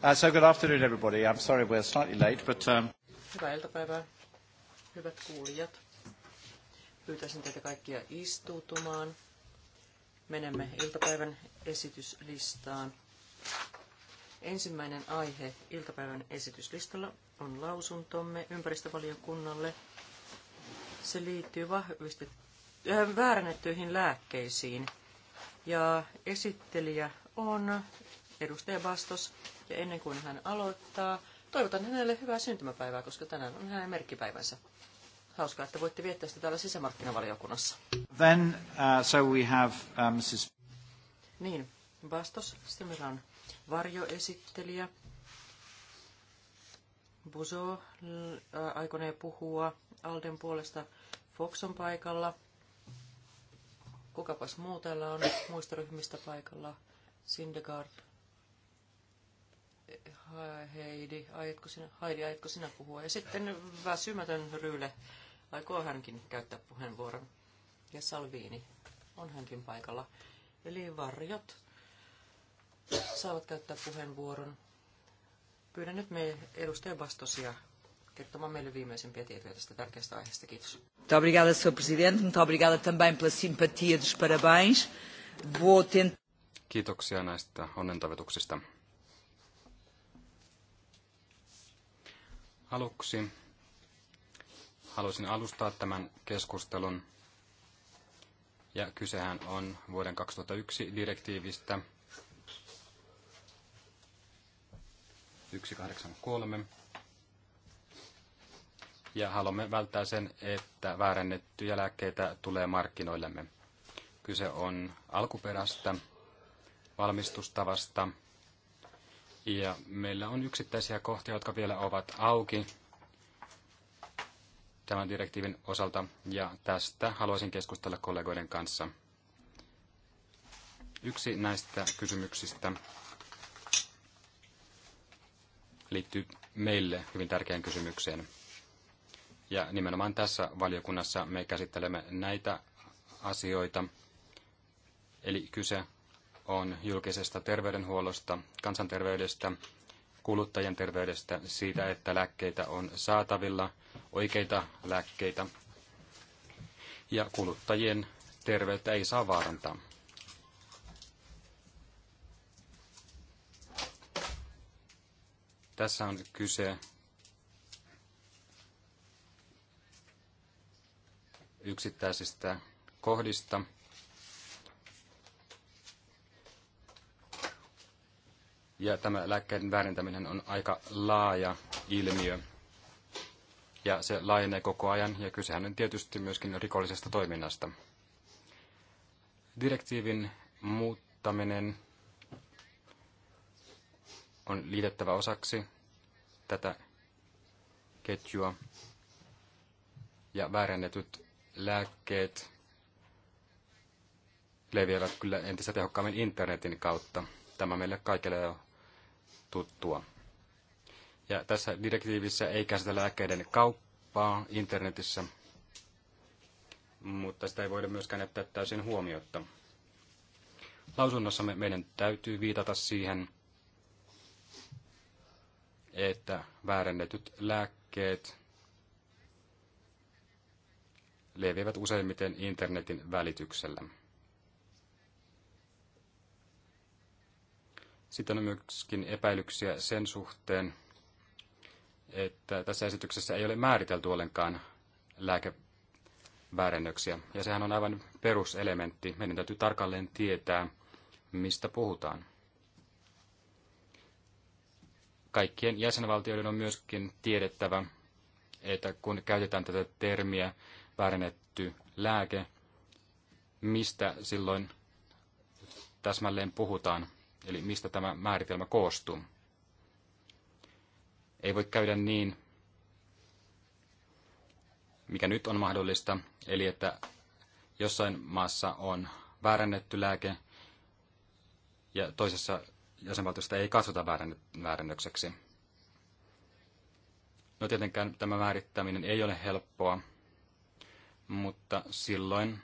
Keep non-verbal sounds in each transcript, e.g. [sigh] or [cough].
Uh, so good afternoon everybody. I'm sorry we're slightly late, but... Um, Hyvää iltapäivää, hyvät kuulijat. Pyytäisin teitä kaikkia istuutumaan. Menemme iltapäivän esityslistaan. Ensimmäinen aihe iltapäivän esityslistalla on lausuntomme ympäristövaliokunnalle. Se liittyy vahvistet... Äh, väärennettyihin lääkkeisiin. Ja esittelijä on edustaja Bastos ja ennen kuin hän aloittaa, toivotan hänelle hyvää syntymäpäivää, koska tänään on hänen merkkipäivänsä. Hauskaa, että voitte viettää sitä täällä sisämarkkinavaliokunnassa. Then, uh, so we have, uh, Mrs. Niin, vastos. Sitten meillä on varjoesittelijä. Buzo äh, aikonee puhua Alden puolesta. Fox on paikalla. Kukapas muu täällä on muista ryhmistä paikalla? Sindegard, Äh, Heidi, aiotko sinä, Heidi, aiotko sinä puhua? Ja sitten väsymätön Ryyle, aikoo hänkin käyttää puheenvuoron. Ja Salviini on hänkin paikalla. Eli varjot saavat käyttää puheenvuoron. Pyydän nyt me edustajan vastosia kertomaan meille viimeisimpiä tietoja tästä tärkeästä aiheesta. Kiitos. Muito obrigada, Sr. Presidente. Muito obrigada também pela simpatia dos parabéns. Vou tentar... Kiitoksia näistä onnentavetuksista. Aluksi haluaisin alustaa tämän keskustelun. Ja kysehän on vuoden 2001 direktiivistä 183. Ja haluamme välttää sen, että väärennettyjä lääkkeitä tulee markkinoillemme. Kyse on alkuperästä, valmistustavasta, ja meillä on yksittäisiä kohtia, jotka vielä ovat auki tämän direktiivin osalta, ja tästä haluaisin keskustella kollegoiden kanssa. Yksi näistä kysymyksistä liittyy meille hyvin tärkeään kysymykseen. Ja nimenomaan tässä valiokunnassa me käsittelemme näitä asioita. Eli kyse on julkisesta terveydenhuollosta, kansanterveydestä, kuluttajien terveydestä, siitä, että lääkkeitä on saatavilla, oikeita lääkkeitä, ja kuluttajien terveyttä ei saa vaarantaa. Tässä on kyse yksittäisistä kohdista – Ja tämä lääkkeiden väärentäminen on aika laaja ilmiö. Ja se laajenee koko ajan, ja kysehän on tietysti myöskin rikollisesta toiminnasta. Direktiivin muuttaminen on liitettävä osaksi tätä ketjua. Ja väärennetyt lääkkeet leviävät kyllä entistä tehokkaammin internetin kautta. Tämä meille kaikille jo tuttua. Ja tässä direktiivissä ei käsitellä lääkkeiden kauppaa internetissä, mutta sitä ei voida myöskään jättää täysin huomiotta. Lausunnossamme meidän täytyy viitata siihen, että väärennetyt lääkkeet leviävät useimmiten internetin välityksellä. Sitten on myöskin epäilyksiä sen suhteen, että tässä esityksessä ei ole määritelty ollenkaan lääkeväärennöksiä. Ja sehän on aivan peruselementti. Meidän täytyy tarkalleen tietää, mistä puhutaan. Kaikkien jäsenvaltioiden on myöskin tiedettävä, että kun käytetään tätä termiä väärennetty lääke, mistä silloin täsmälleen puhutaan eli mistä tämä määritelmä koostuu. Ei voi käydä niin, mikä nyt on mahdollista, eli että jossain maassa on väärännetty lääke ja toisessa jäsenvaltiosta ei katsota väärännökseksi. No tietenkään tämä määrittäminen ei ole helppoa, mutta silloin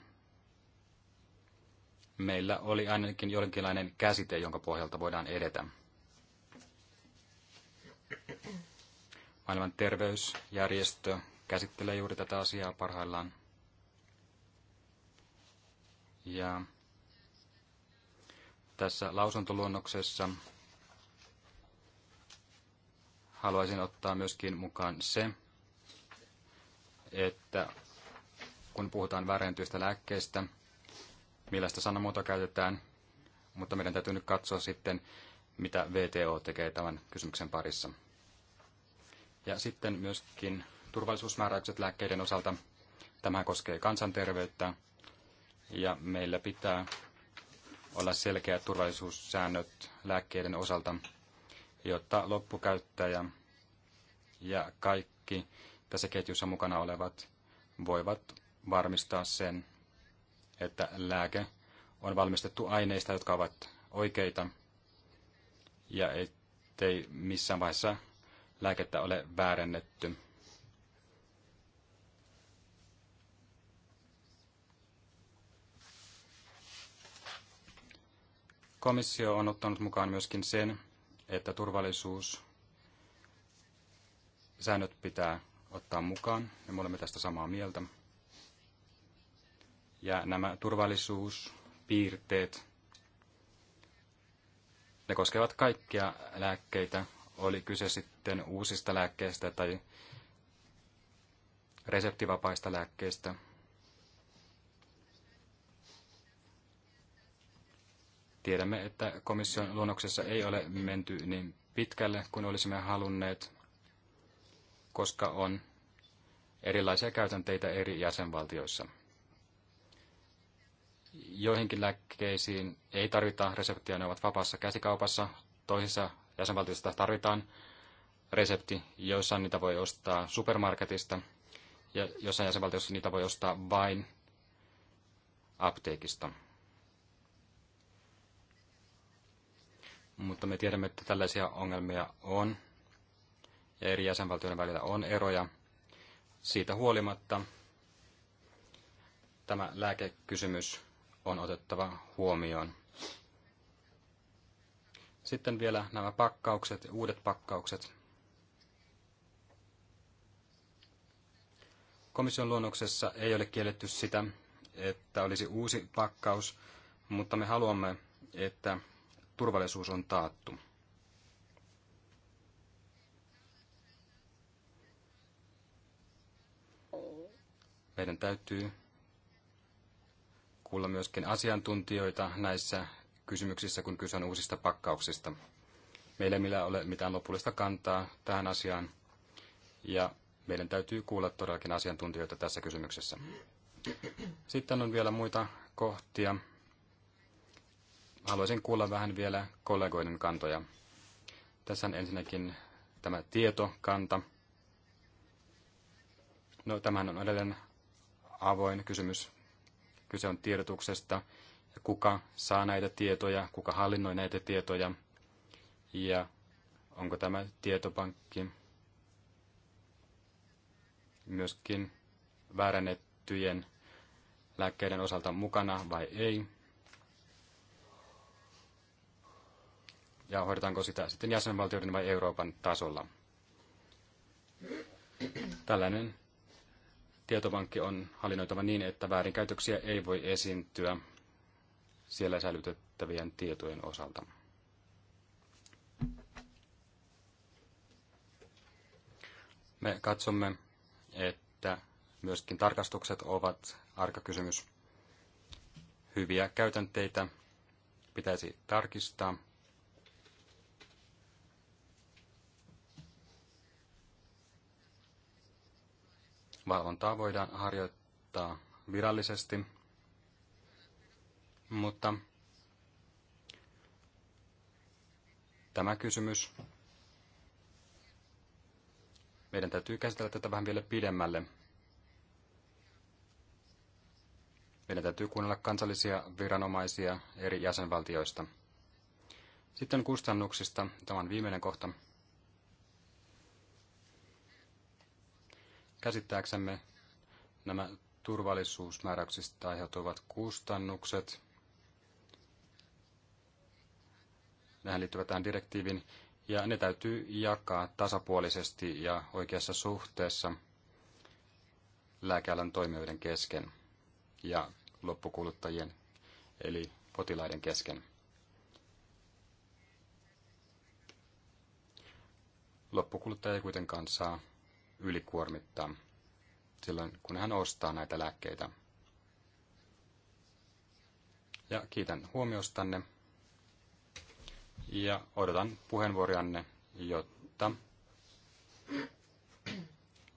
meillä oli ainakin jonkinlainen käsite, jonka pohjalta voidaan edetä. Maailman terveysjärjestö käsittelee juuri tätä asiaa parhaillaan. Ja tässä lausuntoluonnoksessa haluaisin ottaa myöskin mukaan se, että kun puhutaan väärentyistä lääkkeistä, millaista sanamuotoa käytetään, mutta meidän täytyy nyt katsoa sitten, mitä VTO tekee tämän kysymyksen parissa. Ja sitten myöskin turvallisuusmääräykset lääkkeiden osalta. Tämä koskee kansanterveyttä ja meillä pitää olla selkeät turvallisuussäännöt lääkkeiden osalta, jotta loppukäyttäjä ja kaikki tässä ketjussa mukana olevat voivat varmistaa sen, että lääke on valmistettu aineista, jotka ovat oikeita, ja ettei missään vaiheessa lääkettä ole väärennetty. Komissio on ottanut mukaan myöskin sen, että turvallisuus säännöt pitää ottaa mukaan, ja me olemme tästä samaa mieltä. Ja nämä turvallisuuspiirteet, ne koskevat kaikkia lääkkeitä, oli kyse sitten uusista lääkkeistä tai reseptivapaista lääkkeistä. Tiedämme, että komission luonnoksessa ei ole menty niin pitkälle kuin olisimme halunneet, koska on erilaisia käytänteitä eri jäsenvaltioissa. Joihinkin lääkkeisiin ei tarvita reseptiä, ne ovat vapaassa käsikaupassa. Toisissa jäsenvaltioissa tarvitaan resepti, joissain niitä voi ostaa supermarketista ja jossain jäsenvaltiossa niitä voi ostaa vain apteekista. Mutta me tiedämme, että tällaisia ongelmia on ja eri jäsenvaltioiden välillä on eroja. Siitä huolimatta tämä lääkekysymys on otettava huomioon. Sitten vielä nämä pakkaukset, uudet pakkaukset. Komission luonnoksessa ei ole kielletty sitä, että olisi uusi pakkaus, mutta me haluamme, että turvallisuus on taattu. Meidän täytyy kuulla myöskin asiantuntijoita näissä kysymyksissä, kun kyse on uusista pakkauksista. Meillä ei ole mitään lopullista kantaa tähän asiaan, ja meidän täytyy kuulla todellakin asiantuntijoita tässä kysymyksessä. Sitten on vielä muita kohtia. Haluaisin kuulla vähän vielä kollegoiden kantoja. Tässä on ensinnäkin tämä tietokanta. No, tämähän on edelleen avoin kysymys. Kyse on tiedotuksesta, ja kuka saa näitä tietoja, kuka hallinnoi näitä tietoja ja onko tämä tietopankki myöskin väärännettyjen lääkkeiden osalta mukana vai ei. Ja hoidetaanko sitä sitten jäsenvaltioiden vai Euroopan tasolla. Tällainen Tietopankki on hallinnoitava niin, että väärinkäytöksiä ei voi esiintyä siellä säilytettävien tietojen osalta. Me katsomme, että myöskin tarkastukset ovat arkakysymys. Hyviä käytänteitä pitäisi tarkistaa Valvontaa voidaan harjoittaa virallisesti, mutta tämä kysymys, meidän täytyy käsitellä tätä vähän vielä pidemmälle. Meidän täytyy kuunnella kansallisia viranomaisia eri jäsenvaltioista. Sitten kustannuksista, tämä on viimeinen kohta. käsittääksemme nämä turvallisuusmääräyksistä aiheutuvat kustannukset, Nähän liittyvät tähän direktiivin, ja ne täytyy jakaa tasapuolisesti ja oikeassa suhteessa lääkealan toimijoiden kesken ja loppukuluttajien eli potilaiden kesken. Loppukuluttaja ei kuitenkaan saa ylikuormittaa silloin, kun hän ostaa näitä lääkkeitä. Ja kiitän huomiostanne ja odotan puheenvuorianne, jotta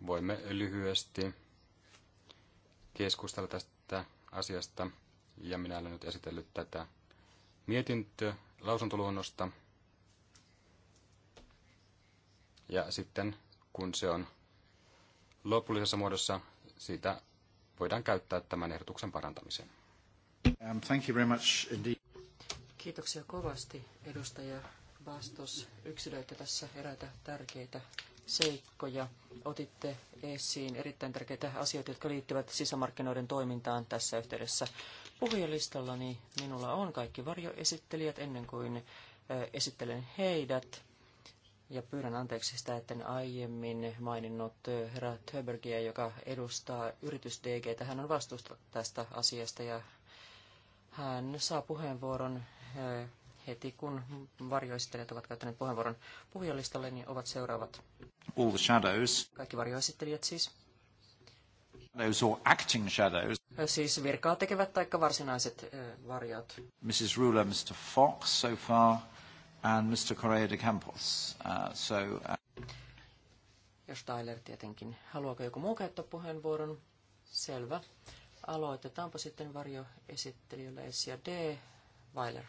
voimme lyhyesti keskustella tästä asiasta. Ja minä olen nyt esitellyt tätä mietintöä lausuntoluonnosta. Ja sitten kun se on Lopullisessa muodossa sitä voidaan käyttää tämän ehdotuksen parantamiseen. Um, thank you very much indeed. Kiitoksia kovasti edustaja Bastos. Yksilöitte tässä eräitä tärkeitä seikkoja. Otitte esiin erittäin tärkeitä asioita, jotka liittyvät sisämarkkinoiden toimintaan tässä yhteydessä. Puhujalistallani minulla on kaikki varjoesittelijät ennen kuin esittelen heidät ja pyydän anteeksi sitä, etten aiemmin maininnut herra Töbergiä, joka edustaa yritys DG. Hän on vastuusta tästä asiasta ja hän saa puheenvuoron eh, heti, kun varjoesittelijät ovat käyttäneet puheenvuoron puhujalistalle, niin ovat seuraavat. All the shadows. Kaikki varjoesittelijät siis. Shadows or acting shadows. Eh, siis virkaa tekevät taikka varsinaiset eh, varjot. Mrs. Ruler, Mr. Fox so far and Mr. Correa de Campos. Uh, so, uh... Jos Tyler tietenkin. Haluaako joku muu käyttää puheenvuoron? Selvä. Aloitetaanpa sitten varjoesittelijöillä S ja D. Weiler.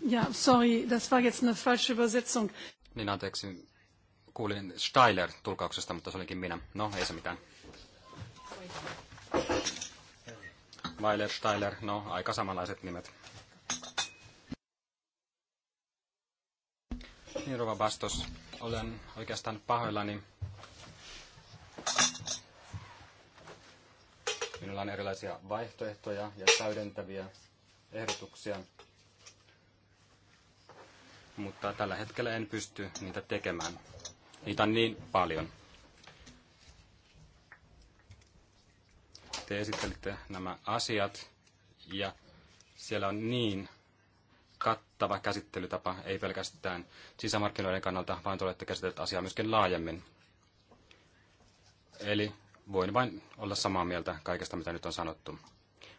Ja, sorry, das war jetzt eine falsche Übersetzung. Niin anteeksi, kuulin Steiler tulkauksesta, mutta se olikin minä. No, ei se mitään. Weiler, Steiler, no aika samanlaiset nimet. Niin, Rova Bastos, olen oikeastaan pahoillani. Minulla on erilaisia vaihtoehtoja ja täydentäviä ehdotuksia, mutta tällä hetkellä en pysty niitä tekemään. Niitä on niin paljon. te esittelitte nämä asiat ja siellä on niin kattava käsittelytapa, ei pelkästään sisämarkkinoiden kannalta, vaan te olette käsitelleet asiaa myöskin laajemmin. Eli voin vain olla samaa mieltä kaikesta, mitä nyt on sanottu.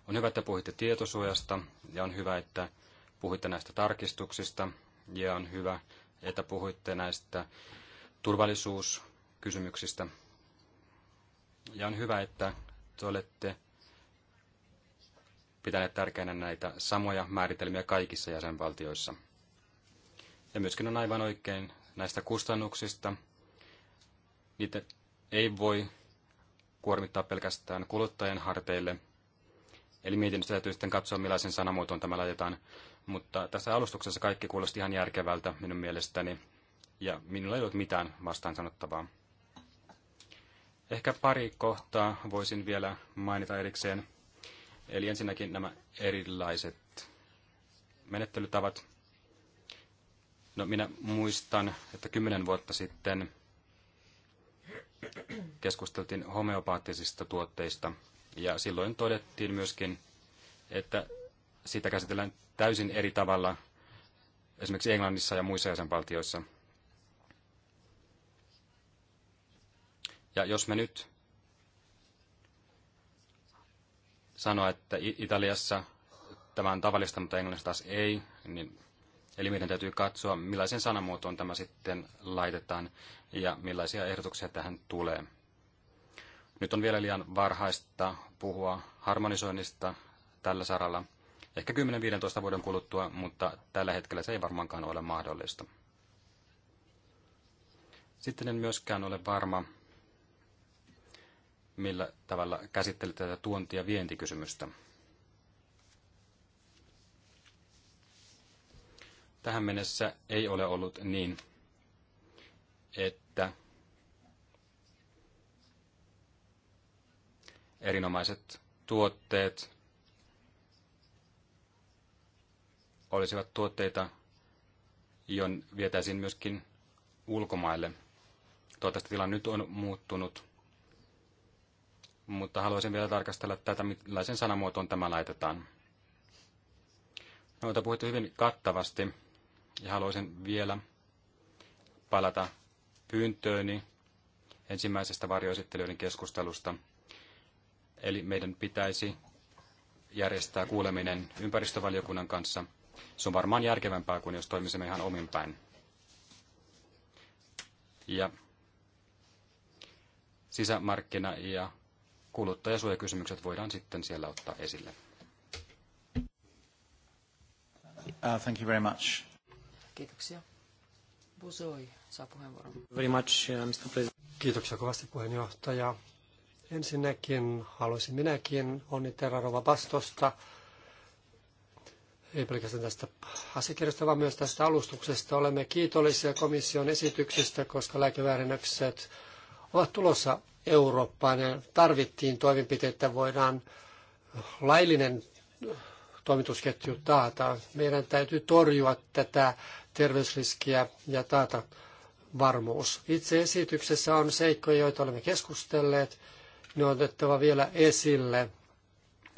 On hyvä, että puhuitte tietosuojasta ja on hyvä, että puhuitte näistä tarkistuksista ja on hyvä, että puhuitte näistä turvallisuuskysymyksistä. Ja on hyvä, että te olette pitäneet tärkeänä näitä samoja määritelmiä kaikissa jäsenvaltioissa. Ja myöskin on aivan oikein näistä kustannuksista. Niitä ei voi kuormittaa pelkästään kuluttajien harteille. Eli mietinnöstä täytyy sitten katsoa, millaisen sanamuotoon tämä laitetaan. Mutta tässä alustuksessa kaikki kuulosti ihan järkevältä minun mielestäni, ja minulla ei ollut mitään vastaan sanottavaa. Ehkä pari kohtaa voisin vielä mainita erikseen. Eli ensinnäkin nämä erilaiset menettelytavat. No minä muistan, että kymmenen vuotta sitten keskusteltiin homeopaattisista tuotteista ja silloin todettiin myöskin, että sitä käsitellään täysin eri tavalla esimerkiksi Englannissa ja muissa jäsenvaltioissa – Ja jos me nyt sanoa, että Italiassa tämä on tavallista, mutta Englannissa taas ei, niin, eli meidän täytyy katsoa, millaisen sanamuotoon tämä sitten laitetaan ja millaisia ehdotuksia tähän tulee. Nyt on vielä liian varhaista puhua harmonisoinnista tällä saralla, ehkä 10-15 vuoden kuluttua, mutta tällä hetkellä se ei varmaankaan ole mahdollista. Sitten en myöskään ole varma, millä tavalla käsittelette tätä tuonti- ja vientikysymystä. Tähän mennessä ei ole ollut niin, että erinomaiset tuotteet olisivat tuotteita, joiden vietäisiin myöskin ulkomaille. Toivottavasti tilanne nyt on muuttunut – mutta haluaisin vielä tarkastella tätä, millaisen sanamuotoon tämä laitetaan. Noita puhuttu hyvin kattavasti ja haluaisin vielä palata pyyntööni ensimmäisestä varjoesittelyiden keskustelusta. Eli meidän pitäisi järjestää kuuleminen ympäristövaliokunnan kanssa. Se on varmaan järkevämpää kuin jos toimisimme ihan omin päin. Ja sisämarkkina- ja kuluttajasuojakysymykset voidaan sitten siellä ottaa esille. Uh, thank you very much. Kiitoksia. Busoi saa puheenvuoron. Very much, uh, Mr. President. Kiitoksia kovasti puheenjohtaja. Ensinnäkin haluaisin minäkin onnitella Rova Bastosta, ei pelkästään tästä asiakirjasta, vaan myös tästä alustuksesta. Olemme kiitollisia komission esityksestä, koska lääkeväärennökset ovat tulossa Eurooppaan ja tarvittiin toimenpiteitä, voidaan laillinen toimitusketju taata. Meidän täytyy torjua tätä terveysriskiä ja taata varmuus. Itse esityksessä on seikkoja, joita olemme keskustelleet. Ne on otettava vielä esille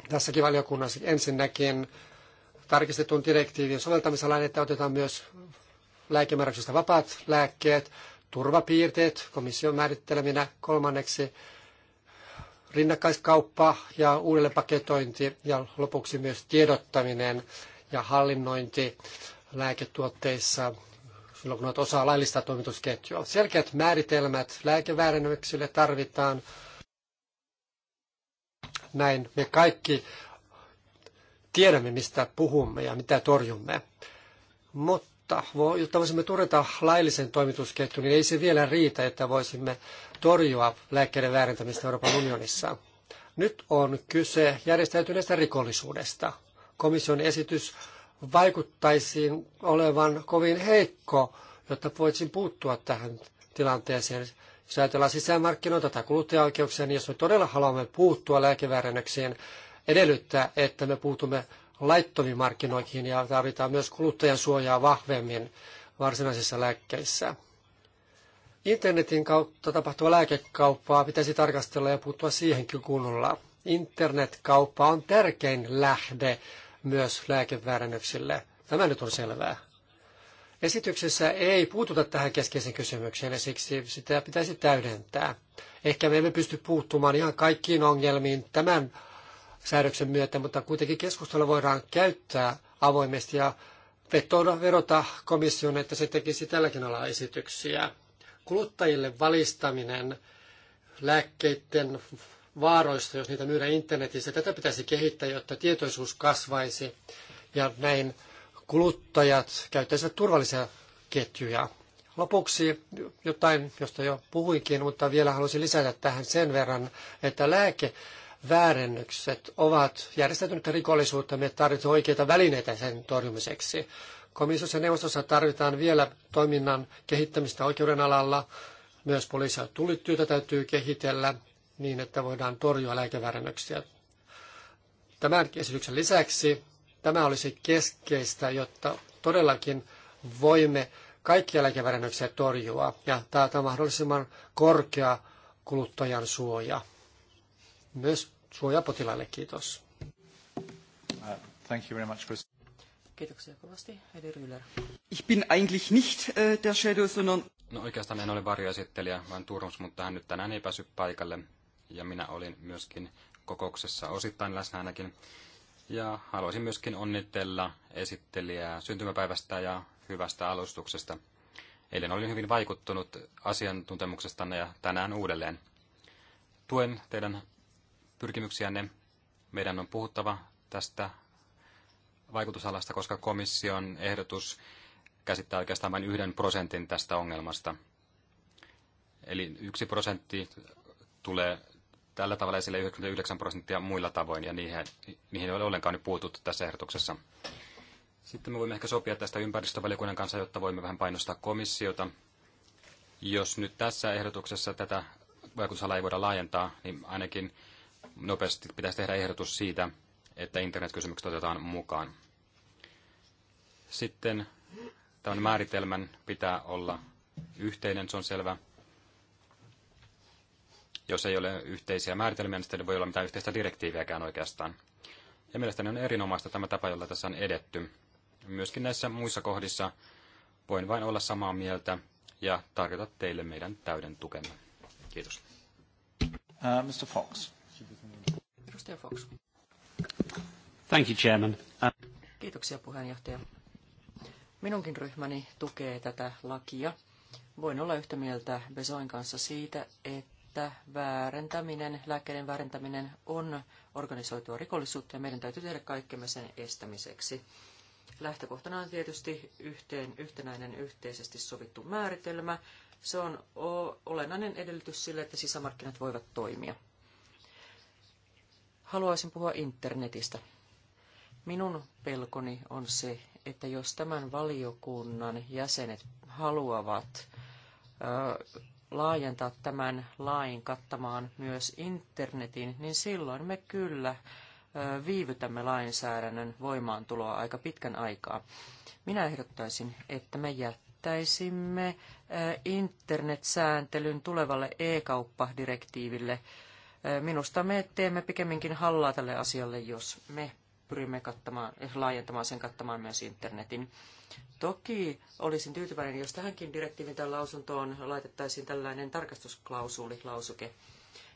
tässäkin valiokunnassa. Ensinnäkin tarkistetun direktiivin soveltamisalainen, että otetaan myös lääkemääräyksestä vapaat lääkkeet, turvapiirteet komission määritteleminä, kolmanneksi rinnakkaiskauppa ja uudelleenpaketointi ja lopuksi myös tiedottaminen ja hallinnointi lääketuotteissa silloin kun olet osa laillista toimitusketjua. Selkeät määritelmät lääkeväärennöksille tarvitaan. Näin me kaikki tiedämme, mistä puhumme ja mitä torjumme. Mutta jotta, jotta voisimme turvata laillisen toimitusketjun, niin ei se vielä riitä, että voisimme torjua lääkkeiden väärentämistä Euroopan unionissa. Nyt on kyse järjestäytyneestä rikollisuudesta. Komission esitys vaikuttaisi olevan kovin heikko, jotta voisin puuttua tähän tilanteeseen. Jos ajatellaan sisämarkkinoita tai kuluttajaoikeuksia, niin jos me todella haluamme puuttua lääkeväärennöksiin, edellyttää, että me puutumme laittomiin markkinoihin ja tarvitaan myös kuluttajan suojaa vahvemmin varsinaisissa lääkkeissä. Internetin kautta tapahtuva lääkekauppaa pitäisi tarkastella ja puuttua siihenkin kunnolla. Internetkauppa on tärkein lähde myös lääkeväärännöksille. Tämä nyt on selvää. Esityksessä ei puututa tähän keskeiseen kysymykseen ja siksi sitä pitäisi täydentää. Ehkä me emme pysty puuttumaan ihan kaikkiin ongelmiin tämän säädöksen myötä, mutta kuitenkin keskustelua voidaan käyttää avoimesti ja vetoda verota komission, että se tekisi tälläkin alalla esityksiä. Kuluttajille valistaminen lääkkeiden vaaroista, jos niitä myydään internetissä, tätä pitäisi kehittää, jotta tietoisuus kasvaisi ja näin kuluttajat käyttäisivät turvallisia ketjuja. Lopuksi jotain, josta jo puhuinkin, mutta vielä haluaisin lisätä tähän sen verran, että lääke väärennykset ovat järjestäytynyttä rikollisuutta. Me tarvitsemme oikeita välineitä sen torjumiseksi. Komissiossa ja neuvostossa tarvitaan vielä toiminnan kehittämistä oikeuden alalla. Myös poliisia ja tullityötä täytyy kehitellä niin, että voidaan torjua lääkeväärennöksiä. Tämän esityksen lisäksi tämä olisi keskeistä, jotta todellakin voimme kaikkia lääkeväärennöksiä torjua ja taata mahdollisimman korkea kuluttajan suoja. Myös suojapotilaille. Kiitos. Uh, thank you very much, Chris. Kiitoksia kovasti, Heidi Ryler. Ich bin eigentlich nicht äh, der Shadow, sondern... No oikeastaan en ole varjoesittelijä, vaan Turmus, mutta hän nyt tänään ei päässyt paikalle. Ja minä olin myöskin kokouksessa osittain läsnä ainakin. Ja haluaisin myöskin onnitella esittelijää syntymäpäivästä ja hyvästä alustuksesta. Eilen olin hyvin vaikuttunut asiantuntemuksestanne ja tänään uudelleen. Tuen teidän pyrkimyksiänne. Meidän on puhuttava tästä vaikutusalasta, koska komission ehdotus käsittää oikeastaan vain yhden prosentin tästä ongelmasta. Eli yksi prosentti tulee tällä tavalla esille 99 prosenttia muilla tavoin, ja niihin, niihin ei ole ollenkaan nyt puututtu tässä ehdotuksessa. Sitten me voimme ehkä sopia tästä ympäristövaliokunnan kanssa, jotta voimme vähän painostaa komissiota. Jos nyt tässä ehdotuksessa tätä vaikutusalaa ei voida laajentaa, niin ainakin nopeasti pitäisi tehdä ehdotus siitä, että internetkysymykset otetaan mukaan. Sitten tämän määritelmän pitää olla yhteinen, se on selvä. Jos ei ole yhteisiä määritelmiä, niin sitten ei voi olla mitään yhteistä direktiiviäkään oikeastaan. Ja mielestäni on erinomaista tämä tapa, jolla tässä on edetty. Myöskin näissä muissa kohdissa voin vain olla samaa mieltä ja tarjota teille meidän täyden tukemme. Kiitos. Uh, Mr. Fox. Edustaja Fox. Thank you, Chairman. Uh, Kiitoksia puheenjohtaja. Minunkin ryhmäni tukee tätä lakia. Voin olla yhtä mieltä Besoin kanssa siitä, että väärentäminen, lääkkeiden väärentäminen on organisoitua rikollisuutta ja meidän täytyy tehdä kaikkemme sen estämiseksi. Lähtökohtana on tietysti yhteen, yhtenäinen yhteisesti sovittu määritelmä. Se on olennainen edellytys sille, että sisämarkkinat voivat toimia. Haluaisin puhua internetistä. Minun pelkoni on se, että jos tämän valiokunnan jäsenet haluavat ö, laajentaa tämän lain kattamaan myös internetin, niin silloin me kyllä ö, viivytämme lainsäädännön voimaantuloa aika pitkän aikaa. Minä ehdottaisin, että me jättäisimme ö, internetsääntelyn tulevalle e-kauppadirektiiville direktiiville Minusta me teemme pikemminkin hallaa tälle asialle, jos me pyrimme kattamaan, laajentamaan sen kattamaan myös internetin. Toki olisin tyytyväinen, jos tähänkin direktiivin tai lausuntoon laitettaisiin tällainen tarkastusklausuli, lausuke.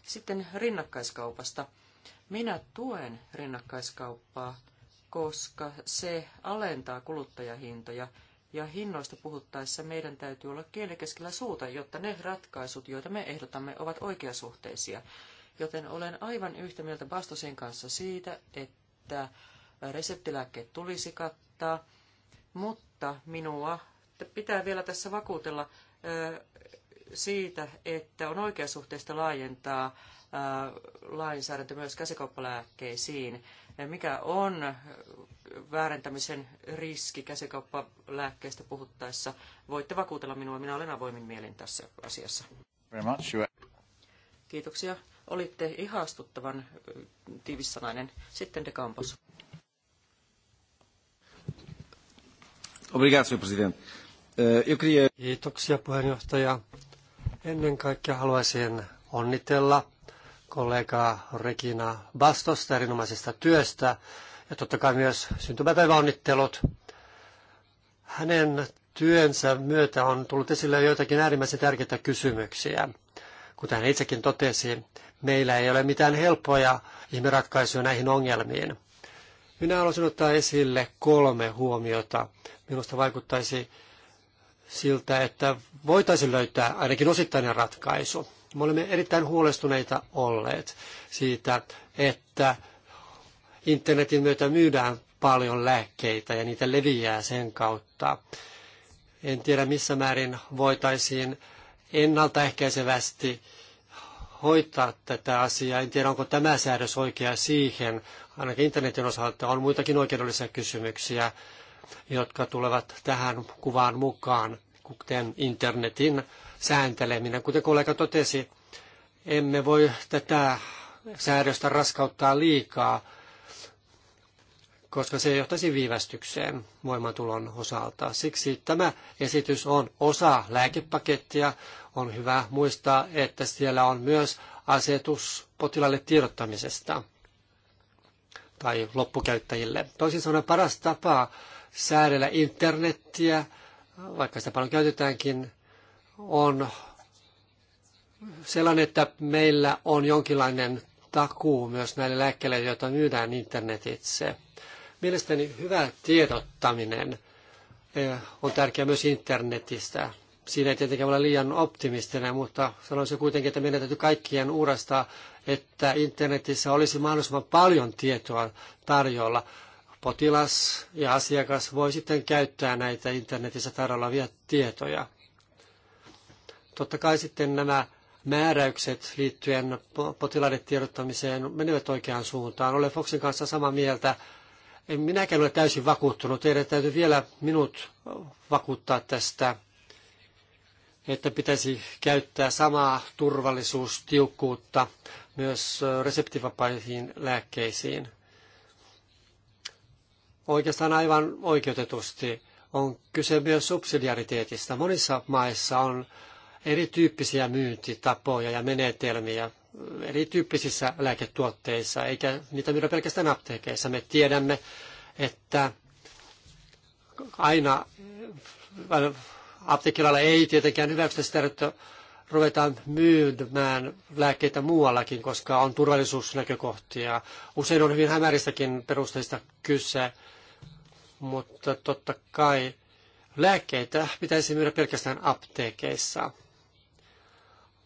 Sitten rinnakkaiskaupasta. Minä tuen rinnakkaiskauppaa, koska se alentaa kuluttajahintoja ja hinnoista puhuttaessa meidän täytyy olla kielikeskellä suuta, jotta ne ratkaisut, joita me ehdotamme, ovat oikeasuhteisia. Joten olen aivan yhtä mieltä Bastosin kanssa siitä, että reseptilääkkeet tulisi kattaa, mutta minua pitää vielä tässä vakuutella siitä, että on oikeasuhteista laajentaa lainsäädäntö myös käsikauppalääkkeisiin. Mikä on väärentämisen riski käsikauppalääkkeistä puhuttaessa? Voitte vakuutella minua, minä olen avoimin mielin tässä asiassa. Kiitoksia. Olitte ihastuttavan tiivissanainen. Sitten De Campos. Obrigado, eh, Kiitoksia puheenjohtaja. Ennen kaikkea haluaisin onnitella kollega Regina Bastosta erinomaisesta työstä ja totta kai myös syntymäpäiväonnittelut. Hänen työnsä myötä on tullut esille joitakin äärimmäisen tärkeitä kysymyksiä. Kuten hän itsekin totesi, meillä ei ole mitään helppoja ihmeratkaisuja näihin ongelmiin. Minä haluaisin ottaa esille kolme huomiota. Minusta vaikuttaisi siltä, että voitaisiin löytää ainakin osittainen ratkaisu. Me olemme erittäin huolestuneita olleet siitä, että internetin myötä myydään paljon lääkkeitä ja niitä leviää sen kautta. En tiedä missä määrin voitaisiin ennaltaehkäisevästi hoitaa tätä asiaa. En tiedä, onko tämä säädös oikea siihen. Ainakin internetin osalta on muitakin oikeudellisia kysymyksiä, jotka tulevat tähän kuvaan mukaan, kuten internetin säänteleminen. Kuten kollega totesi, emme voi tätä säädöstä raskauttaa liikaa koska se johtaisi viivästykseen voimatulon osalta. Siksi tämä esitys on osa lääkepakettia. On hyvä muistaa, että siellä on myös asetus potilaalle tiedottamisesta tai loppukäyttäjille. Toisin sanoen paras tapa säädellä internettiä, vaikka sitä paljon käytetäänkin, on sellainen, että meillä on jonkinlainen takuu myös näille lääkkeille, joita myydään internetitse. Mielestäni hyvä tiedottaminen eh, on tärkeää myös internetistä. Siinä ei tietenkään ole liian optimistinen, mutta sanoisin kuitenkin, että meidän täytyy kaikkien uurastaa, että internetissä olisi mahdollisimman paljon tietoa tarjolla. Potilas ja asiakas voi sitten käyttää näitä internetissä tarjolla olevia tietoja. Totta kai sitten nämä määräykset liittyen potilaiden tiedottamiseen menevät oikeaan suuntaan. Olen Foxin kanssa samaa mieltä en minäkään ole täysin vakuuttunut. Teidän täytyy vielä minut vakuuttaa tästä, että pitäisi käyttää samaa turvallisuustiukkuutta myös reseptivapaisiin lääkkeisiin. Oikeastaan aivan oikeutetusti on kyse myös subsidiariteetista. Monissa maissa on erityyppisiä myyntitapoja ja menetelmiä erityyppisissä lääketuotteissa, eikä niitä myydä pelkästään apteekeissa. Me tiedämme, että aina äh, apteekilalla ei tietenkään hyväksytä sitä, että ruvetaan myymään lääkkeitä muuallakin, koska on turvallisuusnäkökohtia. Usein on hyvin hämäristäkin perusteista kyse, mutta totta kai lääkkeitä pitäisi myydä pelkästään apteekeissa.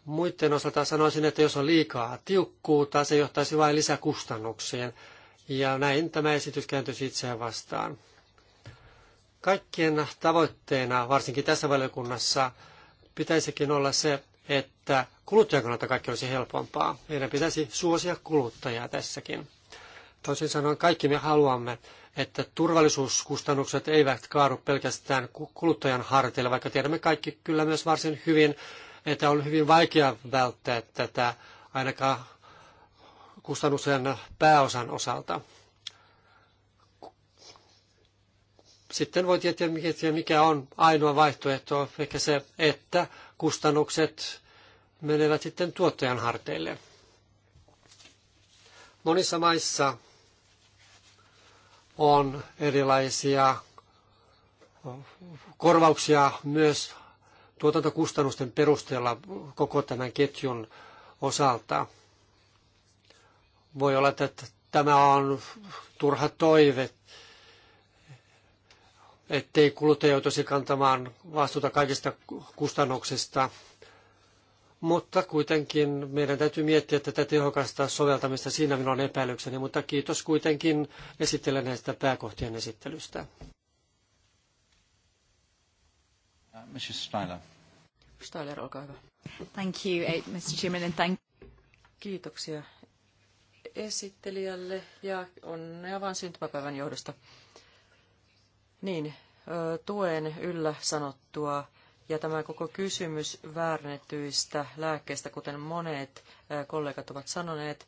Muiden osalta sanoisin, että jos on liikaa tiukkuutta, se johtaisi vain lisäkustannuksiin. Ja näin tämä esitys kääntyisi itseään vastaan. Kaikkien tavoitteena, varsinkin tässä valiokunnassa, pitäisikin olla se, että kuluttajan kannalta kaikki olisi helpompaa. Meidän pitäisi suosia kuluttajaa tässäkin. Toisin sanoen kaikki me haluamme, että turvallisuuskustannukset eivät kaadu pelkästään kuluttajan harteille, vaikka tiedämme kaikki kyllä myös varsin hyvin, että on hyvin vaikea välttää tätä ainakaan kustannusten pääosan osalta. Sitten voi tietää, mikä on ainoa vaihtoehto, ehkä se, että kustannukset menevät sitten tuottajan harteille. Monissa maissa on erilaisia korvauksia myös tuotantokustannusten perusteella koko tämän ketjun osalta. Voi olla, että tämä on turha toive, ettei kuluttaja joutuisi kantamaan vastuuta kaikista kustannuksista. Mutta kuitenkin meidän täytyy miettiä tätä tehokasta soveltamista. Siinä minulla on epäilykseni, mutta kiitos kuitenkin esittelen näistä pääkohtien esittelystä. Mrs. Steiner. Steiler, olkaa hyvä. Thank you, eh, Mr. Chairman, and thank... Kiitoksia esittelijälle ja onnea vaan syntymäpäivän johdosta. Niin, tuen yllä sanottua ja tämä koko kysymys väärennetyistä lääkkeistä, kuten monet kollegat ovat sanoneet,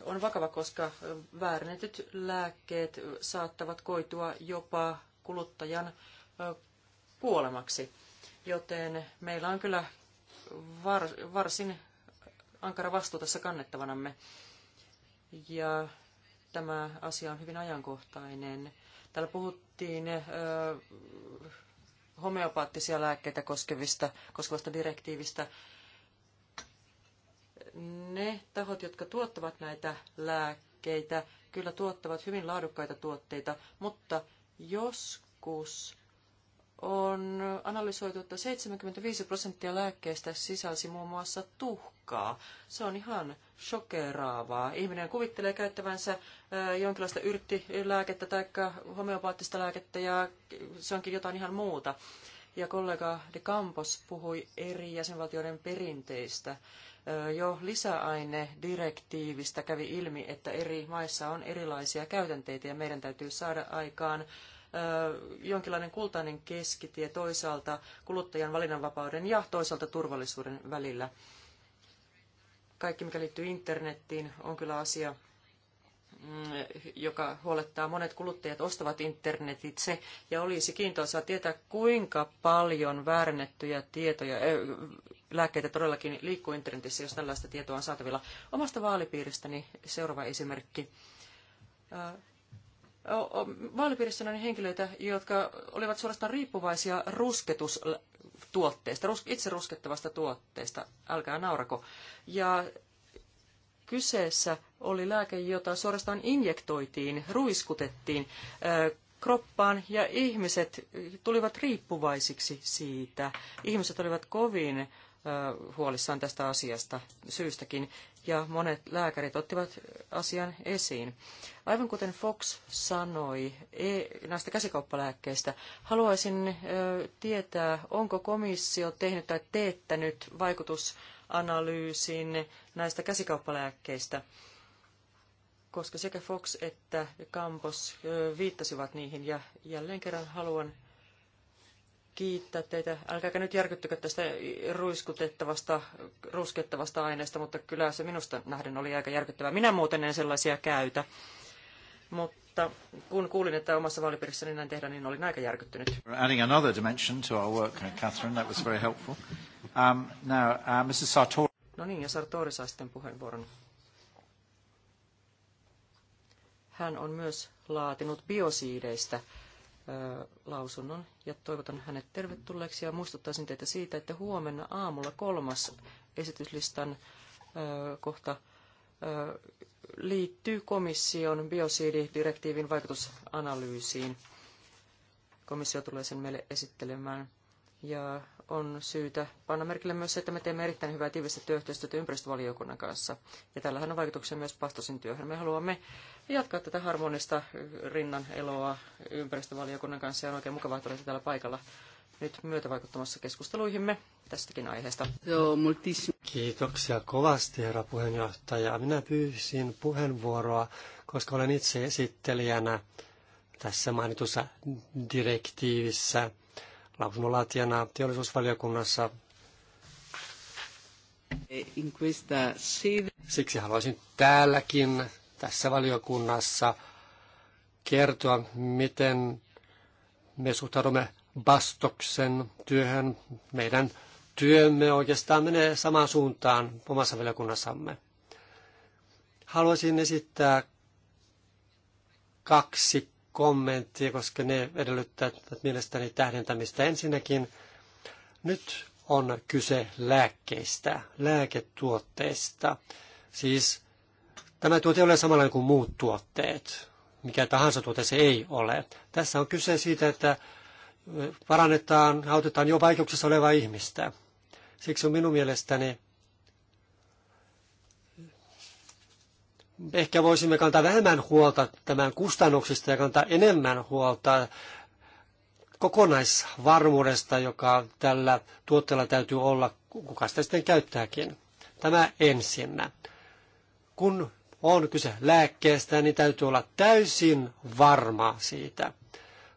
on vakava, koska väärennetyt lääkkeet saattavat koitua jopa kuluttajan kuolemaksi joten meillä on kyllä var, varsin ankara vastuu tässä kannettavanamme. Ja tämä asia on hyvin ajankohtainen. Täällä puhuttiin ö, homeopaattisia lääkkeitä koskevista, koskevasta direktiivistä. Ne tahot, jotka tuottavat näitä lääkkeitä, kyllä tuottavat hyvin laadukkaita tuotteita, mutta joskus on analysoitu, että 75 prosenttia lääkkeistä sisälsi muun muassa tuhkaa. Se on ihan shokeraavaa. Ihminen kuvittelee käyttävänsä äh, jonkinlaista yrttilääkettä tai homeopaattista lääkettä ja se onkin jotain ihan muuta. Ja kollega De Campos puhui eri jäsenvaltioiden perinteistä. Äh, jo lisäaine direktiivistä kävi ilmi, että eri maissa on erilaisia käytänteitä ja meidän täytyy saada aikaan jonkinlainen kultainen keskitie toisaalta kuluttajan valinnanvapauden ja toisaalta turvallisuuden välillä. Kaikki, mikä liittyy internettiin, on kyllä asia, mm, joka huolettaa monet kuluttajat ostavat internetitse ja olisi kiintoisaa tietää, kuinka paljon väärennettyjä tietoja, lääkkeitä todellakin liikkuu internetissä, jos tällaista tietoa on saatavilla. Omasta vaalipiiristäni seuraava esimerkki vaalipiirissäni oli henkilöitä, jotka olivat suorastaan riippuvaisia rusketustuotteista, itse ruskettavasta tuotteesta, älkää naurako. Ja kyseessä oli lääke, jota suorastaan injektoitiin, ruiskutettiin kroppaan ja ihmiset tulivat riippuvaisiksi siitä. Ihmiset olivat kovin huolissaan tästä asiasta syystäkin ja monet lääkärit ottivat asian esiin. Aivan kuten Fox sanoi e, näistä käsikauppalääkkeistä, haluaisin tietää, onko komissio tehnyt tai teettänyt vaikutusanalyysin näistä käsikauppalääkkeistä, koska sekä Fox että Campos viittasivat niihin ja jälleen kerran haluan kiittää teitä. Älkääkä nyt järkyttykö tästä ruiskutettavasta, ruskettavasta aineesta, mutta kyllä se minusta nähden oli aika järkyttävää. Minä muuten en sellaisia käytä. Mutta kun kuulin, että omassa vaalipiirissäni näin tehdään, niin olin aika järkyttynyt. Adding another dimension to our work, uh, Catherine, that was very helpful. Um, now, uh, Mrs. Sartori. No niin, ja Sartori saa sitten puheenvuoron. Hän on myös laatinut biosiideistä lausunnon ja toivotan hänet tervetulleeksi ja muistuttaisin teitä siitä, että huomenna aamulla kolmas esityslistan kohta liittyy komission biosiididirektiivin vaikutusanalyysiin. Komissio tulee sen meille esittelemään ja on syytä panna merkille myös se, että me teemme erittäin hyvää tiivistä työyhteistyötä ympäristövaliokunnan kanssa. Ja tällähän on vaikutuksia myös Pastosin työhön. Me haluamme jatkaa tätä harmonista rinnan eloa ympäristövaliokunnan kanssa ja on oikein mukavaa, että olette täällä paikalla nyt myötävaikuttamassa keskusteluihimme tästäkin aiheesta. Kiitoksia kovasti, herra puheenjohtaja. Minä pyysin puheenvuoroa, koska olen itse esittelijänä tässä mainitussa direktiivissä – lausunnonlaatijana teollisuusvaliokunnassa. Siksi haluaisin täälläkin tässä valiokunnassa kertoa, miten me suhtaudumme Bastoksen työhön. Meidän työmme oikeastaan menee samaan suuntaan omassa valiokunnassamme. Haluaisin esittää kaksi kommenttia, koska ne edellyttävät mielestäni tähdentämistä. Ensinnäkin nyt on kyse lääkkeistä, lääketuotteista. Siis tämä tuote ei ole samalla kuin muut tuotteet. Mikä tahansa tuote se ei ole. Tässä on kyse siitä, että parannetaan, autetaan jo vaikeuksessa olevaa ihmistä. Siksi on minun mielestäni ehkä voisimme kantaa vähemmän huolta tämän kustannuksista ja kantaa enemmän huolta kokonaisvarmuudesta, joka tällä tuotteella täytyy olla, kuka sitä sitten käyttääkin. Tämä ensinnä. Kun on kyse lääkkeestä, niin täytyy olla täysin varma siitä.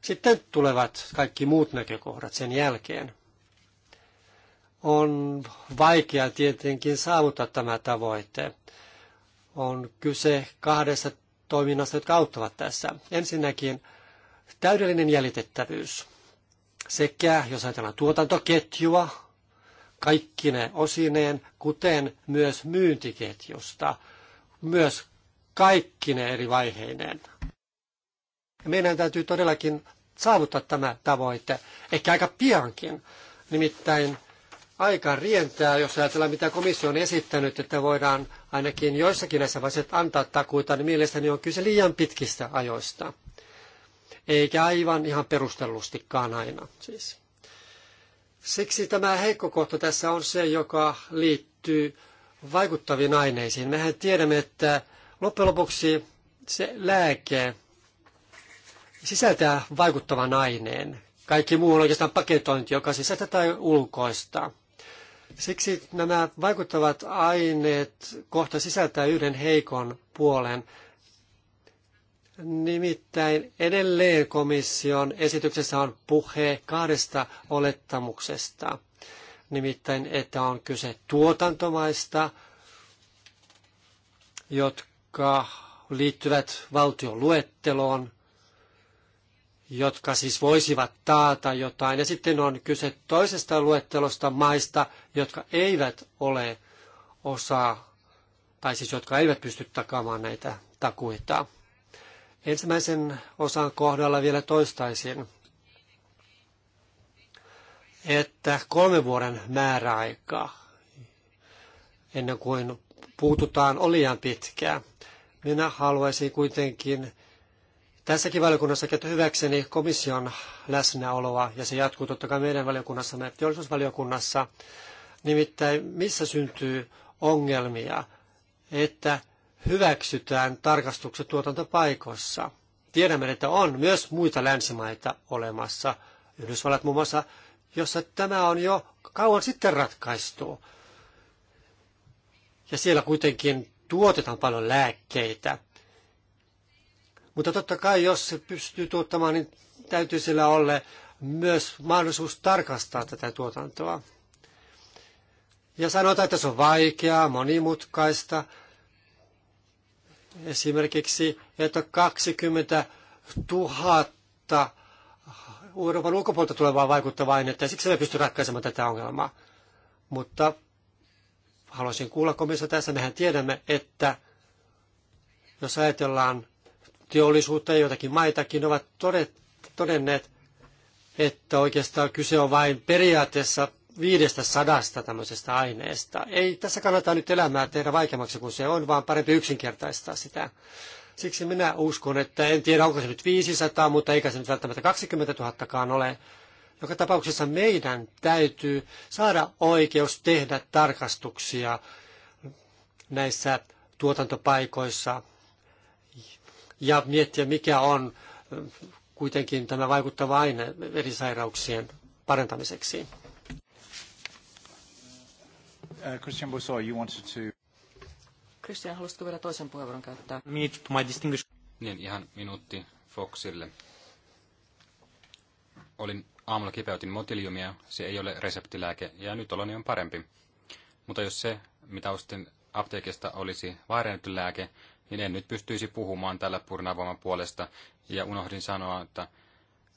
Sitten tulevat kaikki muut näkökohdat sen jälkeen. On vaikea tietenkin saavuttaa tämä tavoite on kyse kahdesta toiminnasta, jotka auttavat tässä. Ensinnäkin täydellinen jäljitettävyys. Sekä, jos ajatellaan tuotantoketjua, kaikki ne osineen, kuten myös myyntiketjusta, myös kaikki ne eri vaiheineen. Meidän täytyy todellakin saavuttaa tämä tavoite, ehkä aika piankin. Nimittäin aika rientää, jos ajatellaan mitä komissio on esittänyt, että voidaan ainakin joissakin näissä vaiheissa antaa takuita, niin mielestäni on kyse liian pitkistä ajoista. Eikä aivan ihan perustellustikaan aina siis. Siksi tämä heikko kohta tässä on se, joka liittyy vaikuttaviin aineisiin. Mehän tiedämme, että loppujen lopuksi se lääke sisältää vaikuttavan aineen. Kaikki muu on oikeastaan paketointi, joka sisältää tai ulkoista. Siksi nämä vaikuttavat aineet kohta sisältää yhden heikon puolen. Nimittäin edelleen komission esityksessä on puhe kahdesta olettamuksesta. Nimittäin, että on kyse tuotantomaista, jotka liittyvät valtion luetteloon, jotka siis voisivat taata jotain. Ja sitten on kyse toisesta luettelosta maista, jotka eivät ole osa, tai siis jotka eivät pysty takaamaan näitä takuita. Ensimmäisen osan kohdalla vielä toistaisin, että kolme vuoden määräaika ennen kuin puututaan oli liian pitkää. Minä haluaisin kuitenkin tässäkin valiokunnassa käytetty hyväkseni komission läsnäoloa, ja se jatkuu totta kai meidän valiokunnassamme, teollisuusvaliokunnassa. Nimittäin missä syntyy ongelmia, että hyväksytään tarkastukset tuotantopaikoissa. Tiedämme, että on myös muita länsimaita olemassa, Yhdysvallat muun muassa, jossa tämä on jo kauan sitten ratkaistu. Ja siellä kuitenkin tuotetaan paljon lääkkeitä. Mutta totta kai, jos se pystyy tuottamaan, niin täytyy sillä olla myös mahdollisuus tarkastaa tätä tuotantoa. Ja sanotaan, että se on vaikeaa, monimutkaista. Esimerkiksi, että 20 000 Euroopan ulkopuolelta tulevaa vaikuttavaa ainetta, ja siksi me pysty ratkaisemaan tätä ongelmaa. Mutta haluaisin kuulla komissio tässä, mehän tiedämme, että jos ajatellaan teollisuutta ja joitakin maitakin ovat todenneet, että oikeastaan kyse on vain periaatteessa viidestä sadasta tämmöisestä aineesta. Ei tässä kannata nyt elämää tehdä vaikeammaksi kuin se on, vaan parempi yksinkertaistaa sitä. Siksi minä uskon, että en tiedä onko se nyt 500, mutta eikä se nyt välttämättä 20 000kaan ole. Joka tapauksessa meidän täytyy saada oikeus tehdä tarkastuksia näissä tuotantopaikoissa ja miettiä, mikä on eh, kuitenkin tämä vaikuttava aine eri sairauksien parantamiseksi. Uh, Christian Boussoy, you wanted to... Christian, haluaisitko vielä toisen puheenvuoron käyttää? Minute to my distinguished... Niin, ihan minuutti Foxille. Olin aamulla kipeytin motiliumia, se ei ole reseptilääke ja nyt oloni on parempi. Mutta jos se, mitä ostin apteekista, olisi vaarennettu lääke, niin en nyt pystyisi puhumaan tällä purnavoiman puolesta. Ja unohdin sanoa, että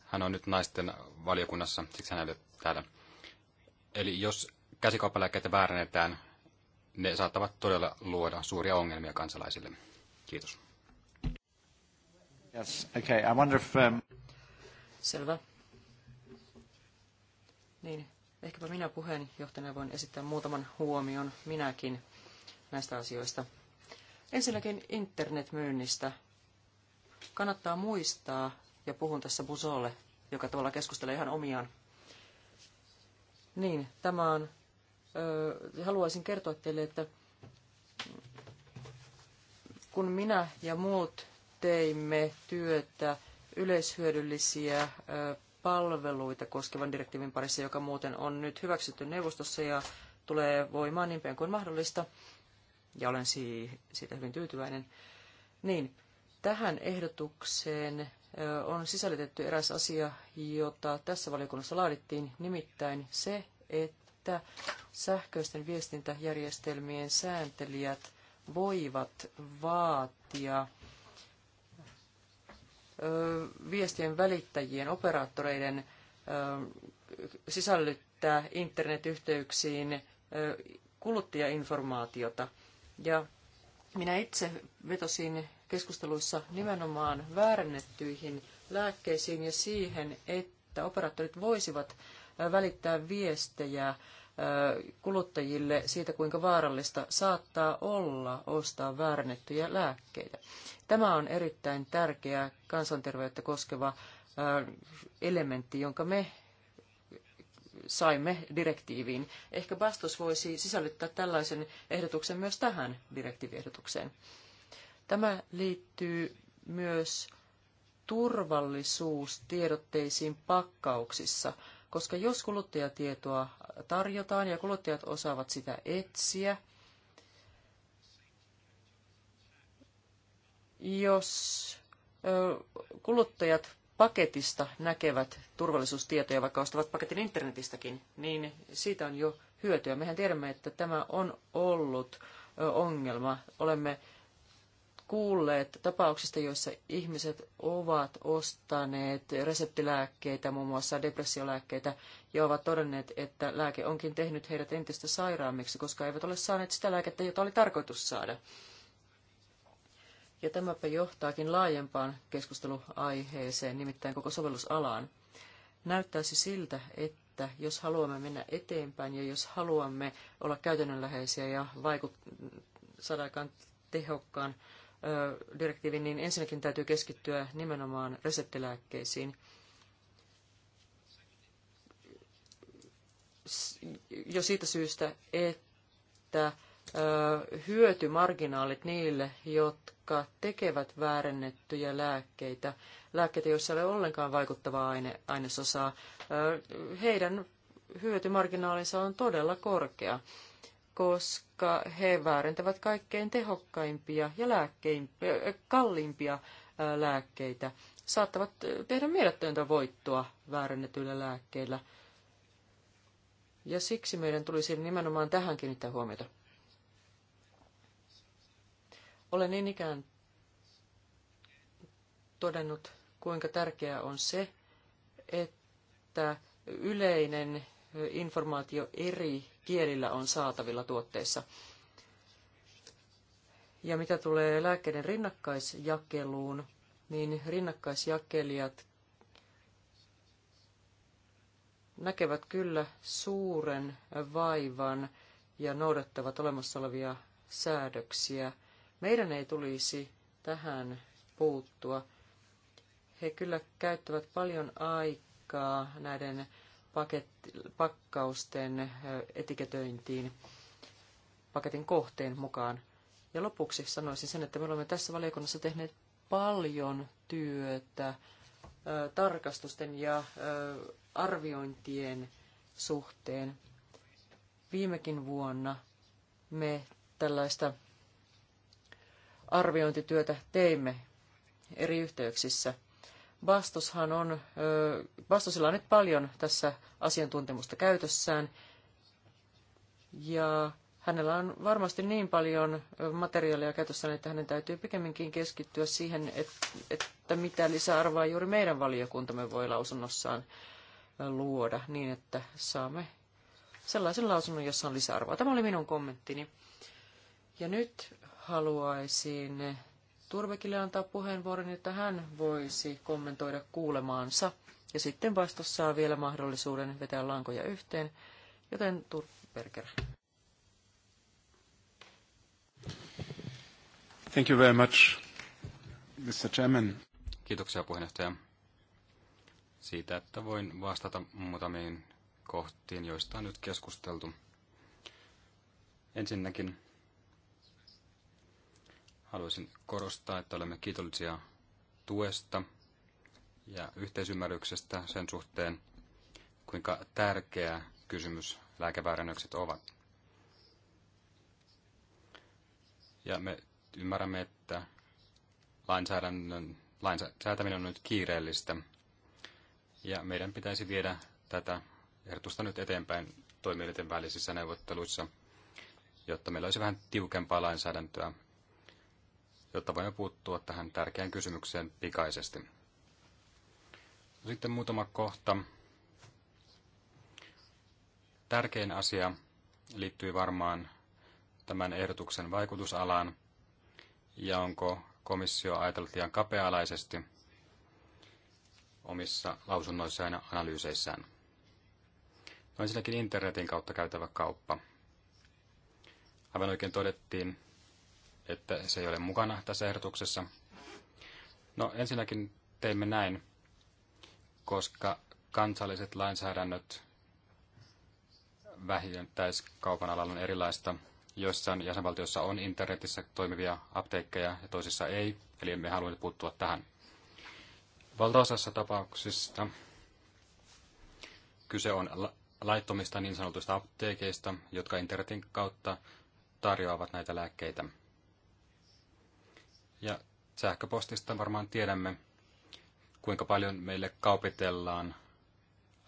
hän on nyt naisten valiokunnassa, siksi hän ei ole täällä. Eli jos käsikauppalääkkeitä väärännetään, ne saattavat todella luoda suuria ongelmia kansalaisille. Kiitos. Yes, okay. I wonder if, um... Selvä. Niin, ehkäpä minä puheenjohtajana voin esittää muutaman huomion minäkin näistä asioista. Ensinnäkin internetmyynnistä. Kannattaa muistaa, ja puhun tässä Busolle, joka tavalla keskustelee ihan omiaan. Niin, tämä on, ö, haluaisin kertoa teille, että kun minä ja muut teimme työtä yleishyödyllisiä ö, palveluita koskevan direktiivin parissa, joka muuten on nyt hyväksytty neuvostossa ja tulee voimaan niin pian kuin mahdollista, ja olen siitä hyvin tyytyväinen, niin tähän ehdotukseen on sisällytetty eräs asia, jota tässä valiokunnassa laadittiin, nimittäin se, että sähköisten viestintäjärjestelmien sääntelijät voivat vaatia viestien välittäjien, operaattoreiden sisällyttää internetyhteyksiin kuluttajainformaatiota – ja minä itse vetosin keskusteluissa nimenomaan väärennettyihin lääkkeisiin ja siihen, että operaattorit voisivat äh, välittää viestejä äh, kuluttajille siitä, kuinka vaarallista saattaa olla ostaa väärennettyjä lääkkeitä. Tämä on erittäin tärkeä kansanterveyttä koskeva äh, elementti, jonka me saimme direktiiviin. Ehkä Bastos voisi sisällyttää tällaisen ehdotuksen myös tähän direktiiviehdotukseen. Tämä liittyy myös turvallisuustiedotteisiin pakkauksissa, koska jos kuluttajatietoa tarjotaan ja kuluttajat osaavat sitä etsiä, jos kuluttajat paketista näkevät turvallisuustietoja, vaikka ostavat paketin internetistäkin, niin siitä on jo hyötyä. Mehän tiedämme, että tämä on ollut ongelma. Olemme kuulleet tapauksista, joissa ihmiset ovat ostaneet reseptilääkkeitä, muun muassa depressiolääkkeitä, ja ovat todenneet, että lääke onkin tehnyt heidät entistä sairaammiksi, koska eivät ole saaneet sitä lääkettä, jota oli tarkoitus saada. Ja tämäpä johtaakin laajempaan keskusteluaiheeseen, nimittäin koko sovellusalaan. Näyttäisi siltä, että jos haluamme mennä eteenpäin ja jos haluamme olla käytännönläheisiä ja vaikut, saada aikaan tehokkaan ö, direktiivin, niin ensinnäkin täytyy keskittyä nimenomaan reseptilääkkeisiin. Jo siitä syystä, että hyötymarginaalit niille, jotka tekevät väärennettyjä lääkkeitä, lääkkeitä, joissa ei ole ollenkaan vaikuttavaa aine, ainesosaa, heidän hyötymarginaalinsa on todella korkea, koska he väärentävät kaikkein tehokkaimpia ja lääkkeimpia, kalliimpia lääkkeitä, saattavat tehdä mielettöntä voittoa väärennetyillä lääkkeillä. Ja siksi meidän tulisi nimenomaan tähän kiinnittää huomiota. Olen niin ikään todennut, kuinka tärkeää on se, että yleinen informaatio eri kielillä on saatavilla tuotteissa. Ja mitä tulee lääkkeiden rinnakkaisjakeluun, niin rinnakkaisjakelijat näkevät kyllä suuren vaivan ja noudattavat olemassa olevia säädöksiä meidän ei tulisi tähän puuttua. He kyllä käyttävät paljon aikaa näiden paket, pakkausten etiketöintiin paketin kohteen mukaan. Ja lopuksi sanoisin sen, että me olemme tässä valiokunnassa tehneet paljon työtä tarkastusten ja arviointien suhteen. Viimekin vuonna me tällaista arviointityötä teimme eri yhteyksissä. Bastushan on, Bastosilla on nyt paljon tässä asiantuntemusta käytössään, ja hänellä on varmasti niin paljon materiaalia käytössään, että hänen täytyy pikemminkin keskittyä siihen, että mitä lisäarvoa juuri meidän valiokuntamme voi lausunnossaan luoda, niin että saamme sellaisen lausunnon, jossa on lisäarvoa. Tämä oli minun kommenttini. Ja nyt haluaisin Turvekille antaa puheenvuoron, että hän voisi kommentoida kuulemaansa. Ja sitten vastus saa vielä mahdollisuuden vetää lankoja yhteen, joten Turberger. Thank you very much, Mr. Chairman. Kiitoksia puheenjohtaja siitä, että voin vastata muutamiin kohtiin, joista on nyt keskusteltu. Ensinnäkin haluaisin korostaa, että olemme kiitollisia tuesta ja yhteisymmärryksestä sen suhteen, kuinka tärkeä kysymys lääkeväärännökset ovat. Ja me ymmärrämme, että lainsäädännön lainsäätäminen on nyt kiireellistä. Ja meidän pitäisi viedä tätä ehdotusta nyt eteenpäin toimielinten välisissä neuvotteluissa, jotta meillä olisi vähän tiukempaa lainsäädäntöä jotta voimme puuttua tähän tärkeään kysymykseen pikaisesti. Sitten muutama kohta. Tärkein asia liittyy varmaan tämän ehdotuksen vaikutusalaan ja onko komissio ajatellut liian kapealaisesti omissa lausunnoissaan ja analyyseissään. No ensinnäkin internetin kautta käytävä kauppa. Aivan oikein todettiin, että se ei ole mukana tässä ehdotuksessa. No ensinnäkin teimme näin, koska kansalliset lainsäädännöt vähittäiskaupan alalla on erilaista. Joissain jäsenvaltioissa on internetissä toimivia apteekkeja ja toisissa ei, eli emme halua puuttua tähän. Valtaosassa tapauksista kyse on laittomista niin sanotuista apteekeista, jotka internetin kautta tarjoavat näitä lääkkeitä. Ja sähköpostista varmaan tiedämme, kuinka paljon meille kaupitellaan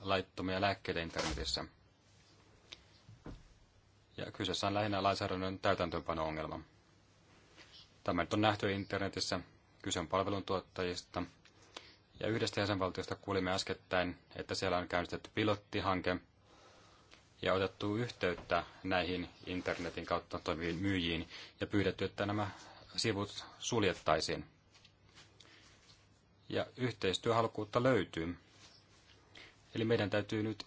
laittomia lääkkeitä internetissä. Ja kyseessä on lähinnä lainsäädännön täytäntöönpano-ongelma. Tämä nyt on nähty internetissä. Kyse on palveluntuottajista. Ja yhdestä jäsenvaltiosta kuulimme äskettäin, että siellä on käynnistetty pilottihanke ja otettu yhteyttä näihin internetin kautta toimiviin myyjiin ja pyydetty, että nämä sivut suljettaisiin. Ja yhteistyöhalukkuutta löytyy. Eli meidän täytyy nyt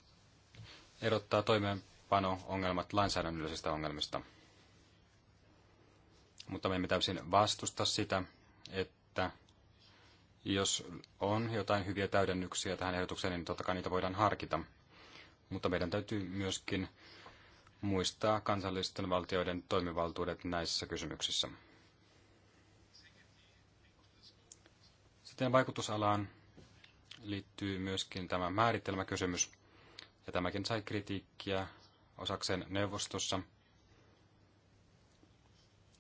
erottaa toimeenpano-ongelmat lainsäädännöllisistä ongelmista. Mutta me emme täysin vastusta sitä, että jos on jotain hyviä täydennyksiä tähän ehdotukseen, niin totta kai niitä voidaan harkita. Mutta meidän täytyy myöskin muistaa kansallisten valtioiden toimivaltuudet näissä kysymyksissä. Sitten vaikutusalaan liittyy myöskin tämä määritelmäkysymys, ja tämäkin sai kritiikkiä osakseen neuvostossa.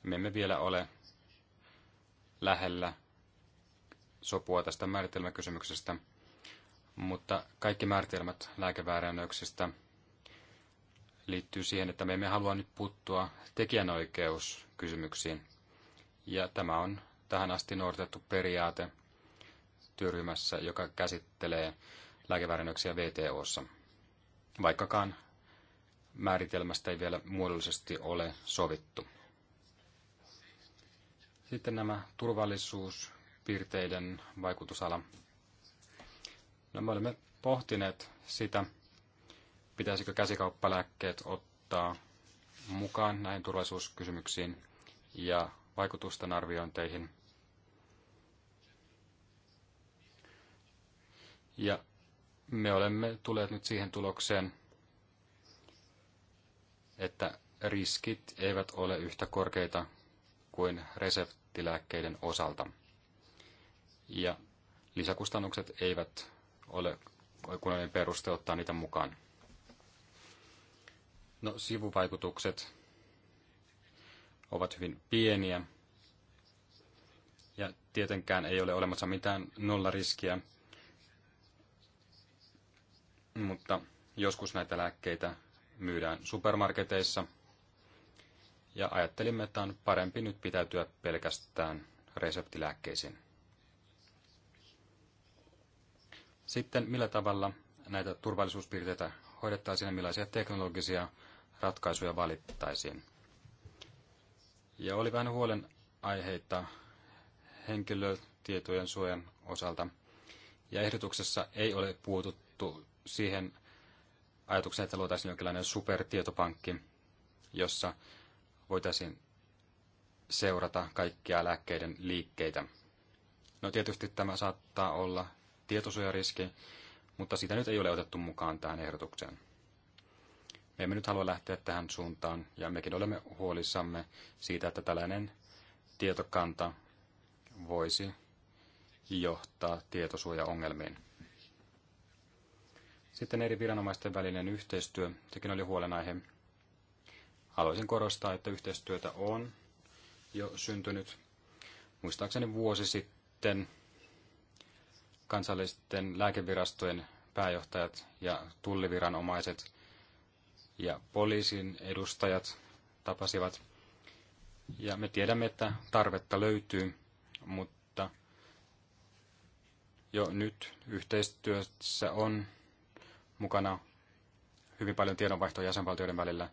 Me emme vielä ole lähellä sopua tästä määritelmäkysymyksestä, mutta kaikki määritelmät lääkeväärännöksistä liittyy siihen, että me emme halua nyt puuttua tekijänoikeuskysymyksiin. Ja tämä on tähän asti noudatettu periaate työryhmässä, joka käsittelee lääkeväärennöksiä VTOssa. Vaikkakaan määritelmästä ei vielä muodollisesti ole sovittu. Sitten nämä turvallisuuspiirteiden vaikutusala. No, me olemme pohtineet sitä, pitäisikö käsikauppalääkkeet ottaa mukaan näihin turvallisuuskysymyksiin ja vaikutusten arviointeihin – Ja me olemme tulleet nyt siihen tulokseen, että riskit eivät ole yhtä korkeita kuin reseptilääkkeiden osalta. Ja lisäkustannukset eivät ole kunnollinen peruste ottaa niitä mukaan. No, sivuvaikutukset ovat hyvin pieniä ja tietenkään ei ole olemassa mitään nollariskiä, mutta joskus näitä lääkkeitä myydään supermarketeissa. Ja ajattelimme, että on parempi nyt pitäytyä pelkästään reseptilääkkeisiin. Sitten millä tavalla näitä turvallisuuspiirteitä hoidettaisiin ja millaisia teknologisia ratkaisuja valittaisiin. Ja oli vähän huolenaiheita henkilötietojen suojan osalta. Ja ehdotuksessa ei ole puututtu siihen ajatukseen, että luotaisiin jonkinlainen supertietopankki, jossa voitaisiin seurata kaikkia lääkkeiden liikkeitä. No tietysti tämä saattaa olla tietosuojariski, mutta sitä nyt ei ole otettu mukaan tähän ehdotukseen. Me emme nyt halua lähteä tähän suuntaan, ja mekin olemme huolissamme siitä, että tällainen tietokanta voisi johtaa tietosuojaongelmiin. Sitten eri viranomaisten välinen yhteistyö, sekin oli huolenaihe. Haluaisin korostaa, että yhteistyötä on jo syntynyt muistaakseni vuosi sitten kansallisten lääkevirastojen pääjohtajat ja tulliviranomaiset ja poliisin edustajat tapasivat. Ja me tiedämme, että tarvetta löytyy, mutta jo nyt yhteistyössä on mukana hyvin paljon tiedonvaihtoa jäsenvaltioiden välillä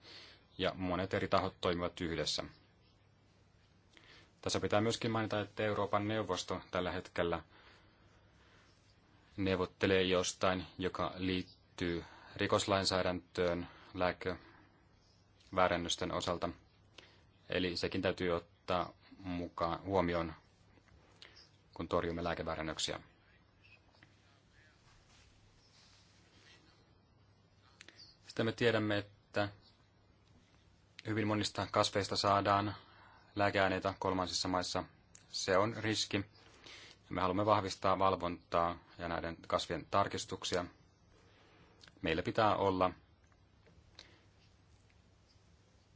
ja monet eri tahot toimivat yhdessä. Tässä pitää myöskin mainita, että Euroopan neuvosto tällä hetkellä neuvottelee jostain, joka liittyy rikoslainsäädäntöön lääkeväärennösten osalta. Eli sekin täytyy ottaa mukaan huomioon, kun torjumme lääkeväärännöksiä. Sitten me tiedämme, että hyvin monista kasveista saadaan lääkeaineita kolmansissa maissa. Se on riski. Me haluamme vahvistaa valvontaa ja näiden kasvien tarkistuksia. Meillä pitää olla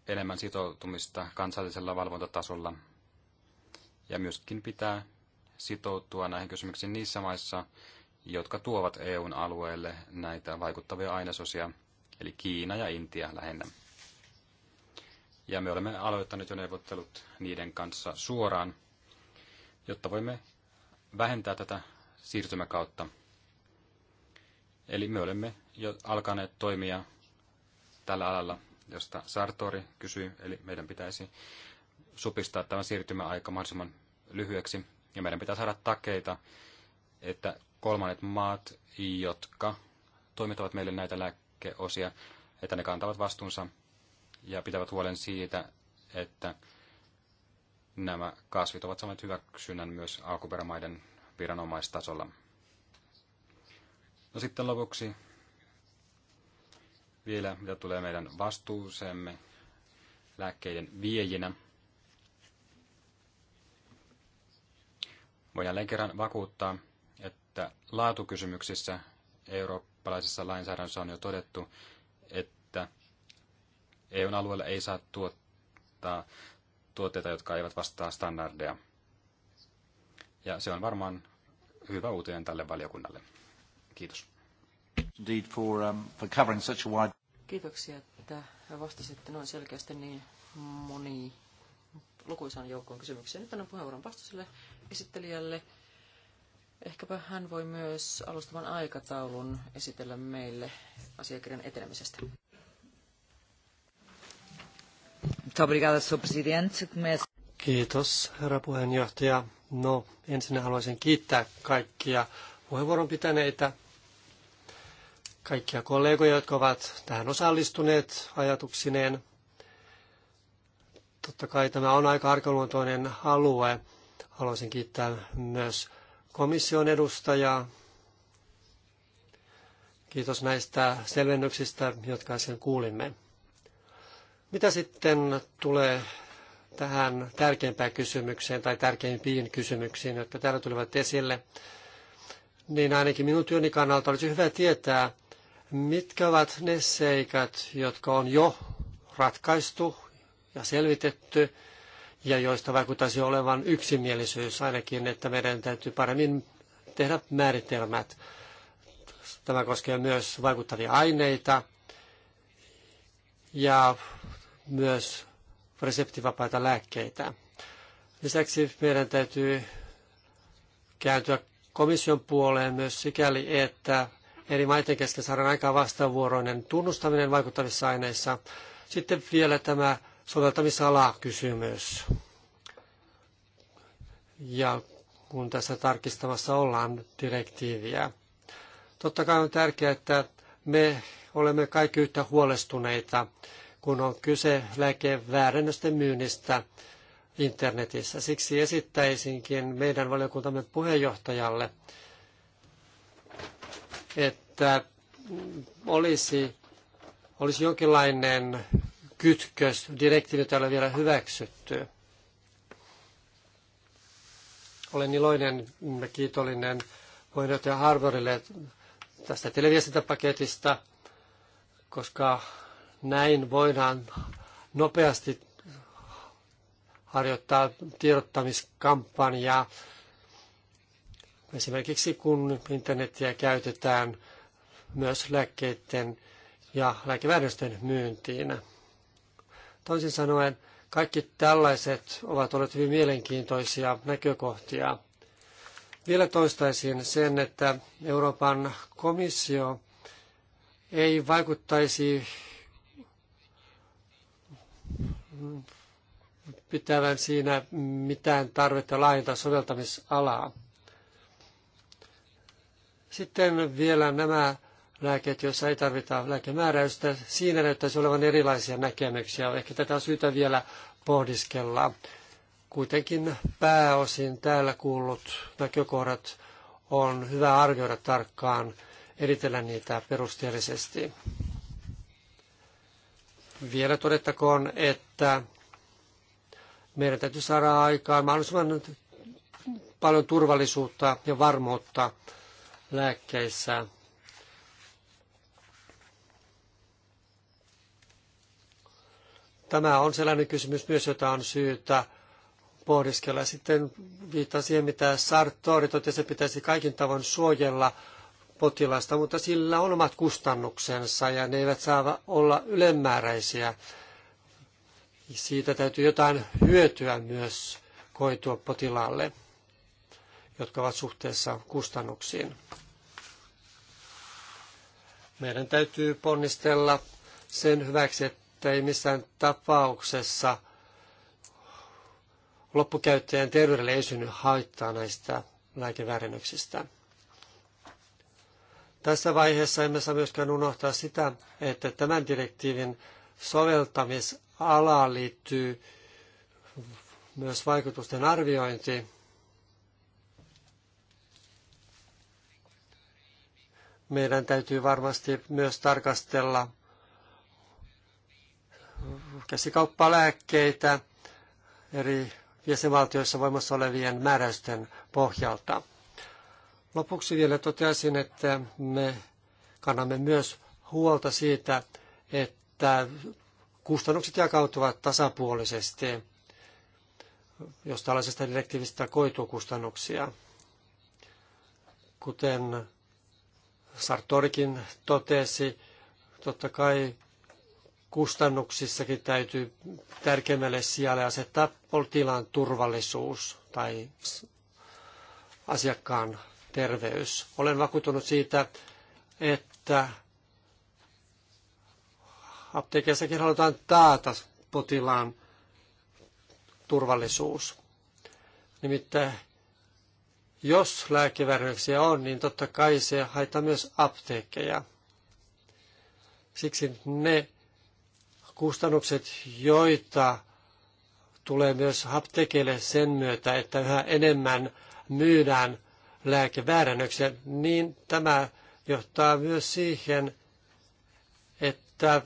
enemmän sitoutumista kansallisella valvontatasolla. Ja myöskin pitää sitoutua näihin kysymyksiin niissä maissa, jotka tuovat EUn alueelle näitä vaikuttavia ainesosia, eli Kiina ja Intia lähinnä. Ja me olemme aloittaneet jo neuvottelut niiden kanssa suoraan, jotta voimme vähentää tätä siirtymäkautta. Eli me olemme jo alkaneet toimia tällä alalla, josta Sartori kysyi, eli meidän pitäisi supistaa tämä siirtymäaika mahdollisimman lyhyeksi, ja meidän pitää saada takeita, että kolmannet maat, jotka toimittavat meille näitä lääkkeitä, osia, että ne kantavat vastuunsa ja pitävät huolen siitä, että nämä kasvit ovat saaneet hyväksynnän myös alkuperämaiden viranomaistasolla. No sitten lopuksi vielä, mitä tulee meidän vastuuseemme lääkkeiden viejinä. Voidaan jälleen kerran vakuuttaa, että laatukysymyksissä Euroop eurooppalaisessa lainsäädännössä on jo todettu, että EUn alueella ei saa tuottaa tuotteita, jotka eivät vastaa standardeja. Ja se on varmaan hyvä uutinen tälle valiokunnalle. Kiitos. Um, Kiitoksia, että vastasitte noin selkeästi niin moni lukuisan joukkoon kysymyksiä. Nyt annan puheenvuoron vastaiselle esittelijälle. Ehkäpä hän voi myös alustavan aikataulun esitellä meille asiakirjan etenemisestä. Kiitos, herra puheenjohtaja. No, ensin haluaisin kiittää kaikkia puheenvuoron pitäneitä, kaikkia kollegoja, jotka ovat tähän osallistuneet ajatuksineen. Totta kai tämä on aika arkaluontoinen alue. Haluaisin kiittää myös komission edustajaa. Kiitos näistä selvennyksistä, jotka äsken kuulimme. Mitä sitten tulee tähän tärkeimpään kysymykseen tai tärkeimpiin kysymyksiin, jotka täällä tulivat esille, niin ainakin minun työni kannalta olisi hyvä tietää, mitkä ovat ne seikat, jotka on jo ratkaistu ja selvitetty, ja joista vaikuttaisi olevan yksimielisyys ainakin, että meidän täytyy paremmin tehdä määritelmät. Tämä koskee myös vaikuttavia aineita ja myös reseptivapaita lääkkeitä. Lisäksi meidän täytyy kääntyä komission puoleen myös sikäli, että eri maiden kesken saadaan aika vastavuoroinen tunnustaminen vaikuttavissa aineissa. Sitten vielä tämä soveltamisalaa kysymys. Ja kun tässä tarkistamassa ollaan direktiiviä. Totta kai on tärkeää, että me olemme kaikki yhtä huolestuneita, kun on kyse lääkeväärennösten myynnistä internetissä. Siksi esittäisinkin meidän valiokuntamme puheenjohtajalle, että olisi, olisi jonkinlainen kytkös. Direktiivi täällä vielä hyväksytty. Olen iloinen ja kiitollinen puheenjohtaja Harvorille tästä televiestintäpaketista, koska näin voidaan nopeasti harjoittaa tiedottamiskampanjaa. Esimerkiksi kun internetiä käytetään myös lääkkeiden ja lääkeväärösten myyntiin. Toisin sanoen, kaikki tällaiset ovat olleet hyvin mielenkiintoisia näkökohtia. Vielä toistaisin sen, että Euroopan komissio ei vaikuttaisi pitävän siinä mitään tarvetta laajentaa soveltamisalaa. Sitten vielä nämä lääkkeet, joissa ei tarvita lääkemääräystä. Siinä näyttäisi olevan erilaisia näkemyksiä. Ehkä tätä on syytä vielä pohdiskella. Kuitenkin pääosin täällä kuullut näkökohdat on hyvä arvioida tarkkaan, eritellä niitä perusteellisesti. Vielä todettakoon, että meidän täytyy saada aikaan mahdollisimman paljon turvallisuutta ja varmuutta lääkkeissä Tämä on sellainen kysymys myös, jota on syytä pohdiskella. Sitten viittaan siihen, mitä Sartori totesi, että pitäisi kaikin tavoin suojella potilasta, mutta sillä on omat kustannuksensa ja ne eivät saa olla ylemmääräisiä. Siitä täytyy jotain hyötyä myös koitua potilaalle, jotka ovat suhteessa kustannuksiin. Meidän täytyy ponnistella sen hyväksi, että että ei missään tapauksessa loppukäyttäjän terveydelle ei synny haittaa näistä lääkeväärennöksistä. Tässä vaiheessa emme saa myöskään unohtaa sitä, että tämän direktiivin soveltamisalaan liittyy myös vaikutusten arviointi. Meidän täytyy varmasti myös tarkastella käsikauppalääkkeitä eri jäsenvaltioissa voimassa olevien määräysten pohjalta. Lopuksi vielä toteaisin, että me kannamme myös huolta siitä, että kustannukset jakautuvat tasapuolisesti, jos tällaisesta direktiivistä koituu kustannuksia. Kuten Sartorikin totesi, totta kai kustannuksissakin täytyy tärkeimmälle sijalle asettaa potilaan turvallisuus tai asiakkaan terveys. Olen vakuuttunut siitä, että apteekissakin halutaan taata potilaan turvallisuus. Nimittäin jos lääkevärjyksiä on, niin totta kai se haittaa myös apteekkeja. Siksi ne kustannukset, joita tulee myös apteekille sen myötä, että yhä enemmän myydään lääkeväärännöksiä, niin tämä johtaa myös siihen, että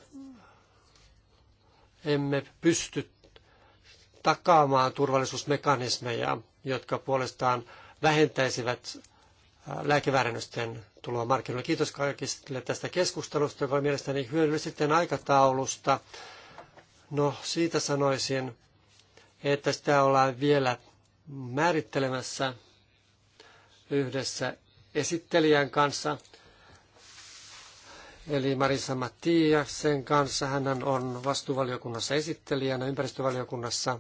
emme pysty takaamaan turvallisuusmekanismeja, jotka puolestaan vähentäisivät lääkeväärennösten tuloa markkinoille. Kiitos kaikille tästä keskustelusta, joka oli mielestäni hyödyllinen sitten aikataulusta. No siitä sanoisin, että sitä ollaan vielä määrittelemässä yhdessä esittelijän kanssa, eli Marisa Mattiaksen kanssa. Hän on vastuuvaliokunnassa esittelijänä ympäristövaliokunnassa.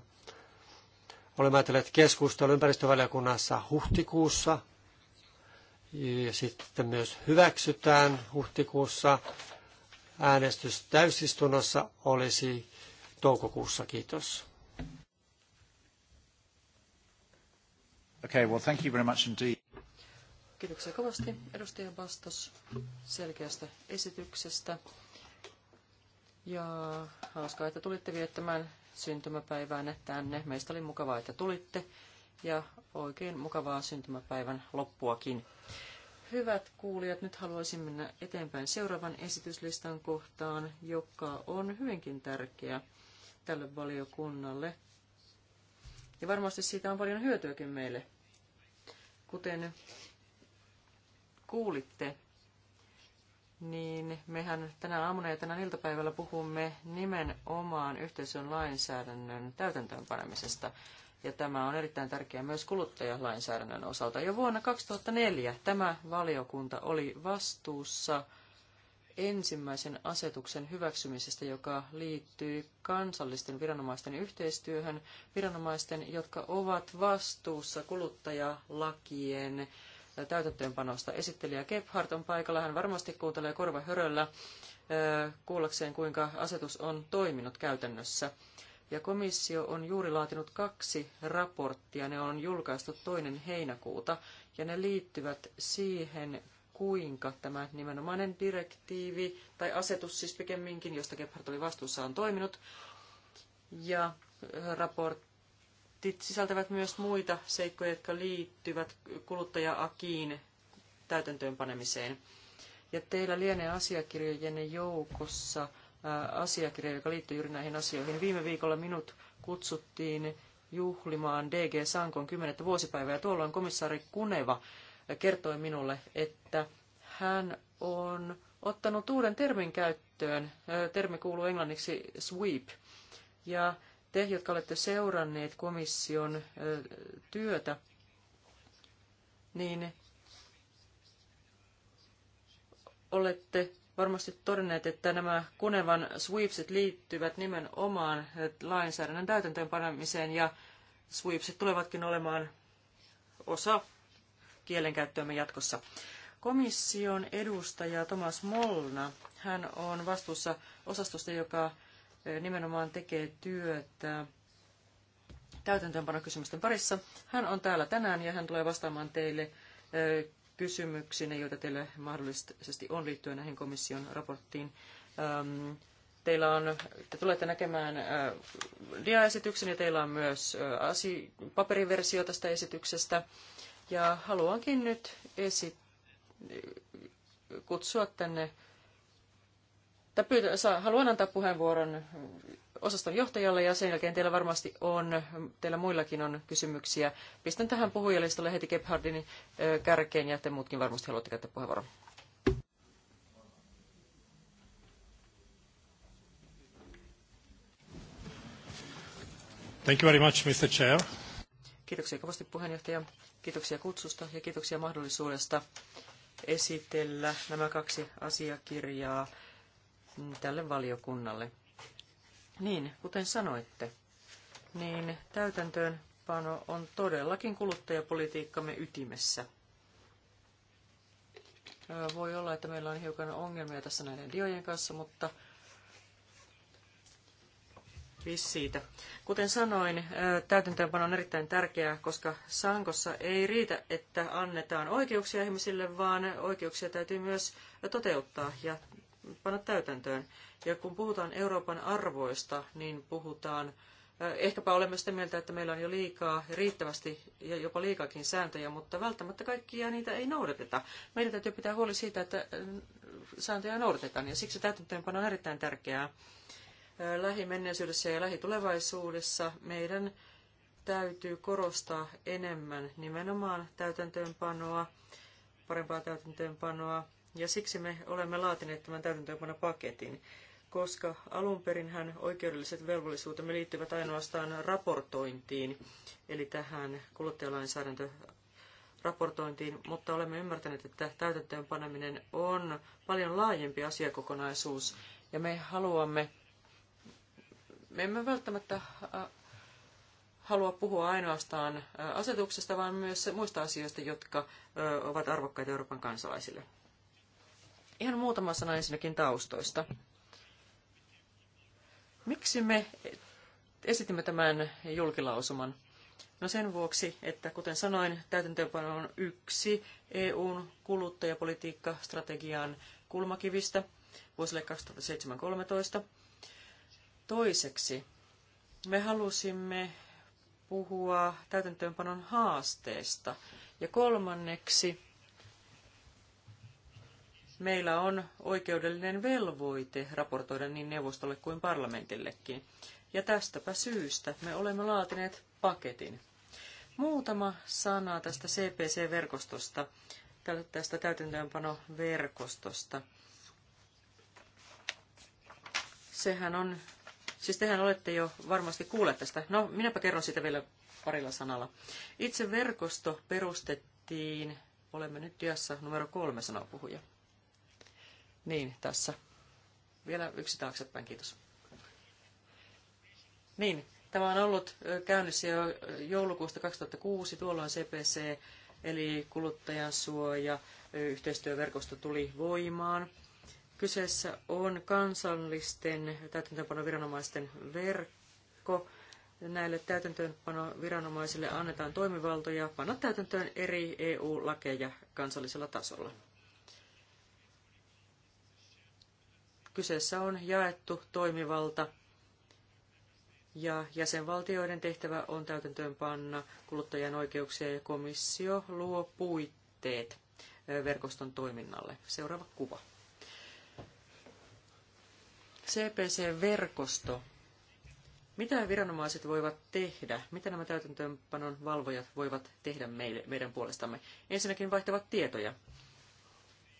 Olemme ajatelleet keskustelua ympäristövaliokunnassa huhtikuussa – ja sitten myös hyväksytään huhtikuussa. Äänestys täysistunnossa olisi toukokuussa. Kiitos. Okay, well, thank you very much indeed. Kiitoksia kovasti edustaja Bastos selkeästä esityksestä. Ja hauskaa, että tulitte viettämään syntymäpäiväänne tänne. Meistä oli mukavaa, että tulitte ja oikein mukavaa syntymäpäivän loppuakin. Hyvät kuulijat, nyt haluaisin mennä eteenpäin seuraavan esityslistan kohtaan, joka on hyvinkin tärkeä tälle valiokunnalle. Ja varmasti siitä on paljon hyötyäkin meille. Kuten kuulitte, niin mehän tänä aamuna ja tänä iltapäivällä puhumme nimenomaan yhteisön lainsäädännön täytäntöönpanemisesta ja tämä on erittäin tärkeää myös kuluttajalainsäädännön osalta. Jo vuonna 2004 tämä valiokunta oli vastuussa ensimmäisen asetuksen hyväksymisestä, joka liittyy kansallisten viranomaisten yhteistyöhön, viranomaisten, jotka ovat vastuussa kuluttajalakien täytäntöönpanosta. Esittelijä Gebhardt on paikalla, hän varmasti kuuntelee korva höröllä kuullakseen, kuinka asetus on toiminut käytännössä ja komissio on juuri laatinut kaksi raporttia. Ne on julkaistu toinen heinäkuuta ja ne liittyvät siihen, kuinka tämä nimenomainen direktiivi tai asetus siis pikemminkin, josta Gebhardt oli vastuussa, on toiminut. Ja raportit sisältävät myös muita seikkoja, jotka liittyvät kuluttaja-akiin täytäntöönpanemiseen. Ja teillä lienee asiakirjojenne joukossa asiakirja, joka liittyy juuri näihin asioihin. Viime viikolla minut kutsuttiin juhlimaan DG Sankon 10. vuosipäivää. Tuolloin komissaari Kuneva kertoi minulle, että hän on ottanut uuden termin käyttöön. Termi kuuluu englanniksi sweep. Ja te, jotka olette seuranneet komission työtä, niin olette varmasti todenneet, että nämä Kunevan sweepsit liittyvät nimenomaan lainsäädännön täytäntöönpanemiseen ja sweepsit tulevatkin olemaan osa kielenkäyttöämme jatkossa. Komission edustaja Thomas Molna, hän on vastuussa osastosta, joka e, nimenomaan tekee työtä täytäntöönpanokysymysten parissa. Hän on täällä tänään ja hän tulee vastaamaan teille e, kysymyksinä, joita teillä mahdollisesti on liittyen näihin komission raporttiin. Ähm, teillä on, te tulette näkemään äh, diaesityksen ja teillä on myös äh, asi, paperiversio tästä esityksestä. Ja haluankin nyt esi, kutsua tänne, tai pyytä, saa, haluan antaa puheenvuoron osaston johtajalle ja sen jälkeen teillä varmasti on, teillä muillakin on kysymyksiä. Pistän tähän puhujalistalle heti Gebhardin kärkeen ja te muutkin varmasti haluatte käyttää puheenvuoron. Thank you very much, Mr. Chair. Kiitoksia kovasti puheenjohtaja. Kiitoksia kutsusta ja kiitoksia mahdollisuudesta esitellä nämä kaksi asiakirjaa tälle valiokunnalle. Niin, kuten sanoitte, niin täytäntöönpano on todellakin kuluttajapolitiikkamme ytimessä. Voi olla, että meillä on hiukan ongelmia tässä näiden diojen kanssa, mutta Viisi siitä. Kuten sanoin, täytäntöönpano on erittäin tärkeää, koska sankossa ei riitä, että annetaan oikeuksia ihmisille, vaan oikeuksia täytyy myös toteuttaa ja panna täytäntöön. Ja kun puhutaan Euroopan arvoista, niin puhutaan, äh, ehkäpä olemme sitä mieltä, että meillä on jo liikaa, riittävästi ja jopa liikakin sääntöjä, mutta välttämättä kaikkia niitä ei noudateta. Meidän täytyy pitää huoli siitä, että äh, sääntöjä noudatetaan ja siksi täytäntöönpano on erittäin tärkeää. Äh, lähimenneisyydessä ja lähitulevaisuudessa meidän täytyy korostaa enemmän nimenomaan täytäntöönpanoa, parempaa täytäntöönpanoa, ja siksi me olemme laatineet tämän täytäntöönpanopaketin koska alun perinhän oikeudelliset velvollisuutemme liittyvät ainoastaan raportointiin, eli tähän kuluttajalainsäädäntö raportointiin, mutta olemme ymmärtäneet, että täytäntöön paneminen on paljon laajempi asiakokonaisuus, ja me haluamme, me emme välttämättä halua puhua ainoastaan asetuksesta, vaan myös muista asioista, jotka ovat arvokkaita Euroopan kansalaisille. Ihan muutama sana ensinnäkin taustoista. Miksi me esitimme tämän julkilausuman? No sen vuoksi, että kuten sanoin, täytäntöönpano on yksi EUn kuluttajapolitiikkastrategian kulmakivistä vuosille 2007-2013. Toiseksi me halusimme puhua täytäntöönpanon haasteesta. Ja kolmanneksi meillä on oikeudellinen velvoite raportoida niin neuvostolle kuin parlamentillekin. Ja tästäpä syystä me olemme laatineet paketin. Muutama sana tästä CPC-verkostosta, tästä täytäntöönpanoverkostosta. Sehän on, siis tehän olette jo varmasti kuulleet tästä. No, minäpä kerron sitä vielä parilla sanalla. Itse verkosto perustettiin, olemme nyt työssä numero kolme, sanoo puhuja. Niin, tässä. Vielä yksi taaksepäin, kiitos. Niin, tämä on ollut käynnissä jo joulukuusta 2006, tuolloin CPC, eli kuluttajansuoja, yhteistyöverkosto tuli voimaan. Kyseessä on kansallisten täytäntöönpanoviranomaisten verkko. Näille täytäntöönpanoviranomaisille annetaan toimivaltoja panna täytäntöön eri EU-lakeja kansallisella tasolla. Kyseessä on jaettu toimivalta ja jäsenvaltioiden tehtävä on täytäntöönpanna kuluttajan oikeuksia ja komissio luo puitteet verkoston toiminnalle. Seuraava kuva. CPC-verkosto. Mitä viranomaiset voivat tehdä? Mitä nämä täytäntöönpanon valvojat voivat tehdä meille, meidän puolestamme? Ensinnäkin vaihtavat tietoja.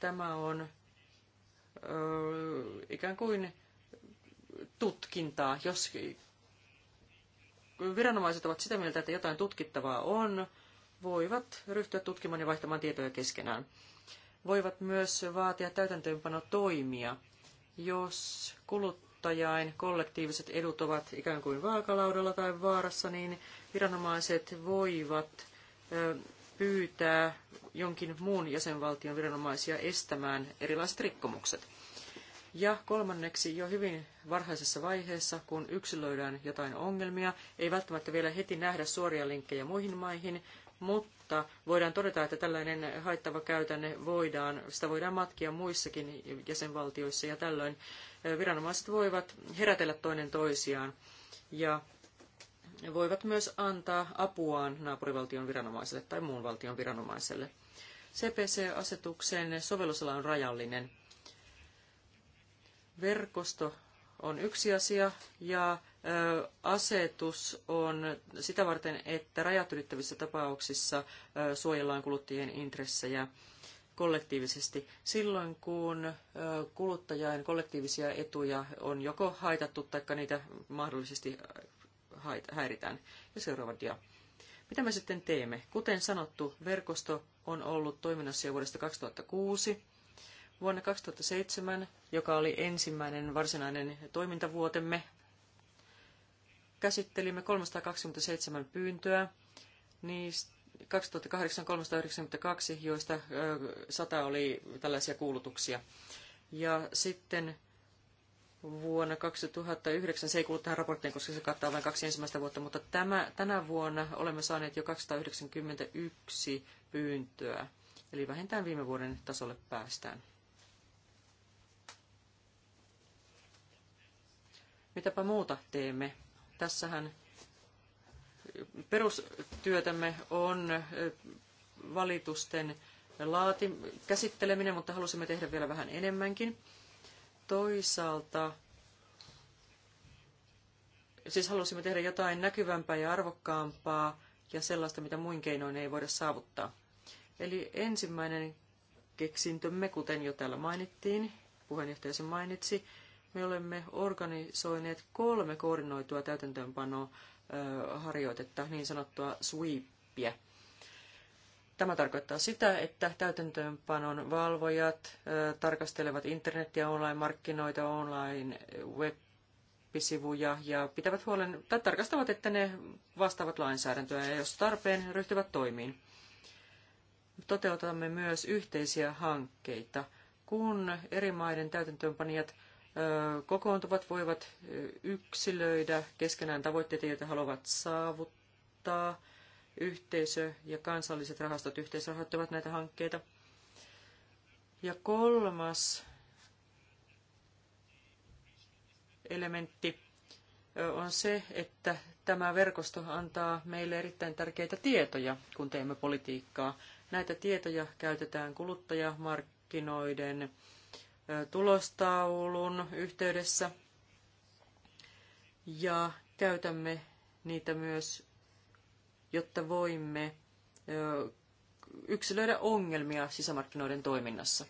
Tämä on ikään kuin tutkintaa. Jos viranomaiset ovat sitä mieltä, että jotain tutkittavaa on, voivat ryhtyä tutkimaan ja vaihtamaan tietoja keskenään. Voivat myös vaatia täytäntöönpanotoimia, jos kuluttajain kollektiiviset edut ovat ikään kuin vaakalaudalla tai vaarassa, niin viranomaiset voivat pyytää jonkin muun jäsenvaltion viranomaisia estämään erilaiset rikkomukset. Ja kolmanneksi jo hyvin varhaisessa vaiheessa, kun yksilöidään jotain ongelmia, ei välttämättä vielä heti nähdä suoria linkkejä muihin maihin, mutta voidaan todeta, että tällainen haittava käytänne voidaan, sitä voidaan matkia muissakin jäsenvaltioissa ja tällöin viranomaiset voivat herätellä toinen toisiaan ja voivat myös antaa apuaan naapurivaltion viranomaiselle tai muun valtion viranomaiselle. CPC-asetuksen sovellusala on rajallinen. Verkosto on yksi asia ja asetus on sitä varten, että rajat ylittävissä tapauksissa suojellaan kuluttajien intressejä kollektiivisesti. Silloin kun kuluttajien kollektiivisia etuja on joko haitattu tai niitä mahdollisesti häiritään. Ja seuraava dia. Mitä me sitten teemme? Kuten sanottu, verkosto on ollut toiminnassa jo vuodesta 2006. Vuonna 2007, joka oli ensimmäinen varsinainen toimintavuotemme, käsittelimme 327 pyyntöä, niistä 2008 392, joista 100 oli tällaisia kuulutuksia. Ja sitten vuonna 2009. Se ei kuulu tähän raporttiin, koska se kattaa vain kaksi ensimmäistä vuotta, mutta tämä, tänä vuonna olemme saaneet jo 291 pyyntöä. Eli vähintään viime vuoden tasolle päästään. Mitäpä muuta teemme? Tässähän perustyötämme on valitusten laati, käsitteleminen, mutta halusimme tehdä vielä vähän enemmänkin toisaalta, siis halusimme tehdä jotain näkyvämpää ja arvokkaampaa ja sellaista, mitä muin keinoin ei voida saavuttaa. Eli ensimmäinen keksintömme, kuten jo täällä mainittiin, puheenjohtaja sen mainitsi, me olemme organisoineet kolme koordinoitua täytäntöönpanoharjoitetta, niin sanottua sweepia. Tämä tarkoittaa sitä, että täytäntöönpanon valvojat tarkastelevat internet- ja online-markkinoita, online-web-sivuja ja pitävät huolen, tai tarkastavat, että ne vastaavat lainsäädäntöä ja jos tarpeen, ryhtyvät toimiin. Toteutamme myös yhteisiä hankkeita. Kun eri maiden täytäntöönpanijat kokoontuvat, voivat yksilöidä keskenään tavoitteita, joita haluavat saavuttaa – yhteisö ja kansalliset rahastot yhteisrahoittavat näitä hankkeita. Ja kolmas elementti on se, että tämä verkosto antaa meille erittäin tärkeitä tietoja, kun teemme politiikkaa. Näitä tietoja käytetään kuluttajamarkkinoiden tulostaulun yhteydessä ja käytämme niitä myös jotta voimme yksilöidä ongelmia sisämarkkinoiden toiminnassa.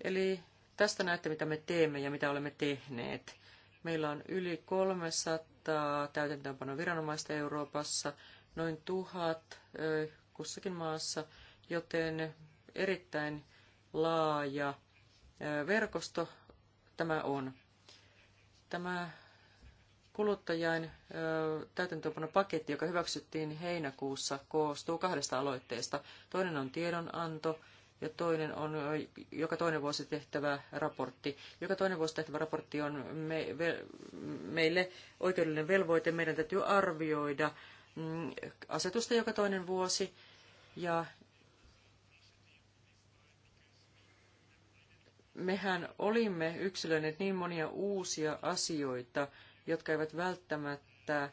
Eli tästä näette, mitä me teemme ja mitä olemme tehneet. Meillä on yli 300 täytäntöönpanoviranomaista Euroopassa, noin tuhat kussakin maassa, joten erittäin laaja verkosto tämä on. Tämä Kuluttajain täytäntöönpanopaketti, joka hyväksyttiin heinäkuussa, koostuu kahdesta aloitteesta. Toinen on tiedonanto ja toinen on joka toinen vuosi tehtävä raportti. Joka toinen vuosi tehtävä raportti on me, ve, meille oikeudellinen velvoite. Meidän täytyy arvioida mm, asetusta joka toinen vuosi ja mehän olimme yksilöineet niin monia uusia asioita, jotka eivät välttämättä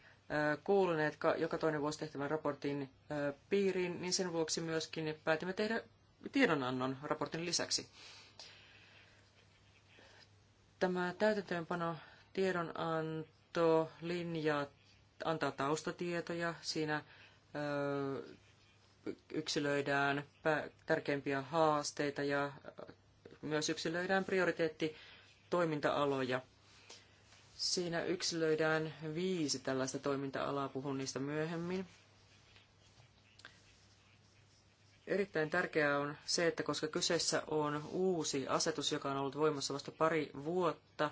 kuuluneet joka toinen vuosi tehtävän raportin piiriin, niin sen vuoksi myöskin päätimme tehdä tiedonannon raportin lisäksi. Tämä täytäntöönpano tiedonanto linjaa antaa taustatietoja. Siinä yksilöidään tärkeimpiä haasteita ja myös yksilöidään prioriteetti toiminta-aloja. Siinä yksilöidään viisi tällaista toiminta-alaa, puhun niistä myöhemmin. Erittäin tärkeää on se, että koska kyseessä on uusi asetus, joka on ollut voimassa vasta pari vuotta,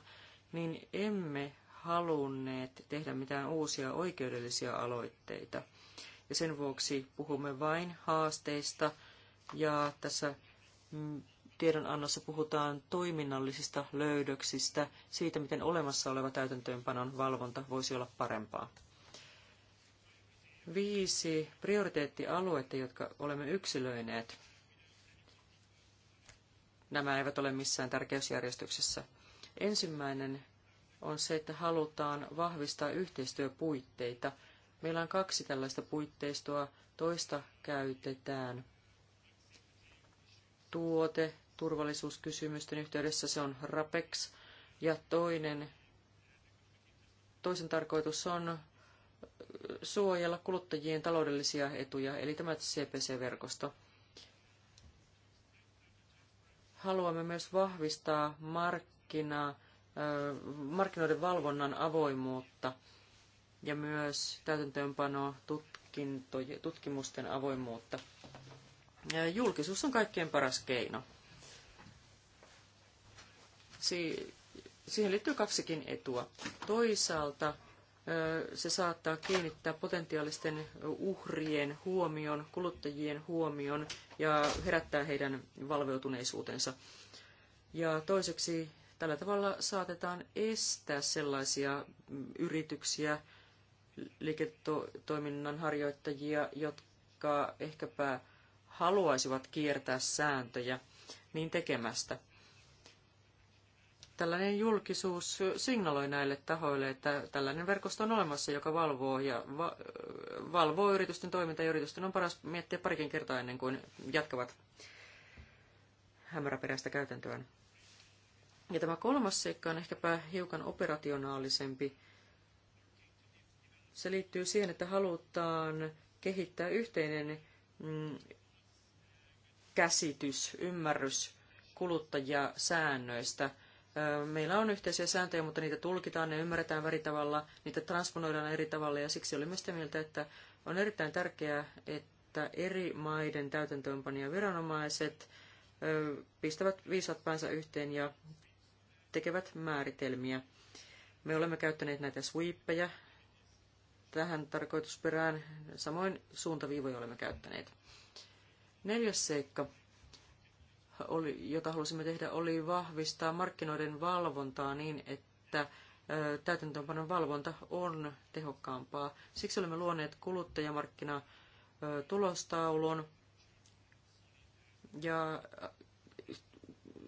niin emme halunneet tehdä mitään uusia oikeudellisia aloitteita. Ja sen vuoksi puhumme vain haasteista ja tässä mm, Tiedonannossa puhutaan toiminnallisista löydöksistä, siitä miten olemassa oleva täytäntöönpanon valvonta voisi olla parempaa. Viisi prioriteettialuetta, jotka olemme yksilöineet. Nämä eivät ole missään tärkeysjärjestyksessä. Ensimmäinen on se, että halutaan vahvistaa yhteistyöpuitteita. Meillä on kaksi tällaista puitteistoa. Toista käytetään tuote- turvallisuuskysymysten yhteydessä, se on RAPEX. Ja toinen, toisen tarkoitus on suojella kuluttajien taloudellisia etuja, eli tämä CPC-verkosto. Haluamme myös vahvistaa markkinoiden valvonnan avoimuutta ja myös täytäntöönpanoa tutkimusten avoimuutta. Julkisuus on kaikkein paras keino si- siihen liittyy kaksikin etua. Toisaalta se saattaa kiinnittää potentiaalisten uhrien huomion, kuluttajien huomion ja herättää heidän valveutuneisuutensa. Ja toiseksi tällä tavalla saatetaan estää sellaisia mm, yrityksiä, liiketoiminnan harjoittajia, jotka ehkäpä haluaisivat kiertää sääntöjä niin tekemästä tällainen julkisuus signaloi näille tahoille, että tällainen verkosto on olemassa, joka valvoo, ja va- valvoo yritysten toimintaa, ja yritysten on paras miettiä parikin kertaa ennen kuin jatkavat hämäräperäistä käytäntöään. Ja tämä kolmas seikka on ehkäpä hiukan operationaalisempi. Se liittyy siihen, että halutaan kehittää yhteinen mm, käsitys, ymmärrys kuluttajasäännöistä – Meillä on yhteisiä sääntöjä, mutta niitä tulkitaan, ja ymmärretään eri tavalla, niitä transponoidaan eri tavalla ja siksi olimme sitä mieltä, että on erittäin tärkeää, että eri maiden täytäntöönpanija viranomaiset pistävät viisat päänsä yhteen ja tekevät määritelmiä. Me olemme käyttäneet näitä sweepejä tähän tarkoitusperään, samoin suuntaviivoja olemme käyttäneet. Neljäs seikka – oli, jota halusimme tehdä, oli vahvistaa markkinoiden valvontaa niin, että täytäntöönpanon valvonta on tehokkaampaa. Siksi olemme luoneet kuluttajamarkkinatulostaulun ja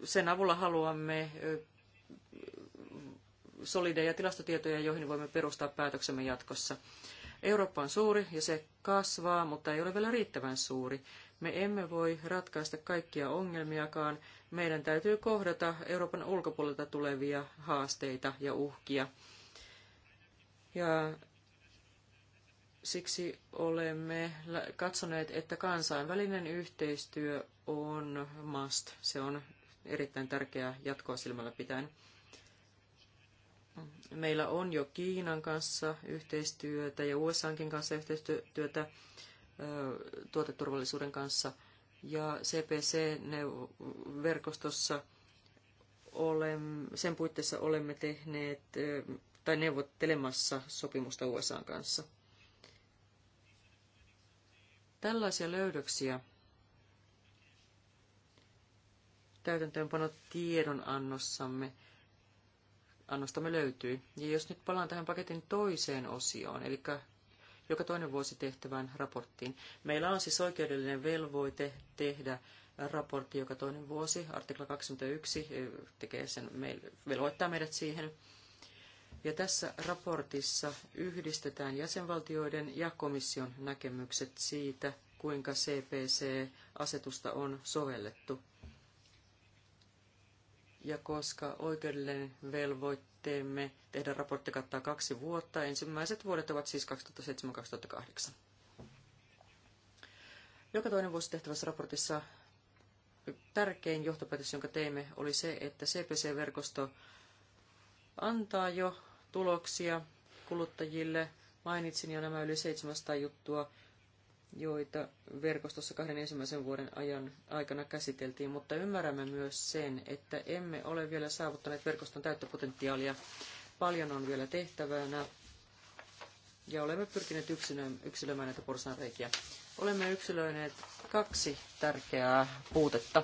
sen avulla haluamme solideja tilastotietoja, joihin voimme perustaa päätöksemme jatkossa. Eurooppa on suuri ja se kasvaa, mutta ei ole vielä riittävän suuri. Me emme voi ratkaista kaikkia ongelmiakaan. Meidän täytyy kohdata Euroopan ulkopuolelta tulevia haasteita ja uhkia. Ja siksi olemme katsoneet, että kansainvälinen yhteistyö on must. Se on erittäin tärkeää jatkoa silmällä pitäen. Meillä on jo Kiinan kanssa yhteistyötä ja USAnkin kanssa yhteistyötä tuoteturvallisuuden kanssa. Ja CPC-verkostossa sen puitteissa olemme tehneet tai neuvottelemassa sopimusta USA kanssa. Tällaisia löydöksiä täytäntöönpano tiedonannossamme annostamme löytyy. Ja jos nyt palaan tähän paketin toiseen osioon, eli joka toinen vuosi tehtävään raporttiin. Meillä on siis oikeudellinen velvoite tehdä raportti joka toinen vuosi. Artikla 21 eh, tekee sen, velvoittaa meidät siihen. Ja tässä raportissa yhdistetään jäsenvaltioiden ja komission näkemykset siitä, kuinka CPC-asetusta on sovellettu. Ja koska oikeudellinen velvoite tavoitteemme tehdä raportti kattaa kaksi vuotta. Ensimmäiset vuodet ovat siis 2007-2008. Joka toinen vuosi tehtävässä raportissa tärkein johtopäätös, jonka teimme, oli se, että CPC-verkosto antaa jo tuloksia kuluttajille. Mainitsin jo nämä yli 700 juttua joita verkostossa kahden ensimmäisen vuoden ajan aikana käsiteltiin, mutta ymmärrämme myös sen, että emme ole vielä saavuttaneet verkoston täyttöpotentiaalia. Paljon on vielä tehtävänä ja olemme pyrkineet yksilöimään näitä porsanreikiä. Olemme yksilöineet kaksi tärkeää puutetta.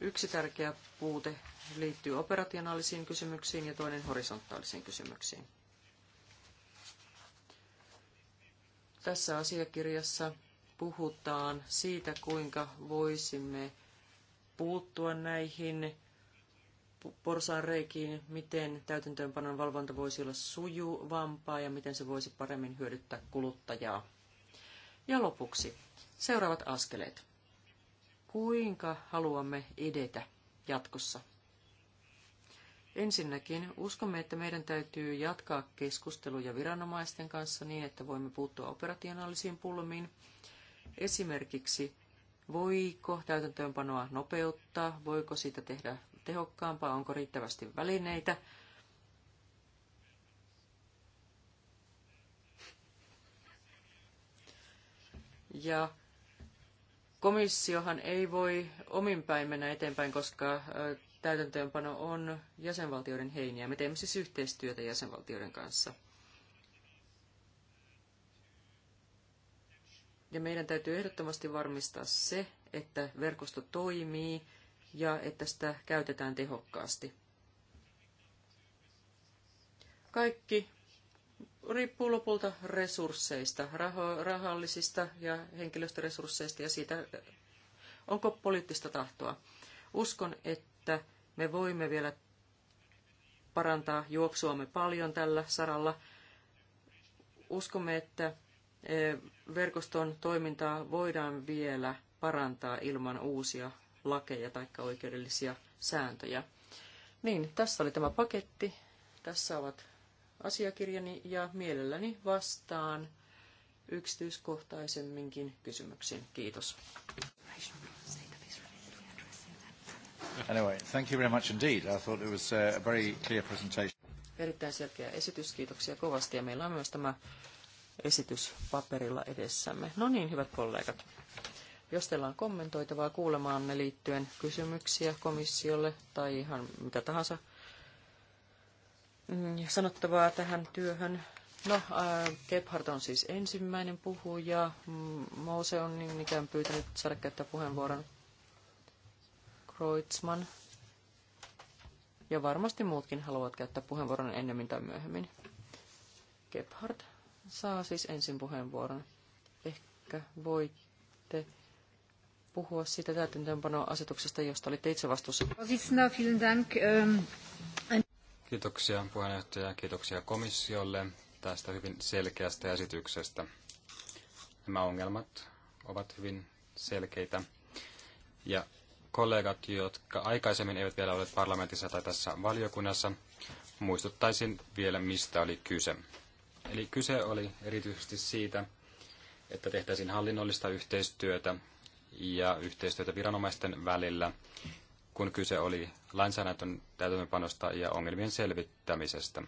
Yksi tärkeä puute liittyy operationaalisiin kysymyksiin ja toinen horisontaalisiin kysymyksiin. Tässä asiakirjassa puhutaan siitä, kuinka voisimme puuttua näihin porsaanreikiin, miten täytäntöönpanon valvonta voisi olla sujuvampaa ja miten se voisi paremmin hyödyttää kuluttajaa. Ja lopuksi seuraavat askeleet. Kuinka haluamme edetä jatkossa? Ensinnäkin uskomme, että meidän täytyy jatkaa keskusteluja viranomaisten kanssa niin, että voimme puuttua operationaalisiin pulmiin. Esimerkiksi, voiko täytäntöönpanoa nopeuttaa, voiko siitä tehdä tehokkaampaa, onko riittävästi välineitä. Ja komissiohan ei voi omin päin mennä eteenpäin, koska täytäntöönpano on jäsenvaltioiden heiniä. Me teemme siis yhteistyötä jäsenvaltioiden kanssa. Ja meidän täytyy ehdottomasti varmistaa se, että verkosto toimii ja että sitä käytetään tehokkaasti. Kaikki riippuu lopulta resursseista, rahallisista ja henkilöstöresursseista ja siitä, onko poliittista tahtoa. Uskon, että että me voimme vielä parantaa juoksuamme paljon tällä saralla. Uskomme, että e, verkoston toimintaa voidaan vielä parantaa ilman uusia lakeja tai oikeudellisia sääntöjä. Niin, tässä oli tämä paketti. Tässä ovat asiakirjani ja mielelläni vastaan yksityiskohtaisemminkin kysymyksiin. Kiitos. Anyway, thank you very much indeed. I thought it was uh, a very clear presentation. Erittäin selkeä esitys, kiitoksia kovasti. Ja meillä on myös tämä esitys paperilla edessämme. No niin, hyvät kollegat. Jos teillä on kommentoitavaa kuulemaanne liittyen kysymyksiä komissiolle tai ihan mitä tahansa mm, sanottavaa tähän työhön, No, äh, Gebhardt on siis ensimmäinen puhuja. Mose on niin ikään pyytänyt saada käyttää puheenvuoron. Kreutzmann. Ja varmasti muutkin haluavat käyttää puheenvuoron ennemmin tai myöhemmin. Gebhard saa siis ensin puheenvuoron. Ehkä voitte puhua siitä täytäntöönpanoasetuksesta, josta olitte itse vastuussa. Ehm, kiitoksia puheenjohtaja ja kiitoksia komissiolle tästä hyvin selkeästä esityksestä. Nämä ongelmat ovat hyvin selkeitä. Ja kollegat, jotka aikaisemmin eivät vielä ole parlamentissa tai tässä valiokunnassa, muistuttaisin vielä, mistä oli kyse. Eli kyse oli erityisesti siitä, että tehtäisiin hallinnollista yhteistyötä ja yhteistyötä viranomaisten välillä, kun kyse oli lainsäädännön täytäntöönpanosta ja ongelmien selvittämisestä.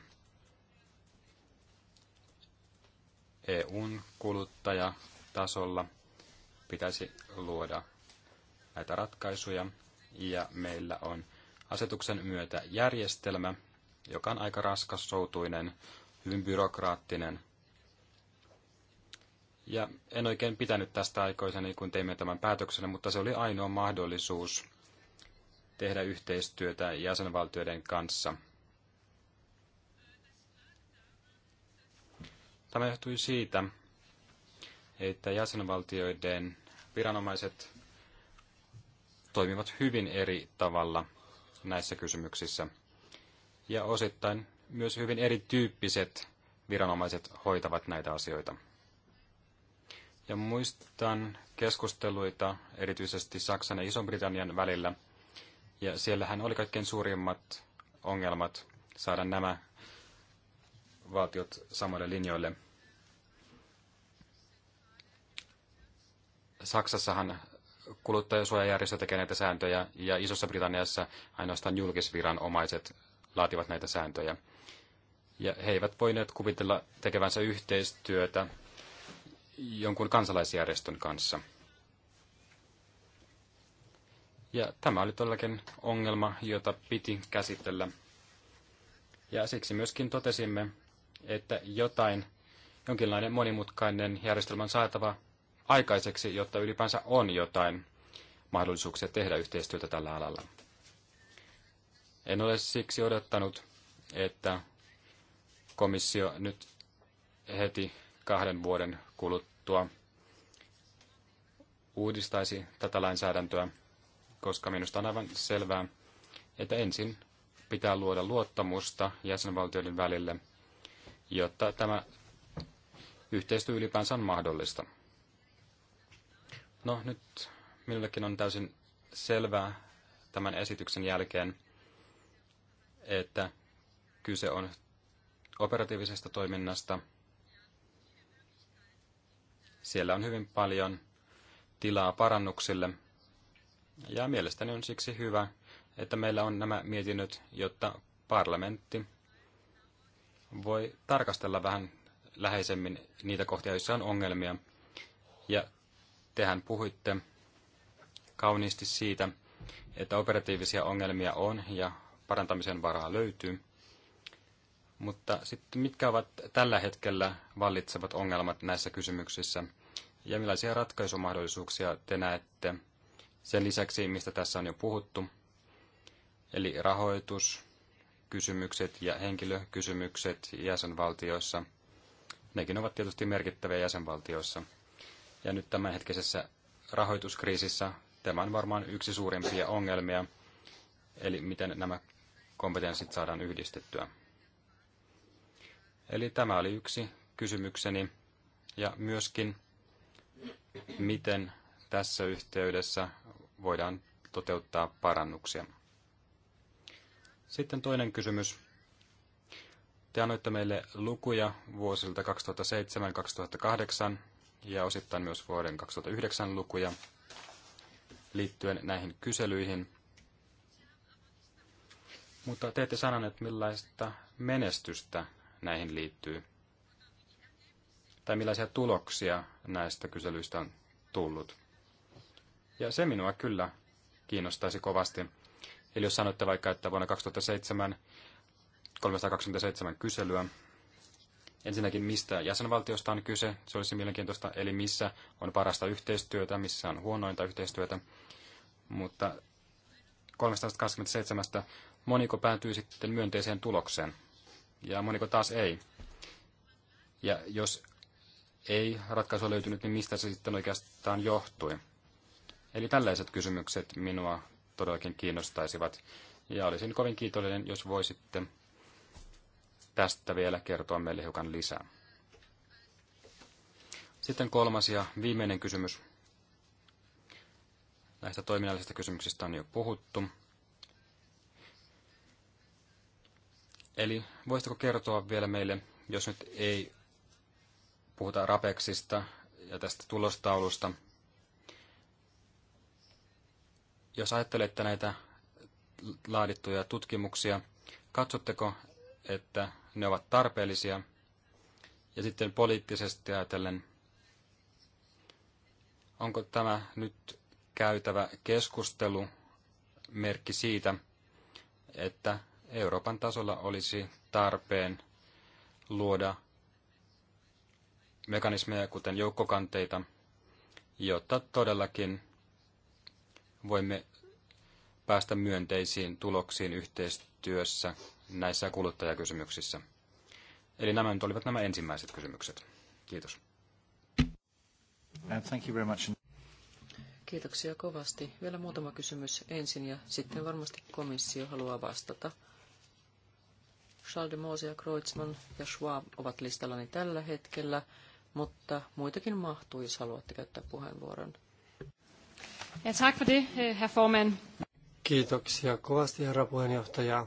EUn kuluttajatasolla pitäisi luoda näitä ratkaisuja ja meillä on asetuksen myötä järjestelmä, joka on aika raskas, soutuinen, hyvin byrokraattinen. Ja en oikein pitänyt tästä aikoiseni, kun teimme tämän päätöksen, mutta se oli ainoa mahdollisuus tehdä yhteistyötä jäsenvaltioiden kanssa. Tämä johtui siitä, että jäsenvaltioiden viranomaiset toimivat hyvin eri tavalla näissä kysymyksissä. Ja osittain myös hyvin erityyppiset viranomaiset hoitavat näitä asioita. Ja muistan keskusteluita erityisesti Saksan ja iso britannian välillä. Ja siellähän oli kaikkein suurimmat ongelmat saada nämä valtiot samoille linjoille. Saksassahan kuluttajasuojajärjestö tekee näitä sääntöjä ja Isossa Britanniassa ainoastaan julkisviranomaiset laativat näitä sääntöjä. Ja he eivät voineet kuvitella tekevänsä yhteistyötä jonkun kansalaisjärjestön kanssa. Ja tämä oli todellakin ongelma, jota piti käsitellä. Ja siksi myöskin totesimme, että jotain, jonkinlainen monimutkainen järjestelmä on saatava aikaiseksi, jotta ylipäänsä on jotain mahdollisuuksia tehdä yhteistyötä tällä alalla. En ole siksi odottanut, että komissio nyt heti kahden vuoden kuluttua uudistaisi tätä lainsäädäntöä, koska minusta on aivan selvää, että ensin pitää luoda luottamusta jäsenvaltioiden välille, jotta tämä yhteistyö ylipäänsä on mahdollista. No nyt minullekin on täysin selvää tämän esityksen jälkeen, että kyse on operatiivisesta toiminnasta. Siellä on hyvin paljon tilaa parannuksille. Ja mielestäni on siksi hyvä, että meillä on nämä mietinnöt, jotta parlamentti voi tarkastella vähän läheisemmin niitä kohtia, joissa on ongelmia, ja Tehän puhuitte kauniisti siitä, että operatiivisia ongelmia on ja parantamisen varaa löytyy. Mutta sitten mitkä ovat tällä hetkellä vallitsevat ongelmat näissä kysymyksissä ja millaisia ratkaisumahdollisuuksia te näette sen lisäksi, mistä tässä on jo puhuttu, eli rahoitus, kysymykset ja henkilökysymykset jäsenvaltioissa. Nekin ovat tietysti merkittäviä jäsenvaltioissa. Ja nyt tämänhetkisessä rahoituskriisissä tämä on varmaan yksi suurimpia ongelmia, eli miten nämä kompetenssit saadaan yhdistettyä. Eli tämä oli yksi kysymykseni, ja myöskin miten tässä yhteydessä voidaan toteuttaa parannuksia. Sitten toinen kysymys. Te annoitte meille lukuja vuosilta 2007-2008 ja osittain myös vuoden 2009 lukuja liittyen näihin kyselyihin. Mutta te ette sanoneet, millaista menestystä näihin liittyy, tai millaisia tuloksia näistä kyselyistä on tullut. Ja se minua kyllä kiinnostaisi kovasti. Eli jos sanotte vaikka, että vuonna 2007 327 kyselyä, Ensinnäkin, mistä jäsenvaltiosta on kyse, se olisi mielenkiintoista, eli missä on parasta yhteistyötä, missä on huonointa yhteistyötä. Mutta 327 moniko päätyy sitten myönteiseen tulokseen ja moniko taas ei. Ja jos ei ratkaisua löytynyt, niin mistä se sitten oikeastaan johtui? Eli tällaiset kysymykset minua todellakin kiinnostaisivat. Ja olisin kovin kiitollinen, jos voisitte tästä vielä kertoa meille hiukan lisää. Sitten kolmas ja viimeinen kysymys. Näistä toiminnallisista kysymyksistä on jo puhuttu. Eli voisitko kertoa vielä meille, jos nyt ei puhuta rapeksista ja tästä tulostaulusta, jos ajattelette näitä laadittuja tutkimuksia, katsotteko, että ne ovat tarpeellisia. Ja sitten poliittisesti ajatellen, onko tämä nyt käytävä keskustelu merkki siitä, että Euroopan tasolla olisi tarpeen luoda mekanismeja, kuten joukkokanteita, jotta todellakin voimme päästä myönteisiin tuloksiin yhteistyössä näissä kuluttajakysymyksissä. Eli nämä nyt olivat nämä ensimmäiset kysymykset. Kiitos. Uh, thank you very much. Kiitoksia kovasti. Vielä muutama kysymys ensin ja sitten varmasti komissio haluaa vastata. Charles de Mose ja Kreutzmann ja Schwab ovat listallani tällä hetkellä, mutta muitakin mahtuu, jos haluatte käyttää puheenvuoron. Ja tack för det, eh, herr Kiitoksia kovasti, herra puheenjohtaja.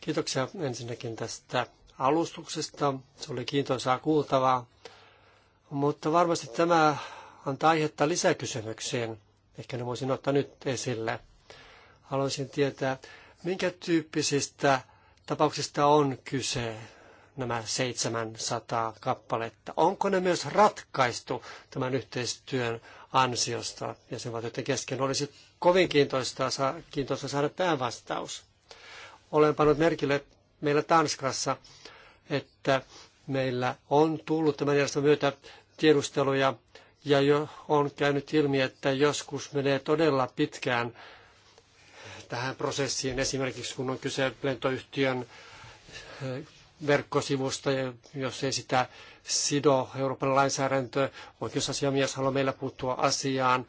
Kiitoksia ensinnäkin tästä alustuksesta. Se oli kiintoisaa kuultavaa. Mutta varmasti tämä antaa aihetta lisäkysymyksiin. Ehkä ne voisin ottaa nyt esille. Haluaisin tietää, minkä tyyppisistä tapauksista on kyse nämä 700 kappaletta. Onko ne myös ratkaistu tämän yhteistyön ansiosta ja jäsenvaltioiden kesken? Olisi kovin kiintoista, kiintoista saada tämä vastaus. Olen pannut merkille meillä Tanskassa, että meillä on tullut tämän järjestelmän myötä tiedusteluja ja jo on käynyt ilmi, että joskus menee todella pitkään tähän prosessiin, esimerkiksi kun on kyse lentoyhtiön eh, verkkosivusta, ja jos ei sitä sido Euroopan lainsäädäntö, oikeusasiamies haluaa meillä puuttua asiaan,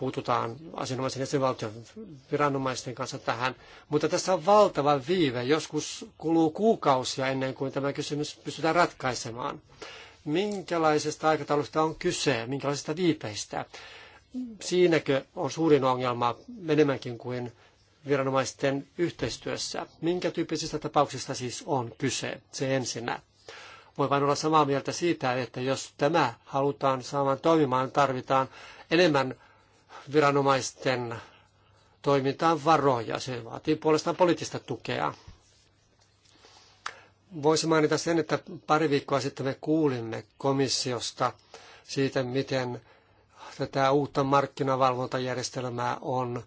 puututaan asianomaisen jäsenvaltion viranomaisten kanssa tähän. Mutta tässä on valtava viive. Joskus kuluu kuukausia ennen kuin tämä kysymys pystytään ratkaisemaan. Minkälaisesta aikataulusta on kyse? Minkälaisista viipeistä? Siinäkö on suurin ongelma enemmänkin kuin viranomaisten yhteistyössä? Minkä tyyppisistä tapauksista siis on kyse? Se ensinnä. Voi vain olla samaa mieltä siitä, että jos tämä halutaan saamaan toimimaan, tarvitaan enemmän viranomaisten toimintaan varoja. Se vaatii puolestaan poliittista tukea. Voisi mainita sen, että pari viikkoa sitten me kuulimme komissiosta siitä, miten tätä uutta markkinavalvontajärjestelmää on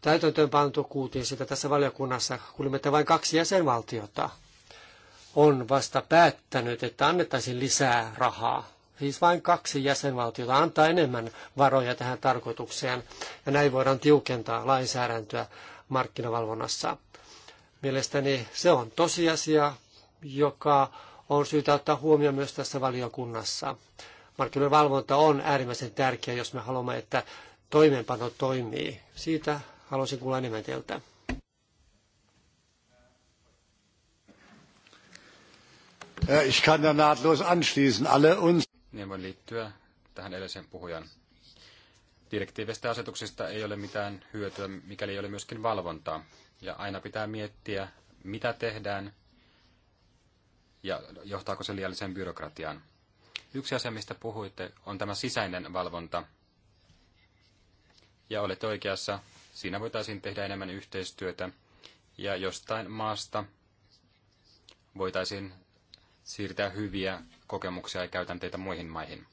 täytäntöön pantu. Kuultiin sitä tässä valiokunnassa. Kuulimme, että vain kaksi jäsenvaltiota on vasta päättänyt, että annettaisiin lisää rahaa Siis vain kaksi jäsenvaltiota antaa enemmän varoja tähän tarkoitukseen, ja näin voidaan tiukentaa lainsäädäntöä markkinavalvonnassa. Mielestäni se on tosiasia, joka on syytä ottaa huomioon myös tässä valiokunnassa. Markkinoiden valvonta on äärimmäisen tärkeää, jos me haluamme, että toimeenpano toimii. Siitä haluaisin kuulla enemmän teiltä. Ich kann da nahtlos anschließen. Alle uns niin voin liittyä tähän edelliseen puhujan. Direktiivistä asetuksista ei ole mitään hyötyä, mikäli ei ole myöskin valvontaa. Ja aina pitää miettiä, mitä tehdään ja johtaako se liialliseen byrokratiaan. Yksi asia, mistä puhuitte, on tämä sisäinen valvonta. Ja olet oikeassa, siinä voitaisiin tehdä enemmän yhteistyötä ja jostain maasta voitaisiin siirtää hyviä kokemuksia ja käytänteitä muihin maihin.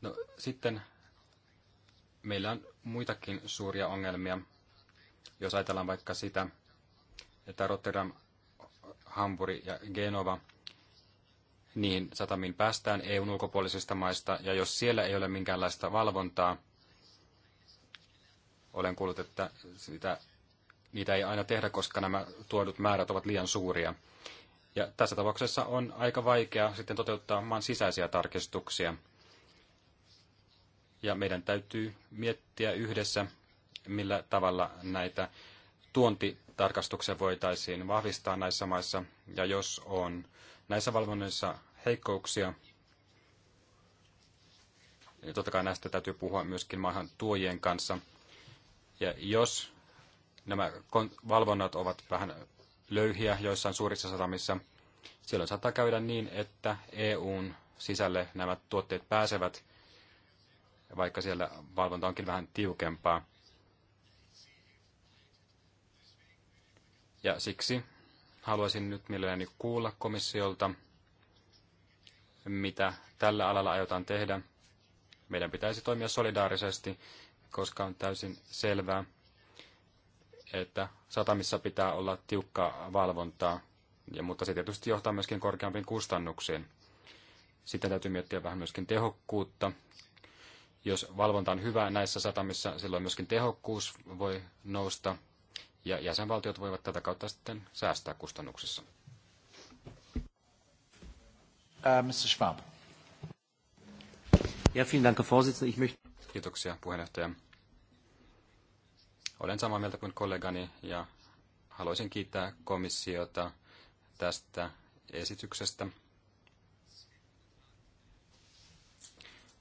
No, sitten meillä on muitakin suuria ongelmia. Jos ajatellaan vaikka sitä, että Rotterdam, Hamburg ja Genova, niihin satamiin päästään EUn ulkopuolisista maista, ja jos siellä ei ole minkäänlaista valvontaa, olen kuullut, että sitä, niitä ei aina tehdä, koska nämä tuodut määrät ovat liian suuria. Ja tässä tapauksessa on aika vaikea sitten toteuttaa maan sisäisiä tarkistuksia. Ja meidän täytyy miettiä yhdessä, millä tavalla näitä tuontitarkastuksia voitaisiin vahvistaa näissä maissa. Ja jos on näissä valvonnoissa heikkouksia, niin totta kai näistä täytyy puhua myöskin maahan tuojien kanssa. Ja jos nämä valvonnat ovat vähän löyhiä joissain suurissa satamissa. Silloin saattaa käydä niin, että EUn sisälle nämä tuotteet pääsevät, vaikka siellä valvonta onkin vähän tiukempaa. Ja siksi haluaisin nyt mielelläni kuulla komissiolta, mitä tällä alalla aiotaan tehdä. Meidän pitäisi toimia solidaarisesti, koska on täysin selvää, että satamissa pitää olla tiukkaa valvontaa, ja, mutta se tietysti johtaa myöskin korkeampiin kustannuksiin. Sitten täytyy miettiä vähän myöskin tehokkuutta. Jos valvonta on hyvä näissä satamissa, silloin myöskin tehokkuus voi nousta, ja jäsenvaltiot voivat tätä kautta sitten säästää kustannuksissa. Uh, äh, Mr. Schwab. Ja, vielen Dank, Herr Vorsitzender. Ich möchte... Kiitoksia, puheenjohtaja. Olen samaa mieltä kuin kollegani ja haluaisin kiittää komissiota tästä esityksestä.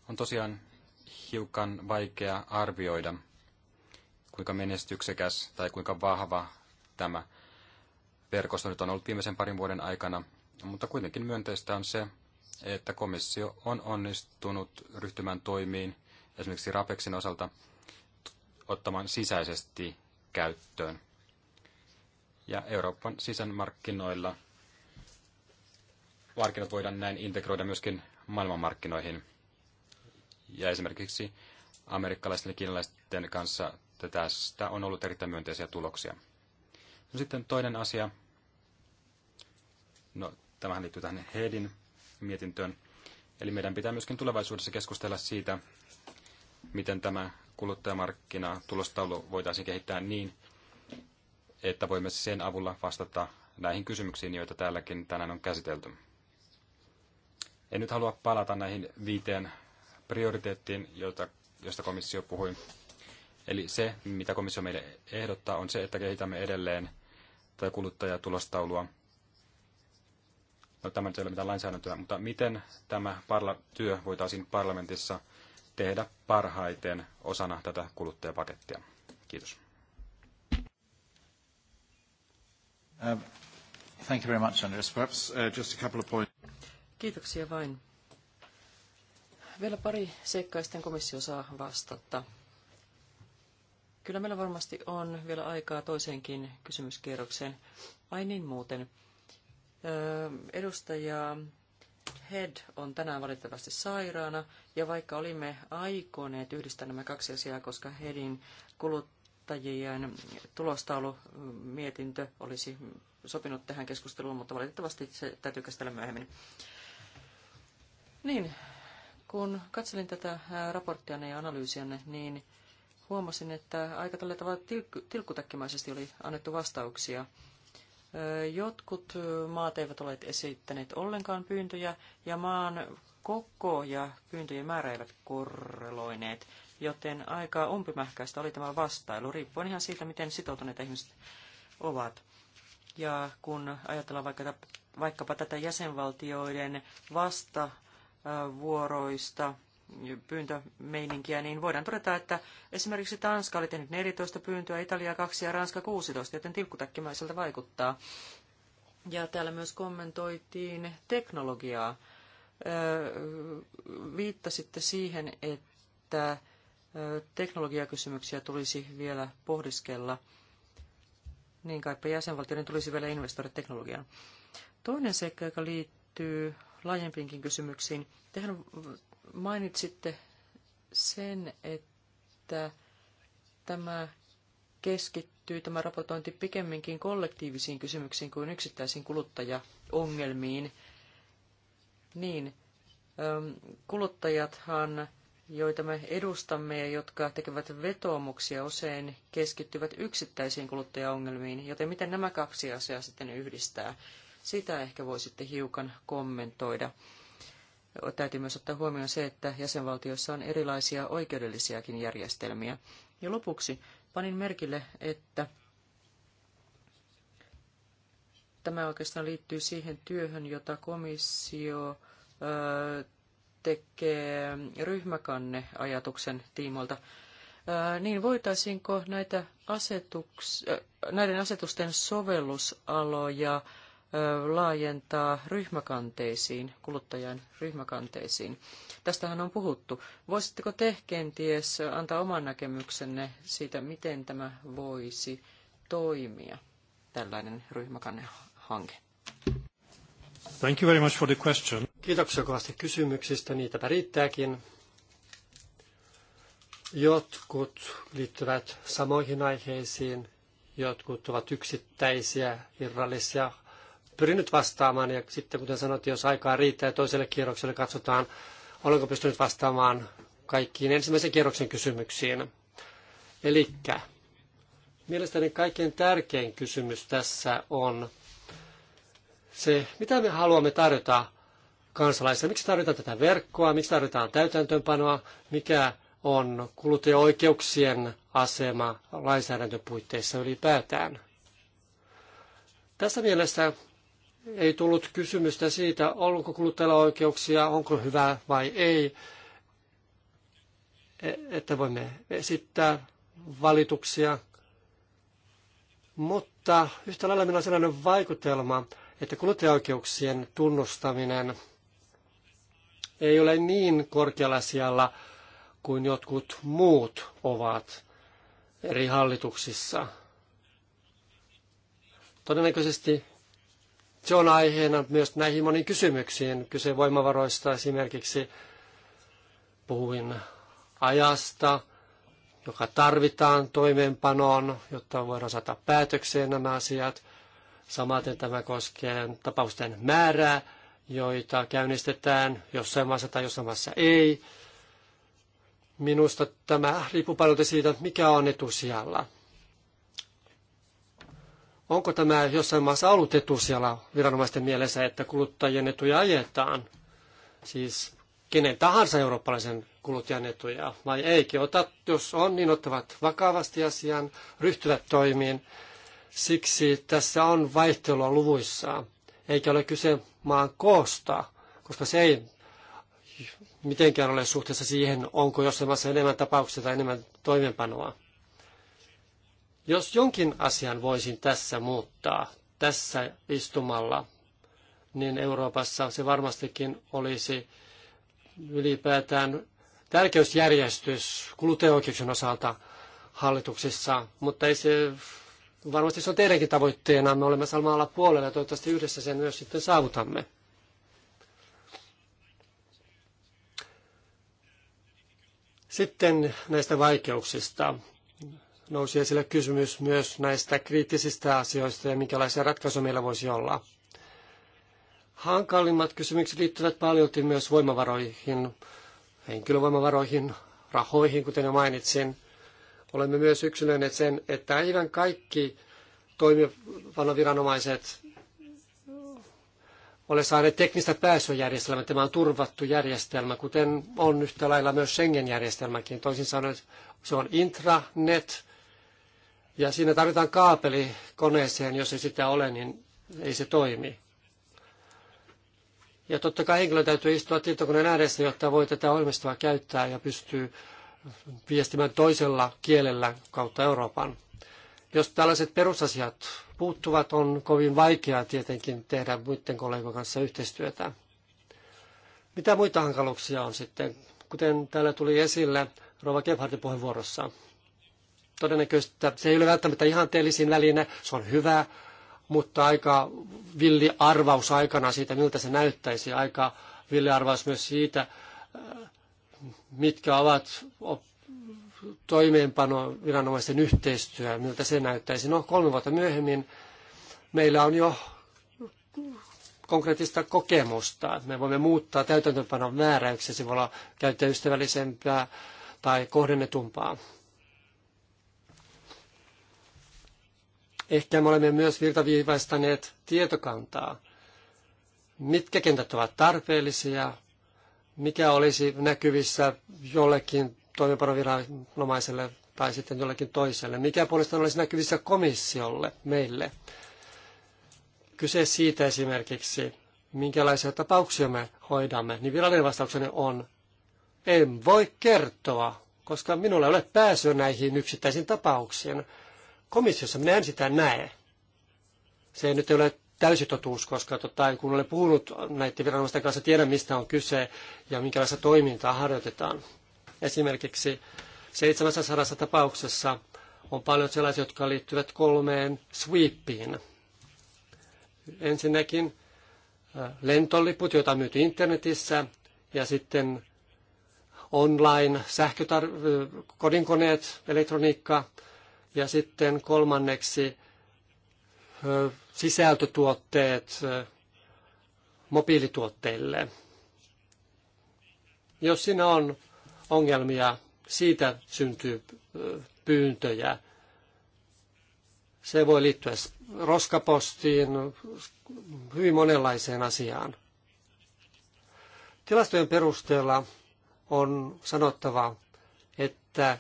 On tosiaan hiukan vaikea arvioida, kuinka menestyksekäs tai kuinka vahva tämä verkosto nyt on ollut viimeisen parin vuoden aikana, mutta kuitenkin myönteistä on se, että komissio on onnistunut ryhtymään toimiin esimerkiksi RAPEXin osalta, ottamaan sisäisesti käyttöön. Ja Euroopan sisämarkkinoilla markkinat voidaan näin integroida myöskin maailmanmarkkinoihin. Ja esimerkiksi amerikkalaisten ja kiinalaisten kanssa tästä on ollut erittäin myönteisiä tuloksia. No sitten toinen asia. No, tämähän liittyy tähän Heidin mietintöön. Eli meidän pitää myöskin tulevaisuudessa keskustella siitä, miten tämä kuluttajamarkkina tulostaulu voitaisiin kehittää niin, että voimme sen avulla vastata näihin kysymyksiin, joita täälläkin tänään on käsitelty. En nyt halua palata näihin viiteen prioriteettiin, joita, josta komissio puhui. Eli se, mitä komissio meille ehdottaa, on se, että kehitämme edelleen tai kuluttajatulostaulua. No tämä ei ole mitään lainsäädäntöä, mutta miten tämä parla- työ voitaisiin parlamentissa tehdä parhaiten osana tätä kuluttajapakettia. Kiitos. Uh, uh, Kiitoksia vain. Vielä pari seikkaa sitten komissio saa vastata. Kyllä meillä varmasti on vielä aikaa toiseenkin kysymyskierrokseen. Ai niin muuten. Edustaja Head on tänään valitettavasti sairaana, ja vaikka olimme aikoneet yhdistää nämä kaksi asiaa, koska Headin kuluttajien tulostaulumietintö mm, olisi sopinut tähän keskusteluun, mutta valitettavasti se täytyy käsitellä myöhemmin. Niin, kun katselin tätä raporttia ja analyysianne, niin huomasin, että aika tällä tavalla tilkku, oli annettu vastauksia Jotkut maat eivät ole esittäneet ollenkaan pyyntöjä ja maan koko ja pyyntöjen määrä eivät korreloineet, joten aika umpimähkäistä oli tämä vastailu, riippuen ihan siitä, miten sitoutuneet ihmiset ovat. Ja kun ajatellaan vaikka, vaikkapa tätä jäsenvaltioiden vastavuoroista pyyntömeininkiä, niin voidaan todeta, että esimerkiksi Tanska oli tehnyt 14 pyyntöä, Italia 2 ja Ranska 16, joten tilkkutäkkimäiseltä vaikuttaa. Ja täällä myös kommentoitiin teknologiaa. Viittasitte siihen, että teknologiakysymyksiä tulisi vielä pohdiskella. Niin kaipa jäsenvaltioiden tulisi vielä investoida teknologiaan. Toinen seikka, joka liittyy laajempiinkin kysymyksiin. Tehän Mainitsitte sen, että tämä keskittyy tämä raportointi pikemminkin kollektiivisiin kysymyksiin kuin yksittäisiin kuluttajaongelmiin. Niin, ähm, kuluttajathan, joita me edustamme ja jotka tekevät vetoomuksia, usein keskittyvät yksittäisiin kuluttajaongelmiin, joten miten nämä kaksi asiaa sitten yhdistää? Sitä ehkä voisitte hiukan kommentoida täytyy myös ottaa huomioon se, että jäsenvaltioissa on erilaisia oikeudellisiakin järjestelmiä. Ja lopuksi panin merkille, että tämä oikeastaan liittyy siihen työhön, jota komissio tekee ryhmäkanneajatuksen tiimoilta. Niin voitaisiinko näitä asetuks, näiden asetusten sovellusaloja laajentaa ryhmäkanteisiin, kuluttajan ryhmäkanteisiin. Tästähän on puhuttu. Voisitteko te kenties antaa oman näkemyksenne siitä, miten tämä voisi toimia, tällainen ryhmäkannehanke? Thank you very much for the question. Kiitoksia kovasti kysymyksistä, niitäpä riittääkin. Jotkut liittyvät samoihin aiheisiin, jotkut ovat yksittäisiä, irrallisia pyrin nyt vastaamaan ja sitten kuten sanoit, jos aikaa riittää toiselle kierrokselle, katsotaan, olenko pystynyt vastaamaan kaikkiin ensimmäisen kierroksen kysymyksiin. Eli mielestäni kaikkein tärkein kysymys tässä on se, mitä me haluamme tarjota kansalaisille. Miksi tarvitaan tätä verkkoa, miksi tarvitaan täytäntöönpanoa, mikä on kuluttajaoikeuksien asema lainsäädäntöpuitteissa ylipäätään. Tässä mielessä ei tullut kysymystä siitä, onko kuluttajalla oikeuksia, onko hyvä vai ei, e, että voimme esittää valituksia. Mutta yhtä lailla meillä on sellainen vaikutelma, että kuluttajaoikeuksien tunnustaminen ei ole niin korkealla siellä kuin jotkut muut ovat eri hallituksissa. Todennäköisesti se on aiheena myös näihin moniin kysymyksiin. Kyse voimavaroista esimerkiksi puhuin ajasta, joka tarvitaan toimeenpanoon, jotta voidaan saada päätökseen nämä asiat. Samaten tämä koskee tapausten määrää, joita käynnistetään jossain maassa tai jossain maassa ei. Minusta tämä riippuu paljon siitä, mikä on etusijalla. Onko tämä jossain maassa ollut etusijalla viranomaisten mielessä, että kuluttajien etuja ajetaan? Siis kenen tahansa eurooppalaisen kuluttajan etuja vai eikö? Ota, jos on, niin ottavat vakavasti asian, ryhtyvät toimiin. Siksi tässä on vaihtelua luvuissa, eikä ole kyse maan koosta, koska se ei mitenkään ole suhteessa siihen, onko jossain maassa enemmän tapauksia tai enemmän toimenpanoa. Jos jonkin asian voisin tässä muuttaa, tässä istumalla, niin Euroopassa se varmastikin olisi ylipäätään tärkeysjärjestys kuluttajaoikeuksien osalta hallituksissa, mutta ei se, varmasti se on teidänkin tavoitteena, me olemme samalla puolella ja toivottavasti yhdessä sen myös sitten saavutamme. Sitten näistä vaikeuksista nousi esille kysymys myös näistä kriittisistä asioista ja minkälaisia ratkaisuja meillä voisi olla. Hankalimmat kysymykset liittyvät paljon myös voimavaroihin, henkilövoimavaroihin, rahoihin, kuten jo mainitsin. Olemme myös yksilöineet sen, että eivän kaikki viranomaiset ole saaneet teknistä pääsyä Tämä on turvattu järjestelmä, kuten on yhtä lailla myös Schengen-järjestelmäkin. Toisin sanoen se on intranet, ja siinä tarvitaan kaapeli koneeseen, jos ei sitä ole, niin ei se toimi. Ja totta kai henkilö täytyy istua tietokoneen ääressä, jotta voi tätä ohjelmistoa käyttää ja pystyy viestimään toisella kielellä kautta Euroopan. Jos tällaiset perusasiat puuttuvat, on kovin vaikeaa tietenkin tehdä muiden kollegojen kanssa yhteistyötä. Mitä muita hankaluuksia on sitten? Kuten täällä tuli esille Rova Gebhardin puheenvuorossa, todennäköistä. Se ei ole välttämättä ihanteellisin väline, se on hyvä, mutta aika villi arvaus aikana siitä, miltä se näyttäisi. Aika villi arvaus myös siitä, mitkä ovat toimeenpano viranomaisten yhteistyö, miltä se näyttäisi. No kolme vuotta myöhemmin meillä on jo konkreettista kokemusta. Me voimme muuttaa täytäntöönpanon määräyksiä, se voi olla käyttäjäystävällisempää tai kohdennetumpaa. Ehkä me olemme myös virtaviivaistaneet tietokantaa. Mitkä kentät ovat tarpeellisia? Mikä olisi näkyvissä jollekin toimeenpanoviranomaiselle tai sitten jollekin toiselle? Mikä puolestaan olisi näkyvissä komissiolle, meille? Kyse siitä esimerkiksi, minkälaisia tapauksia me hoidamme, niin virallinen vastaukseni on, en voi kertoa, koska minulla ei ole pääsyä näihin yksittäisiin tapauksiin komissiossa. Minä en sitä näe. Se ei nyt ole täysi totuus, koska tota, kun olen puhunut näiden viranomaisten kanssa, tiedän mistä on kyse ja minkälaista toimintaa harjoitetaan. Esimerkiksi 700 tapauksessa on paljon sellaisia, jotka liittyvät kolmeen sweepiin. Ensinnäkin lentoliput, joita on myyty internetissä, ja sitten online, sähkötar- kodinkoneet, elektroniikka, ja sitten kolmanneksi sisältötuotteet mobiilituotteille. Jos siinä on ongelmia, siitä syntyy pyyntöjä. Se voi liittyä roskapostiin, hyvin monenlaiseen asiaan. Tilastojen perusteella on sanottava, että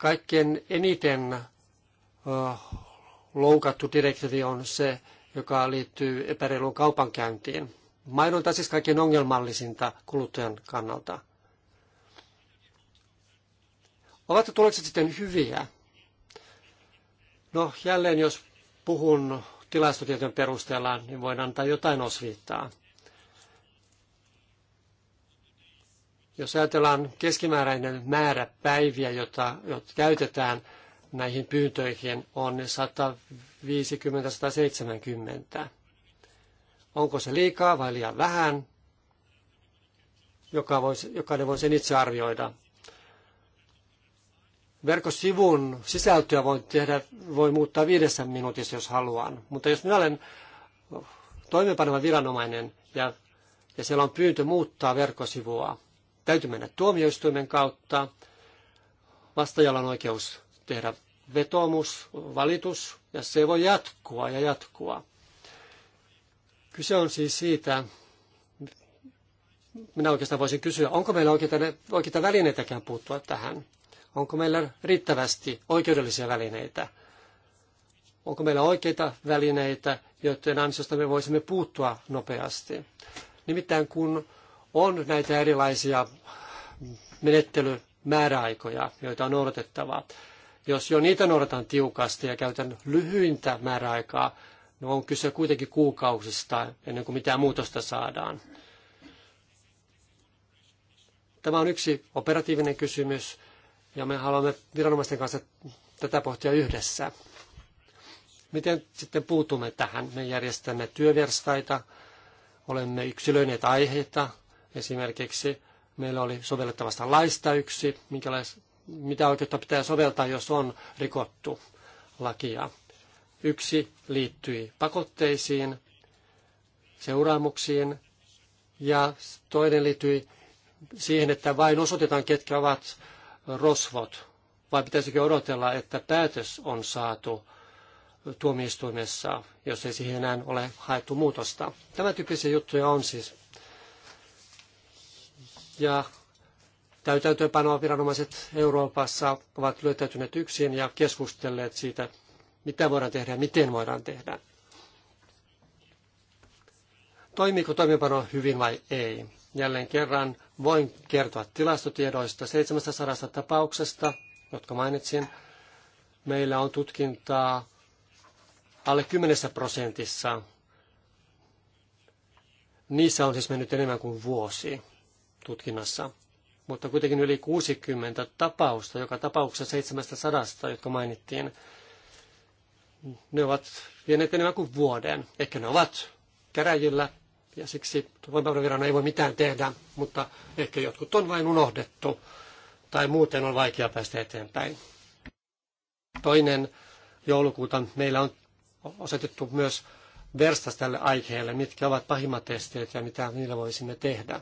Kaikkein eniten loukattu direktiivi on se, joka liittyy epäreiluun kaupankäyntiin. Mainonta siis kaikkein ongelmallisinta kuluttajan kannalta. Ovat tulokset sitten hyviä? No jälleen, jos puhun tilastotietojen perusteella, niin voin antaa jotain osviittaa. Jos ajatellaan keskimääräinen määrä päiviä, jota, jota käytetään näihin pyyntöihin, on 150-170. Onko se liikaa vai liian vähän? Joka voisi, jokainen voi sen itse arvioida. Verkkosivun sisältöä voi, tehdä, voi muuttaa viidessä minuutissa, jos haluan. Mutta jos minä olen toimeenpaneva viranomainen ja, ja siellä on pyyntö muuttaa verkkosivua, täytyy mennä tuomioistuimen kautta. Vastajalla on oikeus tehdä vetomus, valitus, ja se voi jatkua ja jatkua. Kyse on siis siitä, minä oikeastaan voisin kysyä, onko meillä oikeita, oikeita välineitäkään puuttua tähän? Onko meillä riittävästi oikeudellisia välineitä? Onko meillä oikeita välineitä, joiden ansiosta me voisimme puuttua nopeasti? Nimittäin kun on näitä erilaisia menettelymääräaikoja, joita on noudatettava. Jos jo niitä noudatan tiukasti ja käytän lyhyintä määräaikaa, no on kyse kuitenkin kuukausista ennen kuin mitään muutosta saadaan. Tämä on yksi operatiivinen kysymys ja me haluamme viranomaisten kanssa tätä pohtia yhdessä. Miten sitten puutumme tähän? Me järjestämme työverstaita, olemme yksilöineet aiheita, Esimerkiksi meillä oli sovellettavasta laista yksi, mitä oikeutta pitää soveltaa, jos on rikottu lakia. Yksi liittyi pakotteisiin, seuraamuksiin ja toinen liittyi siihen, että vain osoitetaan, ketkä ovat rosvot, vai pitäisikö odotella, että päätös on saatu tuomioistuimessa, jos ei siihen enää ole haettu muutosta. Tämä tyyppisiä juttuja on siis ja täytäntöönpanoa viranomaiset Euroopassa ovat lyöttäytyneet yksin ja keskustelleet siitä, mitä voidaan tehdä ja miten voidaan tehdä. Toimiiko toimeenpano hyvin vai ei? Jälleen kerran voin kertoa tilastotiedoista 700 tapauksesta, jotka mainitsin. Meillä on tutkintaa alle 10 prosentissa. Niissä on siis mennyt enemmän kuin vuosi tutkinnassa. Mutta kuitenkin yli 60 tapausta, joka tapauksessa 700, jotka mainittiin, ne ovat vieneet enemmän kuin vuoden. Ehkä ne ovat käräjillä ja siksi voimavaravirana ei voi mitään tehdä, mutta ehkä jotkut on vain unohdettu tai muuten on vaikea päästä eteenpäin. Toinen joulukuuta meillä on osoitettu myös verstas tälle aiheelle, mitkä ovat pahimmat esteet ja mitä niillä voisimme tehdä.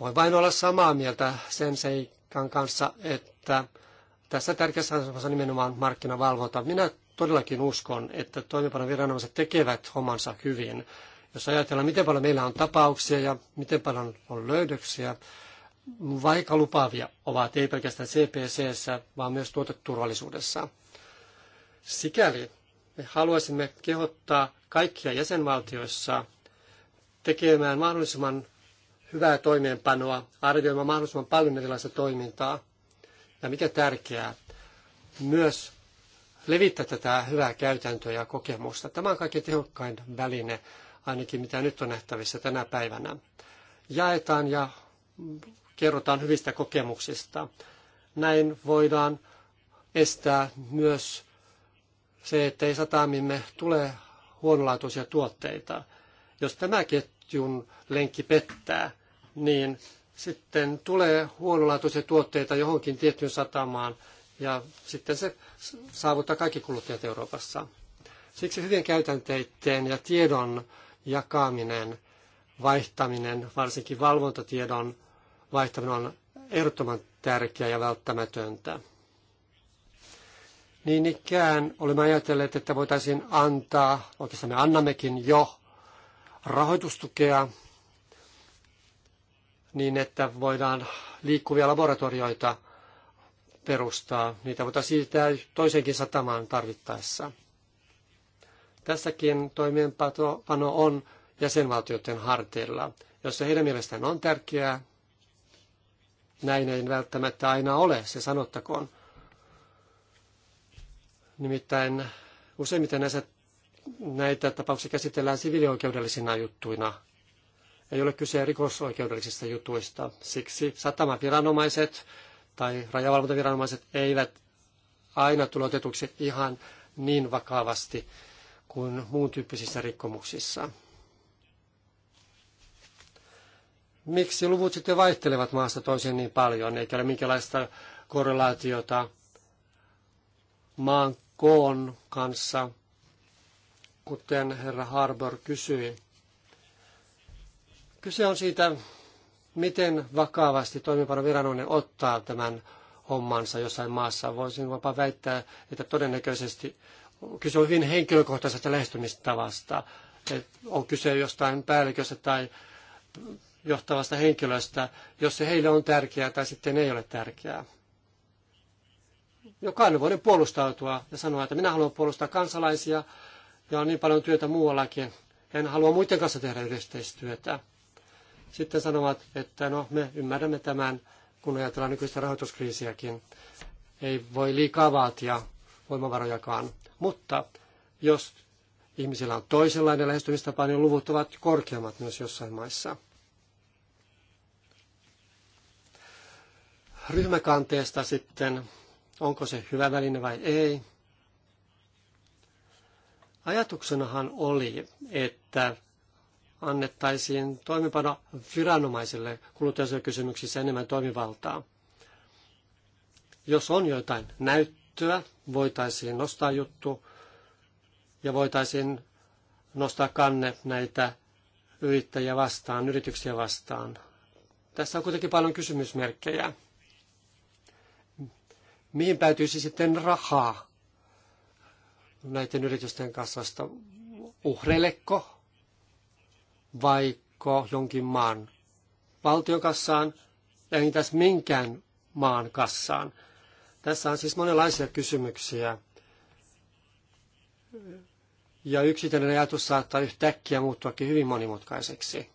Voin vain olla samaa mieltä sen seikan kanssa, että tässä tärkeässä asemassa nimenomaan markkinavalvonta. Minä todellakin uskon, että viranomaiset tekevät hommansa hyvin. Jos ajatellaan, miten paljon meillä on tapauksia ja miten paljon on löydöksiä, vaikka lupaavia ovat ei pelkästään cpc vaan myös tuoteturvallisuudessa. Sikäli me haluaisimme kehottaa kaikkia jäsenvaltioissa tekemään mahdollisimman hyvää toimeenpanoa, arvioimaan mahdollisimman paljon erilaista toimintaa. Ja mikä tärkeää, myös levittää tätä hyvää käytäntöä ja kokemusta. Tämä on kaikkein tehokkain väline, ainakin mitä nyt on nähtävissä tänä päivänä. Jaetaan ja kerrotaan hyvistä kokemuksista. Näin voidaan estää myös se, ettei satamimme tule huonolaatuisia tuotteita. Jos tämä ketjun lenkki pettää, niin sitten tulee huonolaatuisia tuotteita johonkin tiettyyn satamaan ja sitten se saavuttaa kaikki kuluttajat Euroopassa. Siksi hyvien käytänteiden ja tiedon jakaminen, vaihtaminen, varsinkin valvontatiedon vaihtaminen on ehdottoman tärkeää ja välttämätöntä. Niin ikään olemme ajatelleet, että voitaisiin antaa, oikeastaan me annammekin jo rahoitustukea niin, että voidaan liikkuvia laboratorioita perustaa. Niitä voitaisiin siirtää toisenkin satamaan tarvittaessa. Tässäkin toimeenpano on jäsenvaltioiden harteilla, jossa heidän mielestään on tärkeää. Näin ei välttämättä aina ole, se sanottakoon. Nimittäin useimmiten näitä tapauksia käsitellään siviilioikeudellisina juttuina – ei ole kyse rikosoikeudellisista jutuista. Siksi satamaviranomaiset tai rajavalvontaviranomaiset eivät aina tule otetuksi ihan niin vakavasti kuin muun tyyppisissä rikkomuksissa. Miksi luvut sitten vaihtelevat maasta toiseen niin paljon, eikä ole minkälaista korrelaatiota maan koon kanssa, kuten herra Harbour kysyi. Kyse on siitä, miten vakavasti toimeenpanoviranomainen ottaa tämän hommansa jossain maassa. Voisin vapaa väittää, että todennäköisesti kyse on hyvin henkilökohtaisesta lähestymistavasta. Että on kyse jostain päälliköstä tai johtavasta henkilöstä, jos se heille on tärkeää tai sitten ei ole tärkeää. Jokainen voi puolustautua ja sanoa, että minä haluan puolustaa kansalaisia ja on niin paljon työtä muuallakin. En halua muiden kanssa tehdä yhteistyötä sitten sanovat, että no me ymmärrämme tämän, kun ajatellaan nykyistä rahoituskriisiäkin. Ei voi liikaa vaatia voimavarojakaan. Mutta jos ihmisillä on toisenlainen lähestymistapa, niin luvut ovat korkeammat myös jossain maissa. Ryhmäkanteesta sitten, onko se hyvä väline vai ei. Ajatuksenahan oli, että annettaisiin toimipano viranomaisille kuluttajasyökysymyksissä enemmän toimivaltaa. Jos on jotain näyttöä, voitaisiin nostaa juttu ja voitaisiin nostaa kanne näitä yrittäjiä vastaan, yrityksiä vastaan. Tässä on kuitenkin paljon kysymysmerkkejä. Mihin päätyisi sitten rahaa näiden yritysten kassasta? Uhreilleko vaikka jonkin maan valtiokassaan, tässä minkään maan kassaan. Tässä on siis monenlaisia kysymyksiä. Ja yksityinen ajatus saattaa yhtäkkiä muuttuakin hyvin monimutkaiseksi.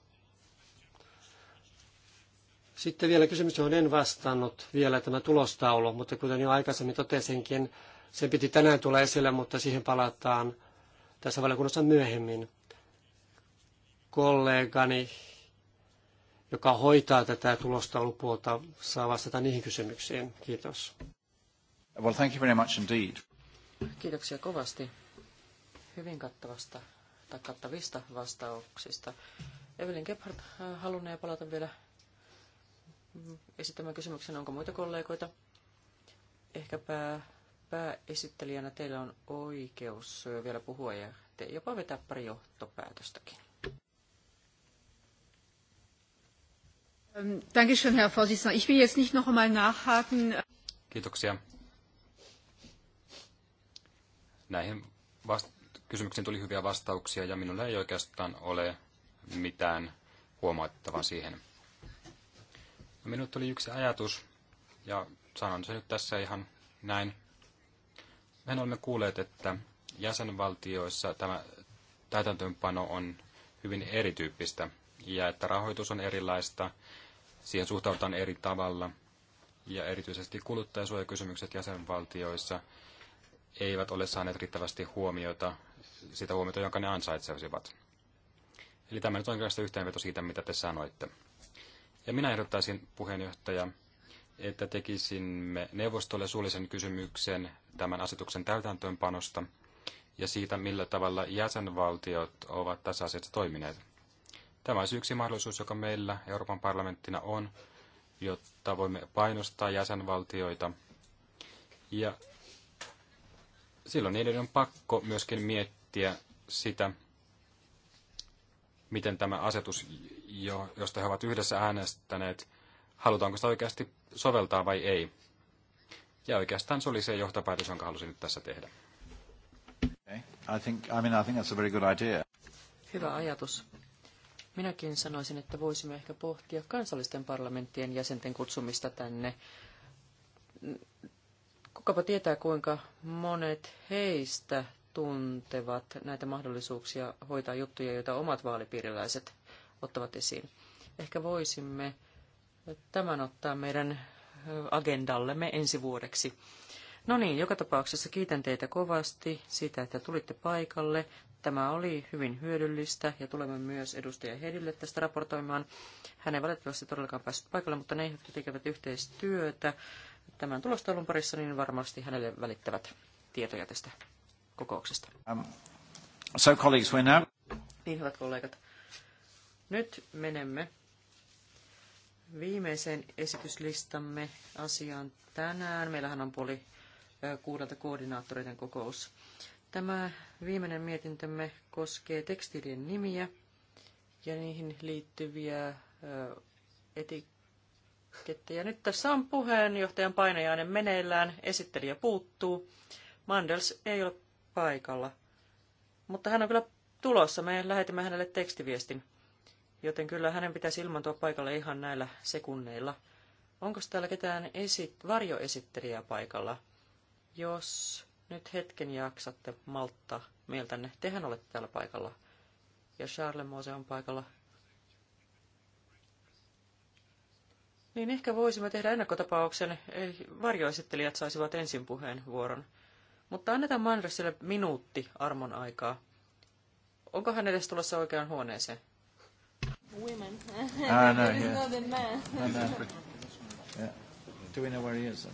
Sitten vielä kysymys, johon en vastannut vielä tämä tulostaulu, mutta kuten jo aikaisemmin totesinkin, sen piti tänään tulla esille, mutta siihen palataan tässä valiokunnassa myöhemmin kollegani, joka hoitaa tätä tulostaulupuolta, saa vastata niihin kysymyksiin. Kiitos. Well, thank you very much indeed. Kiitoksia kovasti hyvin kattavasta tai kattavista vastauksista. Evelyn Gebhardt äh, halunnee palata vielä esittämään kysymyksen, onko muita kollegoita? Ehkäpä pääesittelijänä teillä on oikeus vielä puhua ja te jopa vetää pari johtopäätöstäkin. Ähm, Herr Vorsitzender. Ich will jetzt nicht noch einmal nachhaken. Näihin kysymyksiin tuli hyviä vastauksia ja minulla ei oikeastaan ole mitään huomauttavaa siihen. Minulle tuli yksi ajatus ja sanon se nyt tässä ihan näin. Mehän olemme kuulleet, että jäsenvaltioissa tämä täytäntöönpano on hyvin erityyppistä ja että rahoitus on erilaista siihen suhtaudutaan eri tavalla. Ja erityisesti kuluttajasuojakysymykset jäsenvaltioissa eivät ole saaneet riittävästi huomiota, sitä huomiota, jonka ne ansaitsevat. Eli tämä nyt on oikeastaan yhteenveto siitä, mitä te sanoitte. Ja minä ehdottaisin puheenjohtaja, että tekisimme neuvostolle suullisen kysymyksen tämän asetuksen täytäntöönpanosta ja siitä, millä tavalla jäsenvaltiot ovat tässä asiassa toimineet. Tämä on yksi mahdollisuus, joka meillä Euroopan parlamenttina on, jotta voimme painostaa jäsenvaltioita. Ja silloin niiden on pakko myöskin miettiä sitä, miten tämä asetus, josta he ovat yhdessä äänestäneet, halutaanko sitä oikeasti soveltaa vai ei. Ja oikeastaan se oli se johtopäätös, jonka halusin nyt tässä tehdä. Hyvä ajatus. Minäkin sanoisin, että voisimme ehkä pohtia kansallisten parlamenttien jäsenten kutsumista tänne. Kukapa tietää, kuinka monet heistä tuntevat näitä mahdollisuuksia hoitaa juttuja, joita omat vaalipiiriläiset ottavat esiin. Ehkä voisimme tämän ottaa meidän agendallemme ensi vuodeksi. No niin, joka tapauksessa kiitän teitä kovasti siitä, että tulitte paikalle. Tämä oli hyvin hyödyllistä ja tulemme myös edustaja Hedille tästä raportoimaan. Hän ei valitettavasti todellakaan päässyt paikalle, mutta ne, jotka tekevät yhteistyötä tämän tulostaulun parissa, niin varmasti hänelle välittävät tietoja tästä kokouksesta. Um, so colleagues, we're now... Niin, hyvät kollegat. Nyt menemme viimeiseen esityslistamme asiaan tänään. Meillähän on puoli kuudelta koordinaattoreiden kokous. Tämä viimeinen mietintömme koskee tekstiilien nimiä ja niihin liittyviä etikettejä. Nyt tässä on puheenjohtajan painajainen meneillään, esittelijä puuttuu. Mandels ei ole paikalla, mutta hän on kyllä tulossa. Me lähetimme hänelle tekstiviestin, joten kyllä hänen pitäisi ilmantua paikalle ihan näillä sekunneilla. Onko täällä ketään esit- varjoesittelijää paikalla? Jos nyt hetken jaksatte malttaa mieltänne. Tehän olette täällä paikalla. Ja Charles Mose on paikalla. Niin ehkä voisimme tehdä ennakkotapauksen. Varjoesittelijät saisivat ensin puheenvuoron. Mutta annetaan Mandersille minuutti armon aikaa. Onko hän edes tulossa oikeaan huoneeseen? Women. ah, no, [laughs] yeah. not man. no. Yeah. No. [laughs] Do we know where he is then?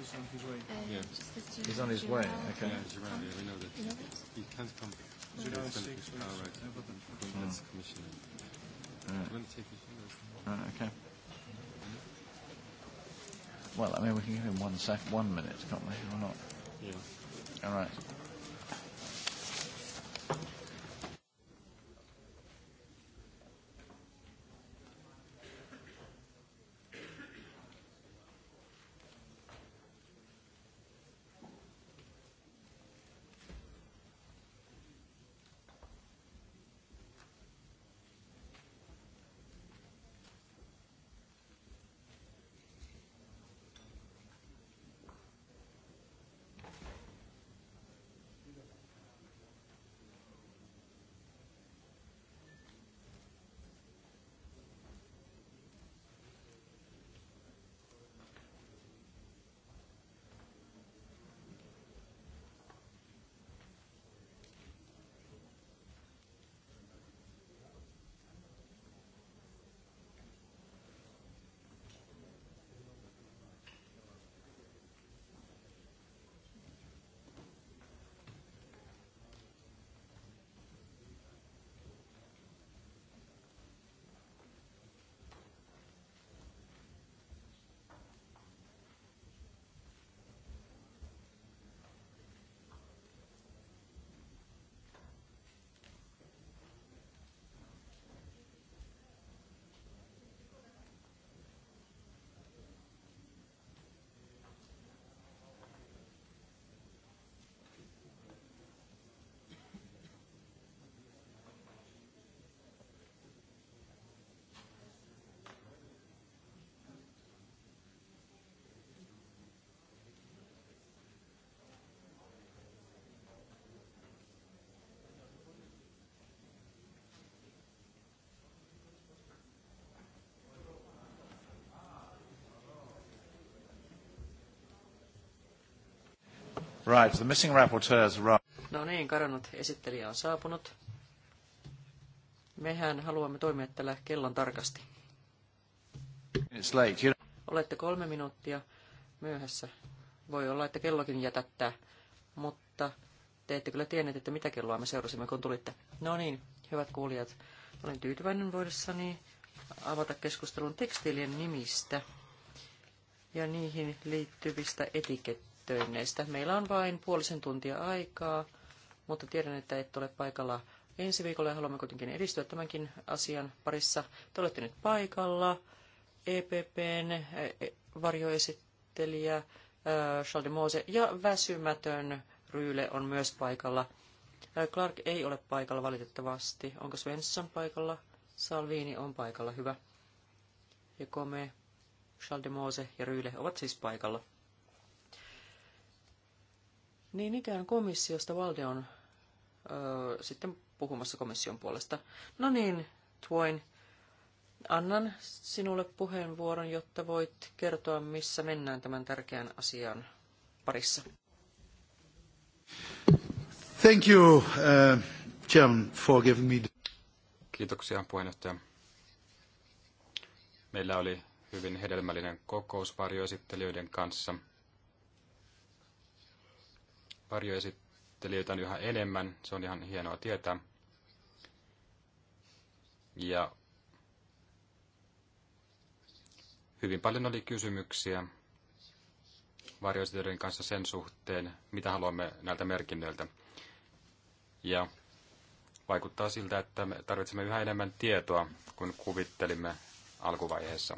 he's on his way. Uh, yeah. Just he's on his way. Okay. Yeah, he's around here. We know that. He can come here. No. No, right. That's hmm. commissioner. All right. take his All right, okay. Well, I mean, we can give him one sec, one minute, can't we, or not? Yeah. All right. Right, the missing rapporteur No niin, kadonnut esittelijä on saapunut. Mehän haluamme toimia tällä kellon tarkasti. It's late. You... Olette kolme minuuttia myöhässä. Voi olla, että kellokin jätättää, mutta te ette kyllä tienneet, että mitä kelloa me seurasimme, kun tulitte. No niin, hyvät kuulijat, olen tyytyväinen voidessani avata keskustelun tekstiilien nimistä ja niihin liittyvistä etiketteistä. Töinneistä Meillä on vain puolisen tuntia aikaa, mutta tiedän, että et ole paikalla ensi viikolla ja haluamme kuitenkin edistyä tämänkin asian parissa. Te olette nyt paikalla. EPPn e, varjoesittelijä Charles de Mose ja väsymätön Ryyle on myös paikalla. Clark ei ole paikalla valitettavasti. Onko Svensson paikalla? Salvini on paikalla, hyvä. Ja Kome, Charles de Mose ja Ryyle ovat siis paikalla. Niin ikään komissiosta Valde on öö, sitten puhumassa komission puolesta. No niin, Twain, annan sinulle puheenvuoron, jotta voit kertoa, missä mennään tämän tärkeän asian parissa. Thank you, uh, Chairman, for giving me the... Kiitoksia puheenjohtaja. Meillä oli hyvin hedelmällinen kokous varjoesittelijöiden kanssa – varjoesittelijöitä on yhä enemmän. Se on ihan hienoa tietää. Ja hyvin paljon oli kysymyksiä varjoesittelijöiden kanssa sen suhteen, mitä haluamme näiltä merkinnöiltä. Ja vaikuttaa siltä, että me tarvitsemme yhä enemmän tietoa kuin kuvittelimme alkuvaiheessa.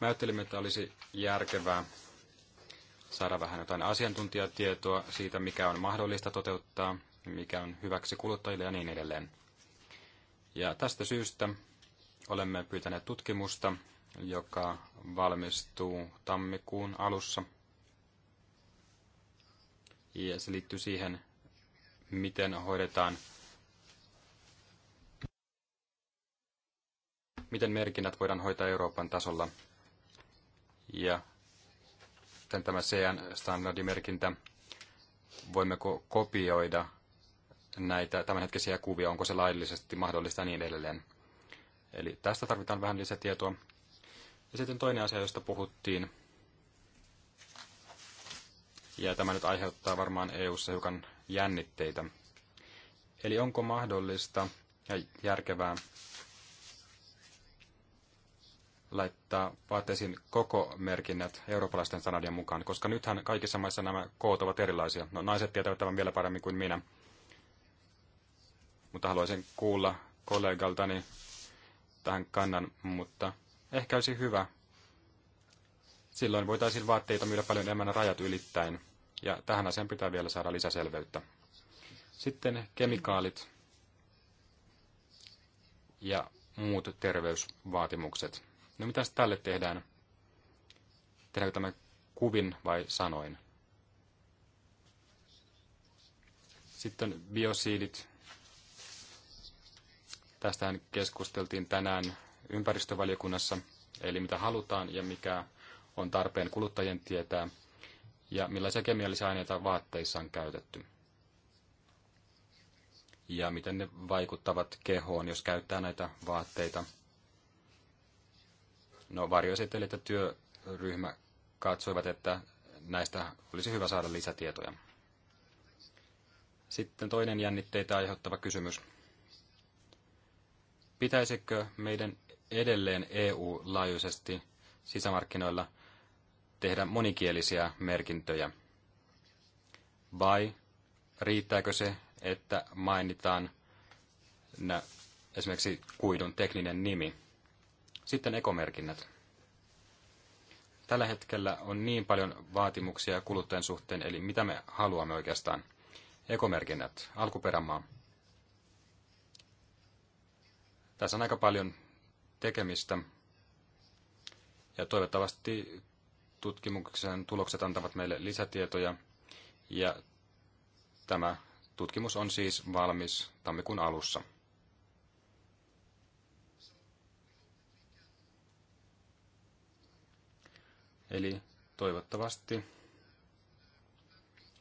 Mä ajattelimme, että olisi järkevää saada vähän jotain asiantuntijatietoa siitä, mikä on mahdollista toteuttaa, mikä on hyväksi kuluttajille ja niin edelleen. Ja tästä syystä olemme pyytäneet tutkimusta, joka valmistuu tammikuun alussa. Ja se liittyy siihen, miten hoidetaan, miten merkinnät voidaan hoitaa Euroopan tasolla. Ja sitten tämä CN-standardimerkintä, voimmeko kopioida näitä tämänhetkisiä kuvia, onko se laillisesti mahdollista ja niin edelleen. Eli tästä tarvitaan vähän lisätietoa. Ja sitten toinen asia, josta puhuttiin, ja tämä nyt aiheuttaa varmaan EU-ssa hiukan jännitteitä. Eli onko mahdollista ja järkevää laittaa vaatteisiin koko merkinnät eurooppalaisten sanadien mukaan, koska nythän kaikissa maissa nämä koot ovat erilaisia. No naiset tietävät tämän vielä paremmin kuin minä. Mutta haluaisin kuulla kollegaltani tähän kannan, mutta ehkä olisi hyvä. Silloin voitaisiin vaatteita myydä paljon enemmän rajat ylittäin, ja tähän asiaan pitää vielä saada lisäselveyttä. Sitten kemikaalit ja muut terveysvaatimukset. No mitäs tälle tehdään? Tehdäänkö tämä kuvin vai sanoin? Sitten biosiidit. Tästähän keskusteltiin tänään ympäristövaliokunnassa, eli mitä halutaan ja mikä on tarpeen kuluttajien tietää, ja millaisia kemiallisia aineita vaatteissa on käytetty. Ja miten ne vaikuttavat kehoon, jos käyttää näitä vaatteita – No varjoesittelijät ja työryhmä katsoivat, että näistä olisi hyvä saada lisätietoja. Sitten toinen jännitteitä aiheuttava kysymys. Pitäisikö meidän edelleen EU-laajuisesti sisämarkkinoilla tehdä monikielisiä merkintöjä? Vai riittääkö se, että mainitaan esimerkiksi kuidun tekninen nimi? Sitten ekomerkinnät. Tällä hetkellä on niin paljon vaatimuksia kuluttajan suhteen, eli mitä me haluamme oikeastaan. Ekomerkinnät, alkuperämaa. Tässä on aika paljon tekemistä. Ja toivottavasti tutkimuksen tulokset antavat meille lisätietoja. Ja tämä tutkimus on siis valmis tammikuun alussa. Eli toivottavasti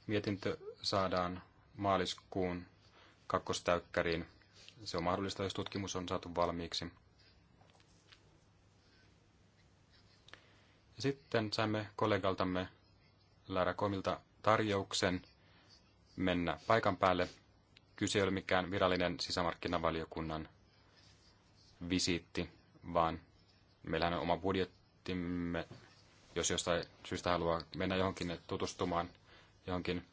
mietintö saadaan maaliskuun kakkostäykkäriin. Se on mahdollista, jos tutkimus on saatu valmiiksi. Ja sitten saimme kollegaltamme Lara Komilta tarjouksen mennä paikan päälle. Kyse ei ole mikään virallinen sisämarkkinavaliokunnan visiitti, vaan meillähän on oma budjettimme jos jostain syystä haluaa mennä johonkin tutustumaan johonkin.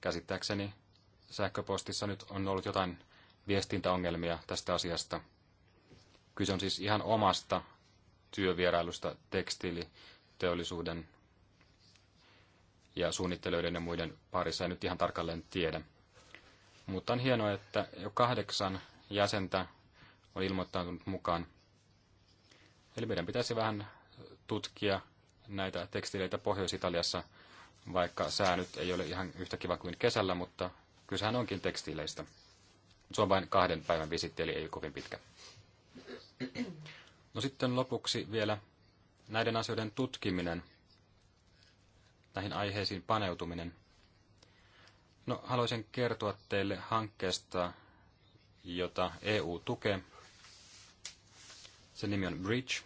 Käsittääkseni sähköpostissa nyt on ollut jotain viestintäongelmia tästä asiasta. Kyse on siis ihan omasta työvierailusta tekstiiliteollisuuden ja suunnittelijoiden ja muiden parissa. En nyt ihan tarkalleen tiedä. Mutta on hienoa, että jo kahdeksan jäsentä on ilmoittautunut mukaan. Eli meidän pitäisi vähän tutkia näitä tekstileitä Pohjois-Italiassa, vaikka sää nyt ei ole ihan yhtä kiva kuin kesällä, mutta kysehän onkin tekstileistä. Se on vain kahden päivän visitti, eli ei kovin pitkä. No sitten lopuksi vielä näiden asioiden tutkiminen, näihin aiheisiin paneutuminen. No, haluaisin kertoa teille hankkeesta, jota EU tukee. Sen nimi on Bridge,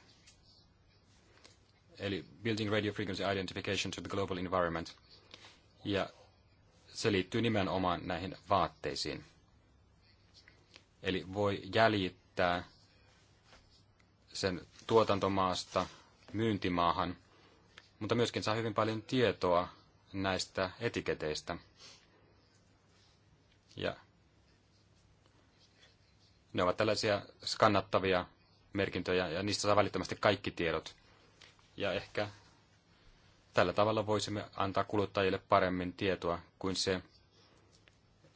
eli Building Radio Frequency Identification to the Global Environment. Ja se liittyy nimenomaan näihin vaatteisiin. Eli voi jäljittää sen tuotantomaasta myyntimaahan, mutta myöskin saa hyvin paljon tietoa näistä etiketeistä. Ja ne ovat tällaisia skannattavia merkintöjä ja niistä saa välittömästi kaikki tiedot. Ja ehkä tällä tavalla voisimme antaa kuluttajille paremmin tietoa kuin se,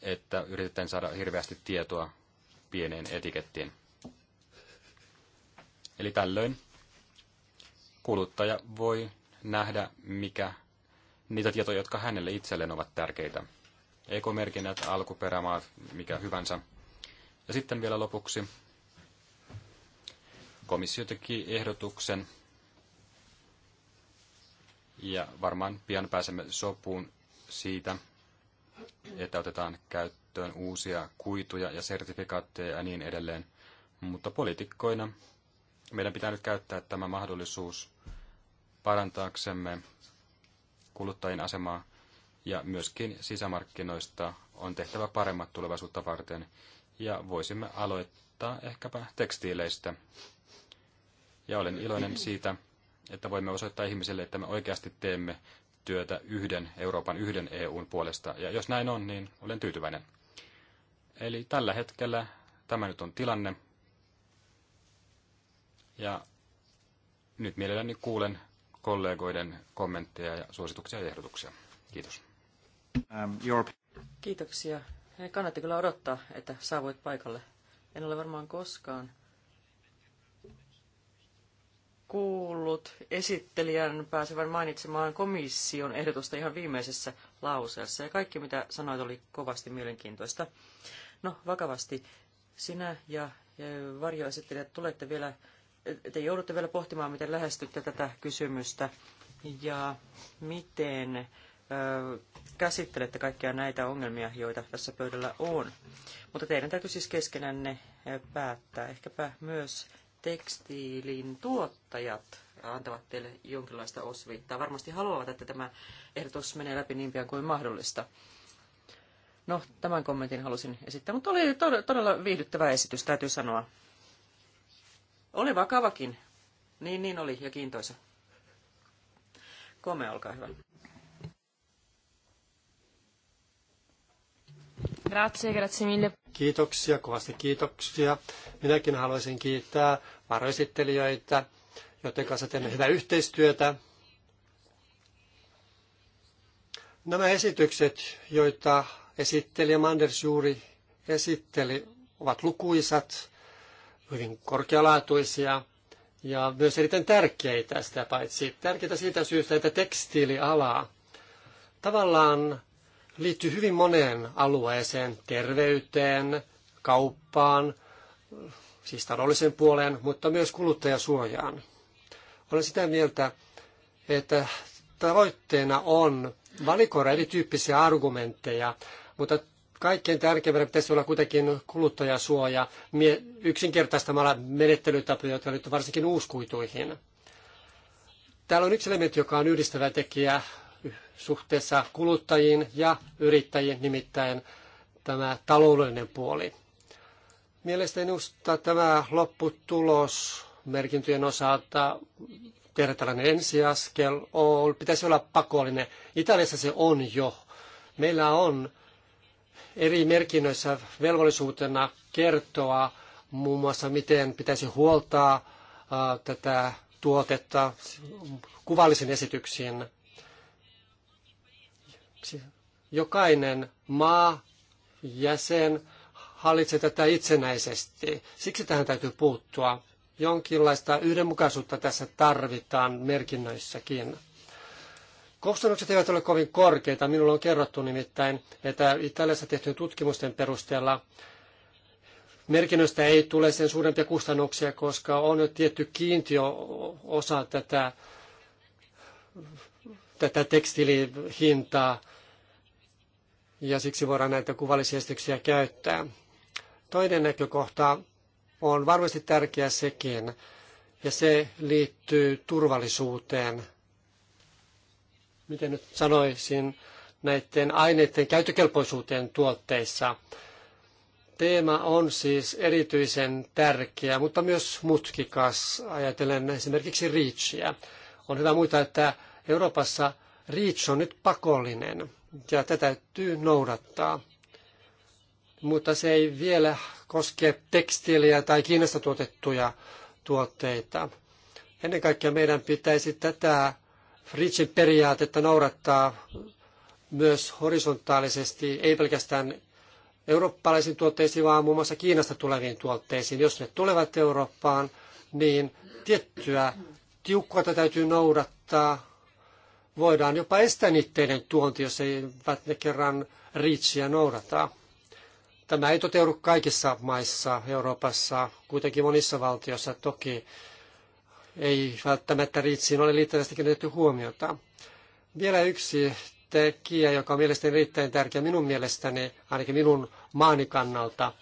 että yritetään saada hirveästi tietoa pieneen etikettiin. Eli tällöin kuluttaja voi nähdä, mikä niitä tietoja, jotka hänelle itselleen ovat tärkeitä. Ekomerkinnät, alkuperämaat, mikä hyvänsä. Ja sitten vielä lopuksi komissio teki ehdotuksen ja varmaan pian pääsemme sopuun siitä, että otetaan käyttöön uusia kuituja ja sertifikaatteja ja niin edelleen. Mutta poliitikkoina meidän pitää nyt käyttää tämä mahdollisuus parantaaksemme kuluttajien asemaa ja myöskin sisämarkkinoista on tehtävä paremmat tulevaisuutta varten ja voisimme aloittaa ehkäpä tekstiileistä, ja olen iloinen siitä, että voimme osoittaa ihmisille, että me oikeasti teemme työtä yhden Euroopan, yhden EUn puolesta. Ja jos näin on, niin olen tyytyväinen. Eli tällä hetkellä tämä nyt on tilanne. Ja nyt mielelläni kuulen kollegoiden kommentteja ja suosituksia ja ehdotuksia. Kiitos. Um, Europe. Kiitoksia. Kannatti kyllä odottaa, että saavuit paikalle. En ole varmaan koskaan kuullut esittelijän pääsevän mainitsemaan komission ehdotusta ihan viimeisessä lauseessa, ja kaikki mitä sanoit oli kovasti mielenkiintoista. No, vakavasti, sinä ja varjoesittelijät tulette vielä, te joudutte vielä pohtimaan, miten lähestytte tätä kysymystä, ja miten käsittelette kaikkia näitä ongelmia, joita tässä pöydällä on. Mutta teidän täytyy siis keskenänne päättää, ehkäpä myös tekstiilin tuottajat antavat teille jonkinlaista osviittaa. Varmasti haluavat, että tämä ehdotus menee läpi niin pian kuin mahdollista. No, tämän kommentin halusin esittää, mutta oli todella viihdyttävä esitys, täytyy sanoa. Oli vakavakin. Niin, niin oli, ja kiintoisa. Kome, olkaa hyvä. Grazie, grazie mille. Kiitoksia, kovasti kiitoksia. Minäkin haluaisin kiittää varoesittelijöitä, joiden kanssa teemme hyvää yhteistyötä. Nämä esitykset, joita esittelijä Manders juuri esitteli, ovat lukuisat, hyvin korkealaatuisia ja myös erittäin tärkeitä sitä paitsi. Tärkeitä siitä syystä, että tekstiiliala tavallaan liittyy hyvin moneen alueeseen, terveyteen, kauppaan, siis taloudellisen puoleen, mutta myös kuluttajasuojaan. Olen sitä mieltä, että tavoitteena on valikoida erityyppisiä argumentteja, mutta kaikkein tärkeimmänä pitäisi olla kuitenkin kuluttajasuoja yksinkertaistamalla menettelytapoja, jotka liittyvät varsinkin uuskuituihin. Täällä on yksi elementti, joka on yhdistävä tekijä suhteessa kuluttajiin ja yrittäjiin, nimittäin tämä taloudellinen puoli. Mielestäni minusta tämä lopputulos merkintöjen osalta tehdä tällainen ensiaskel on, pitäisi olla pakollinen. Italiassa se on jo. Meillä on eri merkinnöissä velvollisuutena kertoa muun muassa, miten pitäisi huoltaa tätä tuotetta kuvallisen esityksiin Jokainen maa, jäsen hallitsee tätä itsenäisesti. Siksi tähän täytyy puuttua. Jonkinlaista yhdenmukaisuutta tässä tarvitaan merkinnöissäkin. Kustannukset eivät ole kovin korkeita. Minulle on kerrottu nimittäin, että Italiassa tehtyjen tutkimusten perusteella merkinnöistä ei tule sen suurempia kustannuksia, koska on jo tietty kiintiö osa tätä, tätä tekstiilihintaa ja siksi voidaan näitä kuvallisia esityksiä käyttää. Toinen näkökohta on varmasti tärkeä sekin, ja se liittyy turvallisuuteen. Miten nyt sanoisin, näiden aineiden käyttökelpoisuuteen tuotteissa. Teema on siis erityisen tärkeä, mutta myös mutkikas, ajatellen esimerkiksi REACHia. On hyvä muistaa, että Euroopassa REACH on nyt pakollinen ja tätä täytyy noudattaa. Mutta se ei vielä koske tekstiiliä tai Kiinasta tuotettuja tuotteita. Ennen kaikkea meidän pitäisi tätä Fritsin periaatetta noudattaa myös horisontaalisesti, ei pelkästään eurooppalaisiin tuotteisiin, vaan muun muassa Kiinasta tuleviin tuotteisiin. Jos ne tulevat Eurooppaan, niin tiettyä tiukkuutta täytyy noudattaa, voidaan jopa estää niiden tuonti, jos eivät ne kerran riitsiä noudata. Tämä ei toteudu kaikissa maissa Euroopassa, kuitenkin monissa valtioissa toki ei välttämättä riitsiin ole riittävästi kiinnitetty huomiota. Vielä yksi tekijä, joka on mielestäni erittäin tärkeä minun mielestäni, ainakin minun maani kannalta.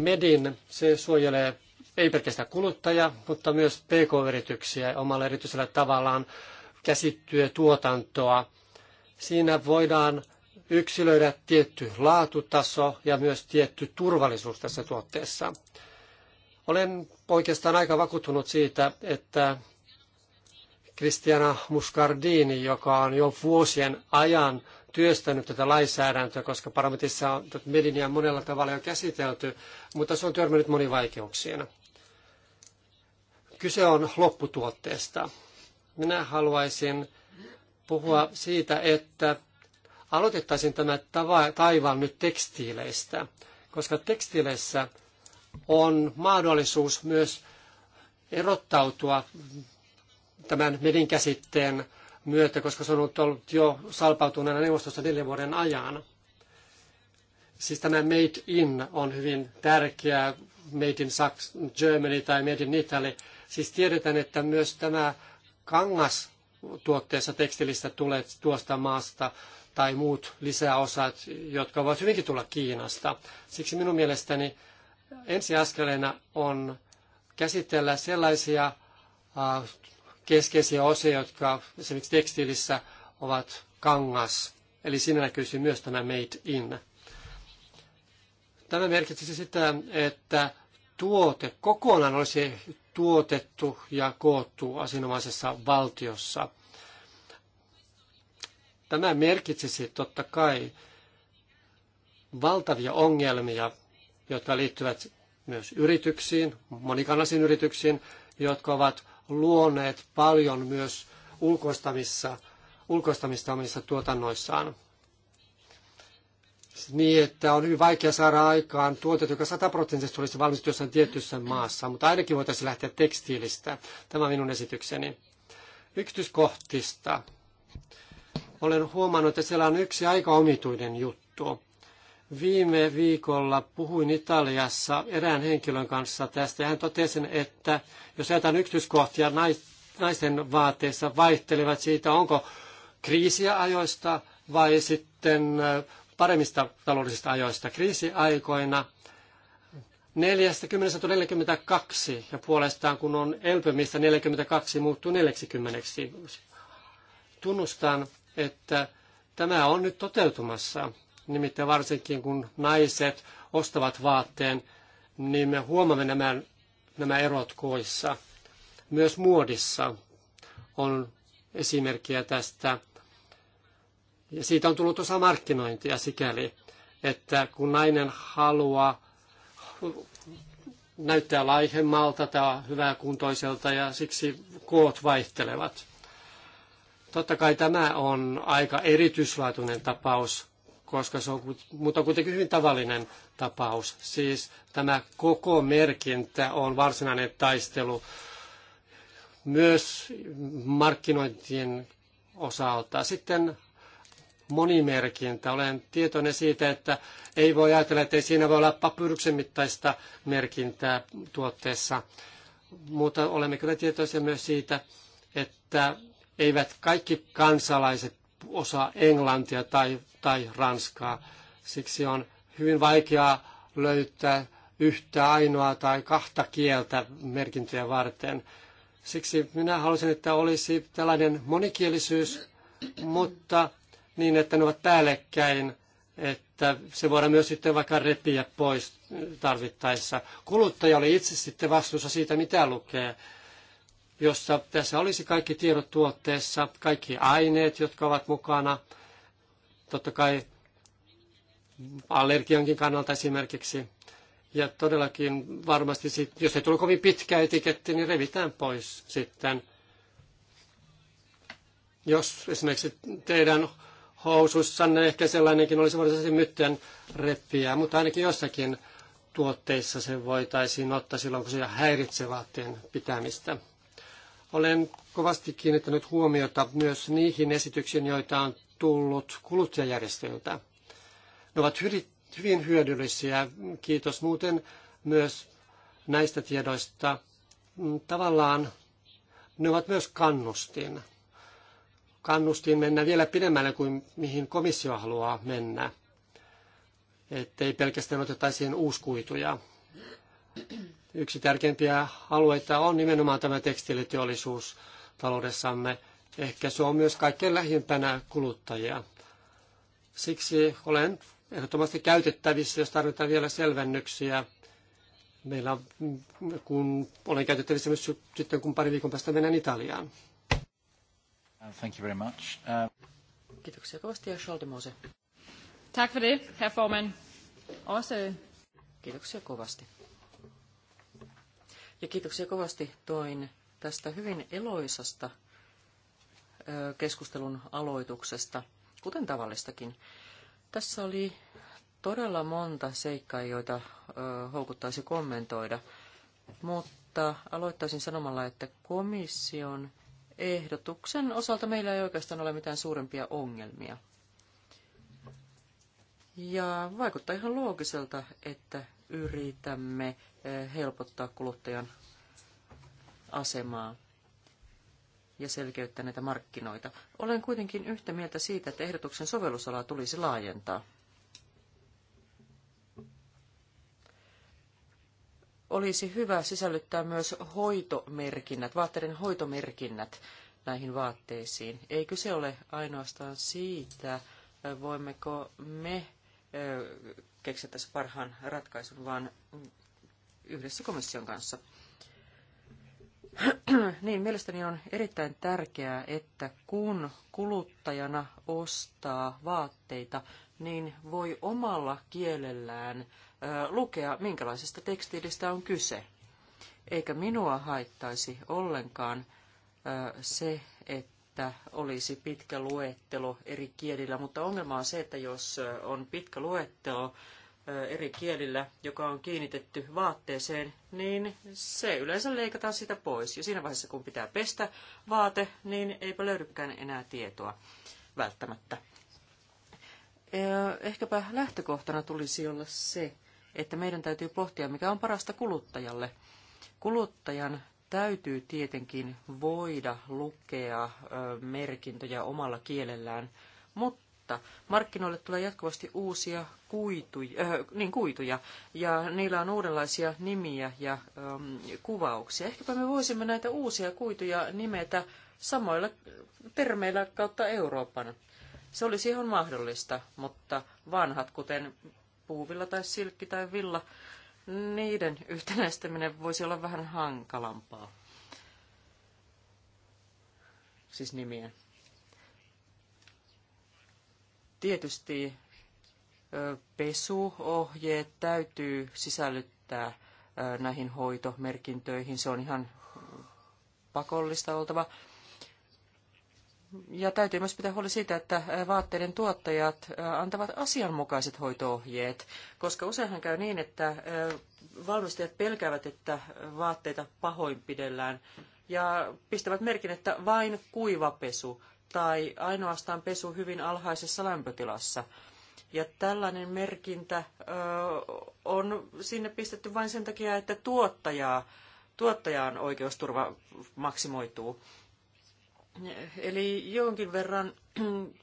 Medin, se suojelee ei pelkästään kuluttaja, mutta myös pk-yrityksiä omalla erityisellä tavallaan käsittyä tuotantoa. Siinä voidaan yksilöidä tietty laatutaso ja myös tietty turvallisuus tässä tuotteessa. Olen oikeastaan aika vakuuttunut siitä, että Kristiana Muscardini, joka on jo vuosien ajan työstänyt tätä lainsäädäntöä, koska parlamentissa on Melinia monella tavalla jo käsitelty, mutta se on törmännyt moniin vaikeuksiin. Kyse on lopputuotteesta. Minä haluaisin puhua siitä, että aloitettaisiin tämä taivaan nyt tekstiileistä, koska tekstiileissä on mahdollisuus myös erottautua tämän medin käsitteen myötä, koska se on ollut jo salpautuneena neuvostossa neljän vuoden ajan. Siis tämä made in on hyvin tärkeä made in Saks, Germany tai made in Italy, Siis tiedetään, että myös tämä kangas tuotteessa tekstilistä tulee tuosta maasta tai muut lisäosat, jotka voivat hyvinkin tulla Kiinasta. Siksi minun mielestäni ensiaskeleena on käsitellä sellaisia keskeisiä osia, jotka esimerkiksi tekstiilissä ovat kangas. Eli siinä näkyisi myös tämä made in. Tämä merkitsisi sitä, että tuote kokonaan olisi tuotettu ja koottu asianomaisessa valtiossa. Tämä merkitsisi totta kai valtavia ongelmia, jotka liittyvät myös yrityksiin, monikannaisiin yrityksiin, jotka ovat luoneet paljon myös ulkoistamissa, ulkoistamista omissa tuotannoissaan niin, että on hyvin vaikea saada aikaan tuotteet, joka sataprosenttisesti olisi valmistettu jossain tietyssä maassa, mutta ainakin voitaisiin lähteä tekstiilistä. Tämä on minun esitykseni. Yksityiskohtista. Olen huomannut, että siellä on yksi aika omituinen juttu. Viime viikolla puhuin Italiassa erään henkilön kanssa tästä ja hän totesi, että jos ajatellaan yksityiskohtia, naisten vaateissa vaihtelevat siitä, onko kriisiä ajoista vai sitten paremmista taloudellisista ajoista kriisiaikoina 40-42 ja puolestaan kun on elpymistä 42 muuttuu 40. Tunnustan, että tämä on nyt toteutumassa. Nimittäin varsinkin kun naiset ostavat vaatteen, niin me huomaamme nämä, nämä erot koissa. Myös muodissa on esimerkkiä tästä. Ja siitä on tullut osa markkinointia sikäli, että kun nainen haluaa näyttää laihemmalta tai hyvää kuntoiselta ja siksi koot vaihtelevat. Totta kai tämä on aika erityislaatuinen tapaus, koska se on, mutta on kuitenkin hyvin tavallinen tapaus. Siis tämä koko merkintä on varsinainen taistelu myös markkinointien osalta. Sitten monimerkintä. Olen tietoinen siitä, että ei voi ajatella, että ei siinä voi olla papyruksen mittaista merkintää tuotteessa, mutta olemme kyllä tietoisia myös siitä, että eivät kaikki kansalaiset osaa englantia tai, tai ranskaa. Siksi on hyvin vaikeaa löytää yhtä ainoa tai kahta kieltä merkintöjä varten. Siksi minä halusin, että olisi tällainen monikielisyys, mutta niin, että ne ovat päällekkäin, että se voidaan myös sitten vaikka repiä pois tarvittaessa. Kuluttaja oli itse sitten vastuussa siitä, mitä lukee, jossa tässä olisi kaikki tiedot tuotteessa, kaikki aineet, jotka ovat mukana, totta kai allergiankin kannalta esimerkiksi. Ja todellakin varmasti, sit, jos ei tule kovin pitkä etiketti, niin revitään pois sitten. Jos esimerkiksi teidän housuissanne ehkä sellainenkin olisi varsinaisesti mytten reppiä, mutta ainakin jossakin tuotteissa se voitaisiin ottaa silloin, kun se häiritsee vaatteen pitämistä. Olen kovasti kiinnittänyt huomiota myös niihin esityksiin, joita on tullut kuluttajajärjestöiltä. Ne ovat hyvin hyödyllisiä. Kiitos muuten myös näistä tiedoista. Mm, tavallaan ne ovat myös kannustin kannustin mennä vielä pidemmälle kuin mihin komissio haluaa mennä, ettei pelkästään otettaisiin uuskuituja. Yksi tärkeimpiä alueita on nimenomaan tämä tekstiiliteollisuus taloudessamme. Ehkä se on myös kaikkein lähimpänä kuluttajia. Siksi olen ehdottomasti käytettävissä, jos tarvitaan vielä selvennyksiä. Meillä, kun olen käytettävissä myös sitten, kun pari viikon päästä menen Italiaan. Uh, thank you very much. Uh... Kiitoksia kovasti ja Schaldemose. Tack för det, herr Också... Øh, kiitoksia kovasti. Ja kiitoksia kovasti toin tästä hyvin eloisasta keskustelun aloituksesta, kuten tavallistakin. Tässä oli todella monta seikkaa, joita houkuttaisi kommentoida, mutta aloittaisin sanomalla, että komission ehdotuksen osalta meillä ei oikeastaan ole mitään suurempia ongelmia. Ja vaikuttaa ihan loogiselta, että yritämme eh, helpottaa kuluttajan asemaa ja selkeyttää näitä markkinoita. Olen kuitenkin yhtä mieltä siitä, että ehdotuksen sovellusalaa tulisi laajentaa. olisi hyvä sisällyttää myös hoitomerkinnät, vaatteiden hoitomerkinnät näihin vaatteisiin. Ei kyse ole ainoastaan siitä, voimmeko me keksiä tässä parhaan ratkaisun, vaan yhdessä komission kanssa. [clears throat] niin, mielestäni on erittäin tärkeää, että kun kuluttajana ostaa vaatteita, niin voi omalla kielellään lukea, minkälaisesta tekstiilistä on kyse. Eikä minua haittaisi ollenkaan se, että olisi pitkä luettelo eri kielillä, mutta ongelma on se, että jos on pitkä luettelo eri kielillä, joka on kiinnitetty vaatteeseen, niin se yleensä leikataan sitä pois. Ja siinä vaiheessa, kun pitää pestä vaate, niin eipä löydykään enää tietoa välttämättä. Ehkäpä lähtökohtana tulisi olla se, että meidän täytyy pohtia, mikä on parasta kuluttajalle. Kuluttajan täytyy tietenkin voida lukea merkintöjä omalla kielellään, mutta markkinoille tulee jatkuvasti uusia kuituja, äh, niin kuituja ja niillä on uudenlaisia nimiä ja ähm, kuvauksia. Ehkäpä me voisimme näitä uusia kuituja nimetä samoilla termeillä kautta Euroopan. Se olisi ihan mahdollista, mutta vanhat, kuten puuvilla tai silkki tai villa, niiden yhtenäistäminen voisi olla vähän hankalampaa. Siis nimiä. Tietysti pesuohjeet täytyy sisällyttää näihin hoitomerkintöihin. Se on ihan pakollista oltava, ja täytyy myös pitää huoli siitä, että vaatteiden tuottajat antavat asianmukaiset hoitoohjeet, koska useinhan käy niin, että valmistajat pelkäävät, että vaatteita pahoinpidellään ja pistävät merkin, että vain kuivapesu tai ainoastaan pesu hyvin alhaisessa lämpötilassa. Ja tällainen merkintä on sinne pistetty vain sen takia, että tuottajaa, tuottajan oikeusturva maksimoituu. Eli jonkin verran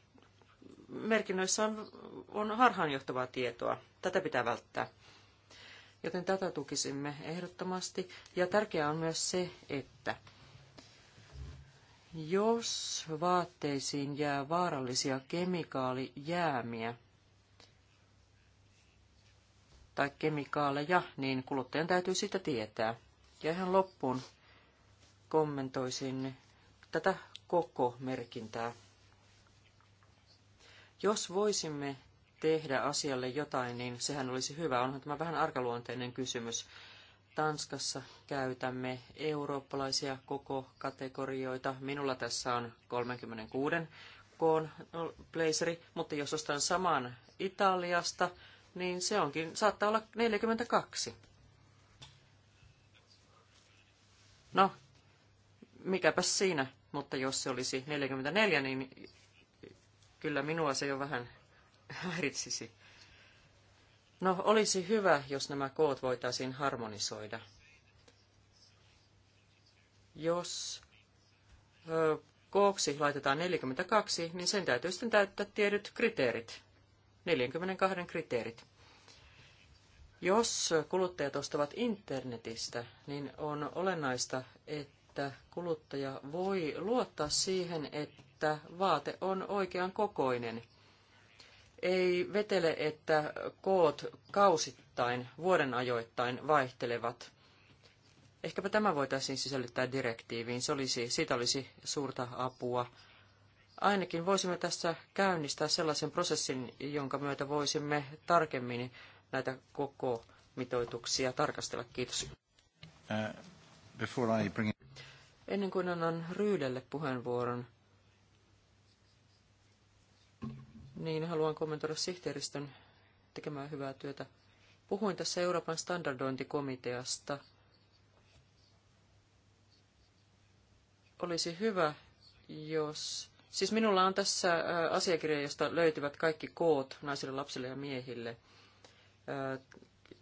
[clears throat] merkinnöissä on, on harhaanjohtavaa tietoa. Tätä pitää välttää. Joten tätä tukisimme ehdottomasti. Ja tärkeää on myös se, että jos vaatteisiin jää vaarallisia kemikaalijäämiä tai kemikaaleja, niin kuluttajan täytyy sitä tietää. Ja ihan loppuun kommentoisin tätä koko merkintää. Jos voisimme tehdä asialle jotain, niin sehän olisi hyvä. Onhan tämä vähän arkaluonteinen kysymys. Tanskassa käytämme eurooppalaisia koko kategorioita. Minulla tässä on 36 koon blazeri, mutta jos ostan saman Italiasta, niin se onkin, saattaa olla 42. No, mikäpäs siinä mutta jos se olisi 44, niin kyllä minua se jo vähän häiritsisi. No, olisi hyvä, jos nämä koot voitaisiin harmonisoida. Jos ö, kooksi laitetaan 42, niin sen täytyy sitten täyttää tiedyt kriteerit, 42 kriteerit. Jos kuluttajat ostavat internetistä, niin on olennaista, että että kuluttaja voi luottaa siihen, että vaate on oikean kokoinen. Ei vetele, että koot kausittain, vuoden ajoittain vaihtelevat. Ehkäpä tämä voitaisiin sisällyttää direktiiviin. Se olisi, siitä olisi suurta apua. Ainakin voisimme tässä käynnistää sellaisen prosessin, jonka myötä voisimme tarkemmin näitä koko mitoituksia tarkastella. Kiitos. Uh, before I bring... Ennen kuin annan Ryydelle puheenvuoron, niin haluan kommentoida sihteeristön tekemään hyvää työtä. Puhuin tässä Euroopan standardointikomiteasta. Olisi hyvä, jos... Siis minulla on tässä asiakirja, josta löytyvät kaikki koot naisille, lapsille ja miehille.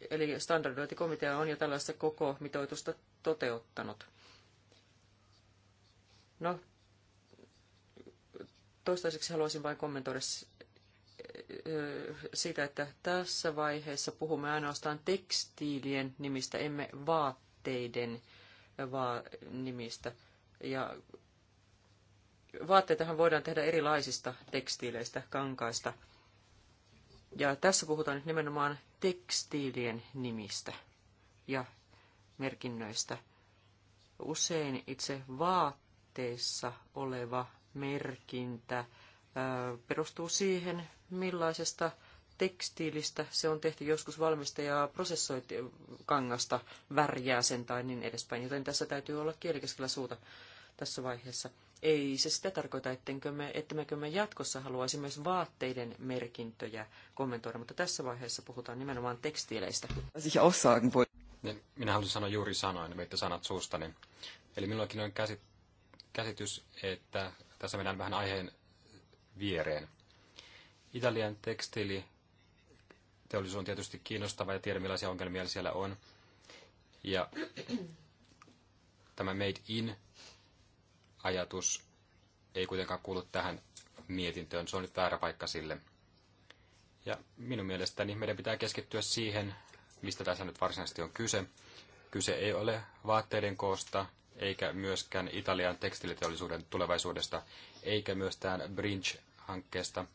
Eli standardointikomitea on jo tällaista koko mitoitusta toteuttanut. No, toistaiseksi haluaisin vain kommentoida sitä, että tässä vaiheessa puhumme ainoastaan tekstiilien nimistä, emme vaatteiden äh, va- nimistä. Ja vaatteitahan voidaan tehdä erilaisista tekstiileistä, kankaista. Ja tässä puhutaan nyt nimenomaan tekstiilien nimistä ja merkinnöistä. Usein itse vaatteet tuotteissa oleva merkintä perustuu siihen, millaisesta tekstiilistä se on tehty joskus valmistajaa prosessoit kangasta, värjää sen tai niin edespäin. Joten tässä täytyy olla kieli keskellä suuta tässä vaiheessa. Ei se sitä tarkoita, ettenkö me, että me jatkossa haluaisi myös vaatteiden merkintöjä kommentoida, mutta tässä vaiheessa puhutaan nimenomaan tekstiileistä. Niin, minä haluaisin sanoa juuri sanoin, veitte sanat suustani. Eli minullakin on käsitys käsitys, että tässä mennään vähän aiheen viereen. Italian tekstiili teollisuus on tietysti kiinnostava ja tiedä millaisia ongelmia siellä on. Ja tämä made in ajatus ei kuitenkaan kuulu tähän mietintöön, se on nyt väärä paikka sille. Ja minun mielestäni meidän pitää keskittyä siihen, mistä tässä nyt varsinaisesti on kyse. Kyse ei ole vaatteiden koosta eikä myöskään Italian tekstiiliteollisuuden tulevaisuudesta, eikä myöskään Bridge-hankkeesta.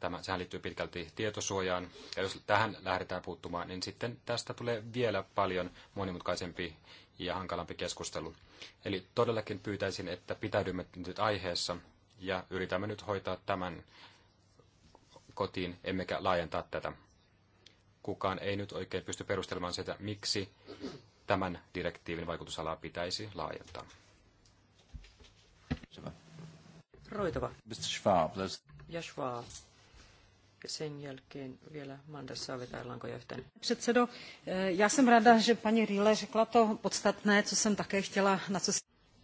Tämä, sehän liittyy pitkälti tietosuojaan. Ja jos tähän lähdetään puuttumaan, niin sitten tästä tulee vielä paljon monimutkaisempi ja hankalampi keskustelu. Eli todellakin pyytäisin, että pitäydymme nyt aiheessa ja yritämme nyt hoitaa tämän kotiin, emmekä laajentaa tätä. Kukaan ei nyt oikein pysty perustelemaan sitä, miksi tämän direktiivin vaikutusalaa pitäisi laajentaa. Roitava. Mr. Schwab, ja Schwab. Sen jälkeen vielä Mandassa saa vetää lankoja yhteen. Předsedo, eh, já jsem ráda, že paní Rýle řekla to podstatné, co jsem také chtěla, na co...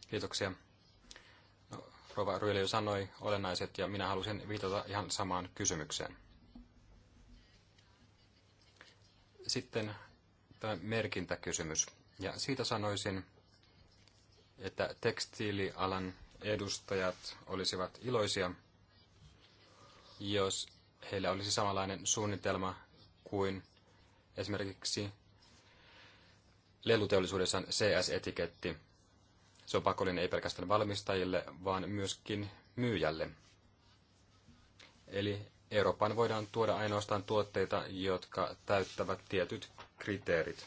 Kiitoksia. No, Rova Ryyli jo sanoi olennaiset ja minä halusin viitata ihan samaan kysymykseen. Sitten merkintäkysymys. Ja siitä sanoisin, että tekstiilialan edustajat olisivat iloisia, jos heillä olisi samanlainen suunnitelma kuin esimerkiksi leluteollisuudessa CS-etiketti. Se on pakollinen ei pelkästään valmistajille, vaan myöskin myyjälle. Eli Eurooppaan voidaan tuoda ainoastaan tuotteita, jotka täyttävät tietyt kriteerit.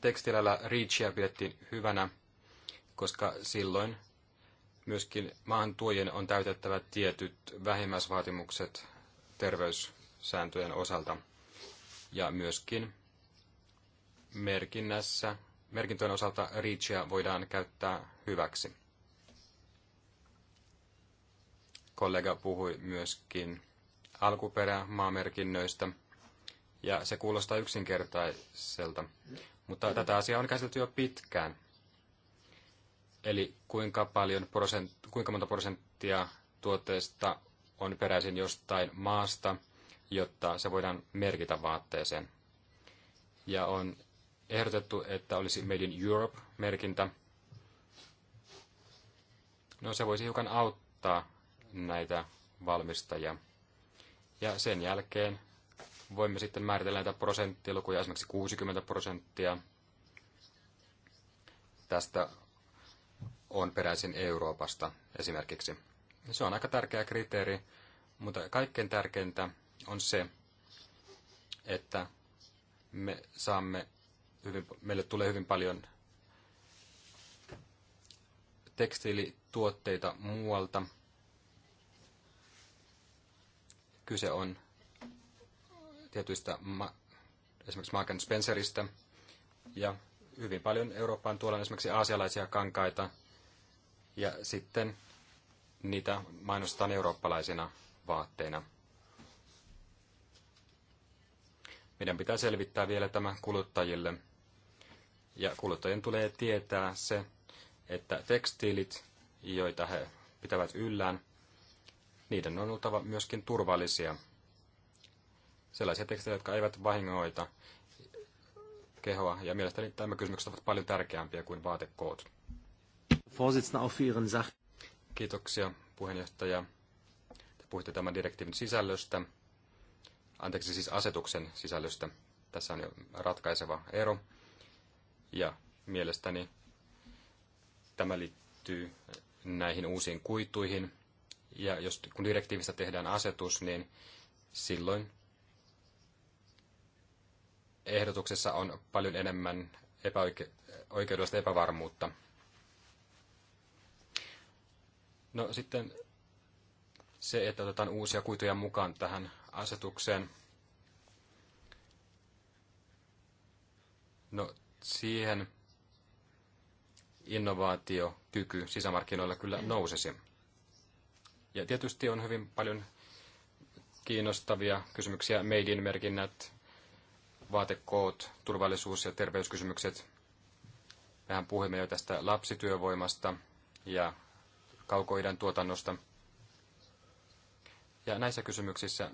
Tekstilällä REACHia pidettiin hyvänä, koska silloin myöskin maahantuojien on täytettävä tietyt vähimmäisvaatimukset terveyssääntöjen osalta. Ja myöskin merkinnässä, merkintöjen osalta REACHia voidaan käyttää hyväksi. Kollega puhui myöskin alkuperämaamerkinnöistä – ja se kuulostaa yksinkertaiselta, mutta tätä asiaa on käsitelty jo pitkään. Eli kuinka, paljon prosent, kuinka monta prosenttia tuotteesta on peräisin jostain maasta, jotta se voidaan merkitä vaatteeseen. Ja on ehdotettu, että olisi Made in Europe-merkintä. No se voisi hiukan auttaa näitä valmistajia. Ja sen jälkeen voimme sitten määritellä näitä prosenttilukuja, esimerkiksi 60 prosenttia. Tästä on peräisin Euroopasta esimerkiksi. Se on aika tärkeä kriteeri, mutta kaikkein tärkeintä on se, että me saamme hyvin, meille tulee hyvin paljon tekstiilituotteita muualta. Kyse on tietyistä, ma- esimerkiksi Marken Spencerista ja hyvin paljon Eurooppaan tuodaan esimerkiksi aasialaisia kankaita, ja sitten niitä mainostetaan eurooppalaisina vaatteina. Meidän pitää selvittää vielä tämä kuluttajille. Ja kuluttajien tulee tietää se, että tekstiilit, joita he pitävät yllään, niiden on oltava myöskin turvallisia sellaisia tekstejä, jotka eivät vahingoita kehoa, ja mielestäni tämä kysymykset ovat paljon tärkeämpiä kuin vaatekoot. Kiitoksia puheenjohtaja. Te puhutte tämän direktiivin sisällöstä, anteeksi siis asetuksen sisällöstä. Tässä on jo ratkaiseva ero. Ja mielestäni tämä liittyy näihin uusiin kuituihin. Ja jos, kun direktiivistä tehdään asetus, niin silloin ehdotuksessa on paljon enemmän epäoikeudellista epävarmuutta. No sitten se, että otetaan uusia kuituja mukaan tähän asetukseen. No siihen innovaatiokyky sisämarkkinoilla kyllä nousisi. Ja tietysti on hyvin paljon kiinnostavia kysymyksiä, made in merkinnät, vaatekoot, turvallisuus- ja terveyskysymykset. Mehän puhuimme jo tästä lapsityövoimasta ja kaukoidän tuotannosta. Ja näissä kysymyksissä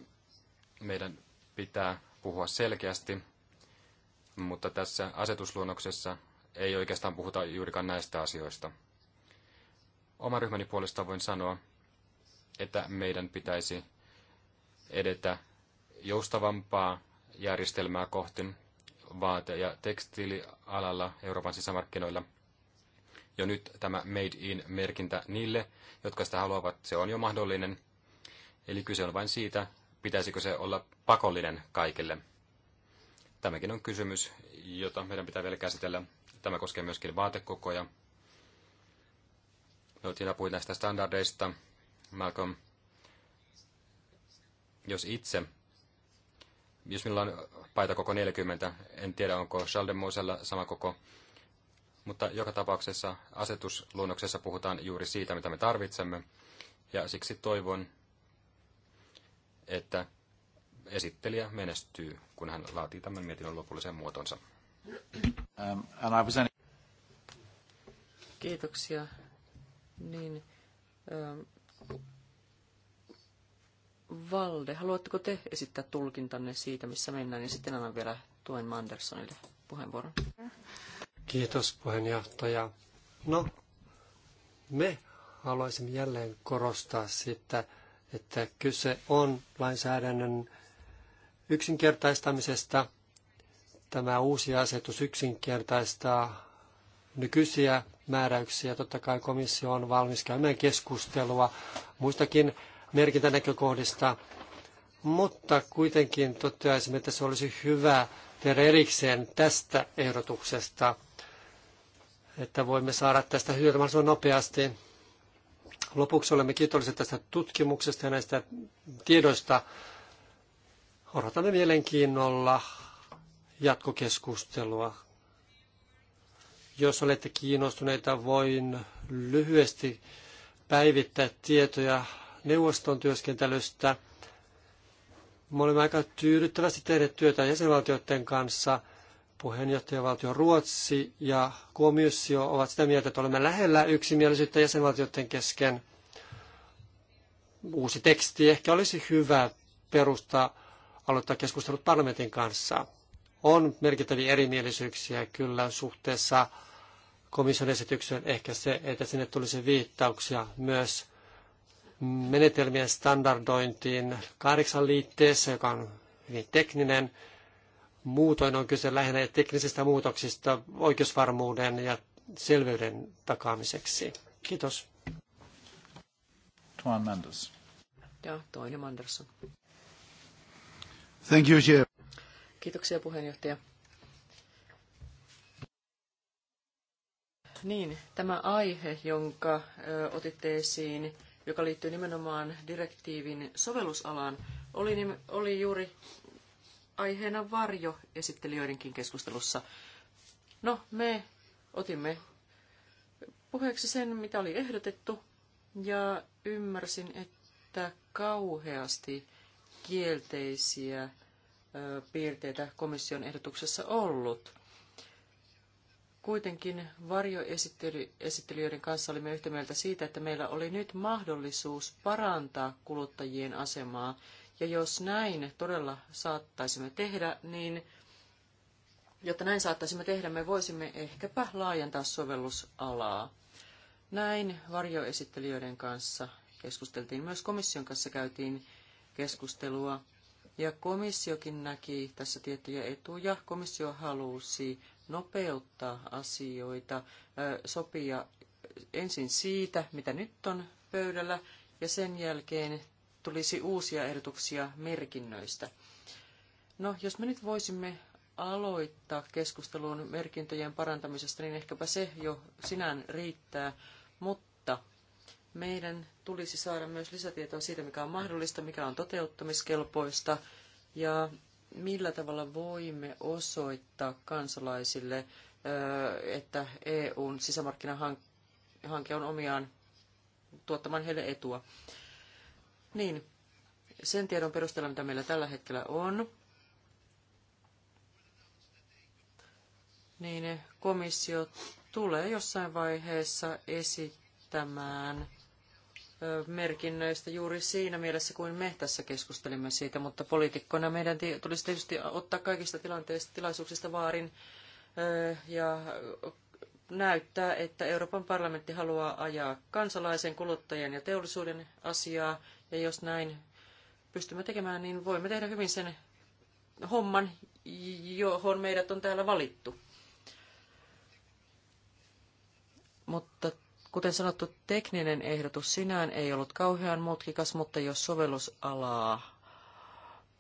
meidän pitää puhua selkeästi, mutta tässä asetusluonnoksessa ei oikeastaan puhuta juurikaan näistä asioista. Oman ryhmäni puolesta voin sanoa, että meidän pitäisi edetä joustavampaa järjestelmää kohti vaate- ja tekstiilialalla Euroopan sisämarkkinoilla. Jo nyt tämä Made in-merkintä niille, jotka sitä haluavat, se on jo mahdollinen. Eli kyse on vain siitä, pitäisikö se olla pakollinen kaikille. Tämäkin on kysymys, jota meidän pitää vielä käsitellä. Tämä koskee myöskin vaatekokoja. No, Tina puhuit näistä standardeista. Malcolm, jos itse jos minulla on paita koko 40, en tiedä onko Charles sama koko, mutta joka tapauksessa asetusluonnoksessa puhutaan juuri siitä, mitä me tarvitsemme, ja siksi toivon, että esittelijä menestyy, kun hän laatii tämän mietinnön lopullisen muotonsa. Um, Kiitoksia. Niin, um, Valde, haluatteko te esittää tulkintanne siitä, missä mennään, ja sitten annan vielä tuen Mandersonille puheenvuoron. Kiitos puheenjohtaja. No, me haluaisimme jälleen korostaa sitä, että kyse on lainsäädännön yksinkertaistamisesta. Tämä uusi asetus yksinkertaistaa nykyisiä määräyksiä. Totta kai komissio on valmis käymään keskustelua muistakin merkintänäkökohdista, mutta kuitenkin toteaisimme, että se olisi hyvä tehdä erikseen tästä ehdotuksesta, että voimme saada tästä hyötyä mahdollisimman nopeasti. Lopuksi olemme kiitollisia tästä tutkimuksesta ja näistä tiedoista. Odotamme mielenkiinnolla jatkokeskustelua. Jos olette kiinnostuneita, voin lyhyesti päivittää tietoja neuvoston työskentelystä. Me olemme aika tyydyttävästi tehneet työtä jäsenvaltioiden kanssa. Puheenjohtajavaltio Ruotsi ja komissio ovat sitä mieltä, että olemme lähellä yksimielisyyttä jäsenvaltioiden kesken. Uusi teksti ehkä olisi hyvä perusta aloittaa keskustelut parlamentin kanssa. On merkittäviä erimielisyyksiä kyllä suhteessa komission esitykseen ehkä se, että sinne tulisi viittauksia myös menetelmien standardointiin kahdeksan liitteessä, joka on hyvin tekninen. Muutoin on kyse lähinnä teknisistä muutoksista oikeusvarmuuden ja selvyyden takaamiseksi. Kiitos. Tuan Manders. Ja toinen Manderson. Thank you, Chair. Kiitoksia puheenjohtaja. Niin, tämä aihe, jonka ö, otitte esiin, joka liittyy nimenomaan direktiivin sovellusalaan, oli, oli juuri aiheena varjo esittelijöidenkin keskustelussa. No, me otimme puheeksi sen, mitä oli ehdotettu, ja ymmärsin, että kauheasti kielteisiä piirteitä komission ehdotuksessa ollut. Kuitenkin varjoesittelijöiden kanssa olimme yhtä mieltä siitä, että meillä oli nyt mahdollisuus parantaa kuluttajien asemaa. Ja jos näin todella saattaisimme tehdä, niin jotta näin saattaisimme tehdä, me voisimme ehkäpä laajentaa sovellusalaa. Näin varjoesittelijöiden kanssa keskusteltiin. Myös komission kanssa käytiin keskustelua. Ja komissiokin näki tässä tiettyjä etuja. Komissio halusi nopeuttaa asioita, sopia ensin siitä, mitä nyt on pöydällä, ja sen jälkeen tulisi uusia ehdotuksia merkinnöistä. No, jos me nyt voisimme aloittaa keskustelun merkintöjen parantamisesta, niin ehkäpä se jo sinään riittää, mutta meidän tulisi saada myös lisätietoa siitä, mikä on mahdollista, mikä on toteuttamiskelpoista, ja millä tavalla voimme osoittaa kansalaisille, että EUn sisämarkkinahanke on omiaan tuottamaan heille etua. Niin, sen tiedon perusteella, mitä meillä tällä hetkellä on, niin komissio tulee jossain vaiheessa esittämään merkinnöistä juuri siinä mielessä, kuin me tässä keskustelimme siitä, mutta poliitikkoina meidän tulisi tietysti ottaa kaikista tilanteista, tilaisuuksista vaarin ja näyttää, että Euroopan parlamentti haluaa ajaa kansalaisen, kuluttajien ja teollisuuden asiaa, ja jos näin pystymme tekemään, niin voimme tehdä hyvin sen homman, johon meidät on täällä valittu. Mutta Kuten sanottu, tekninen ehdotus sinään ei ollut kauhean mutkikas, mutta jos sovellusalaa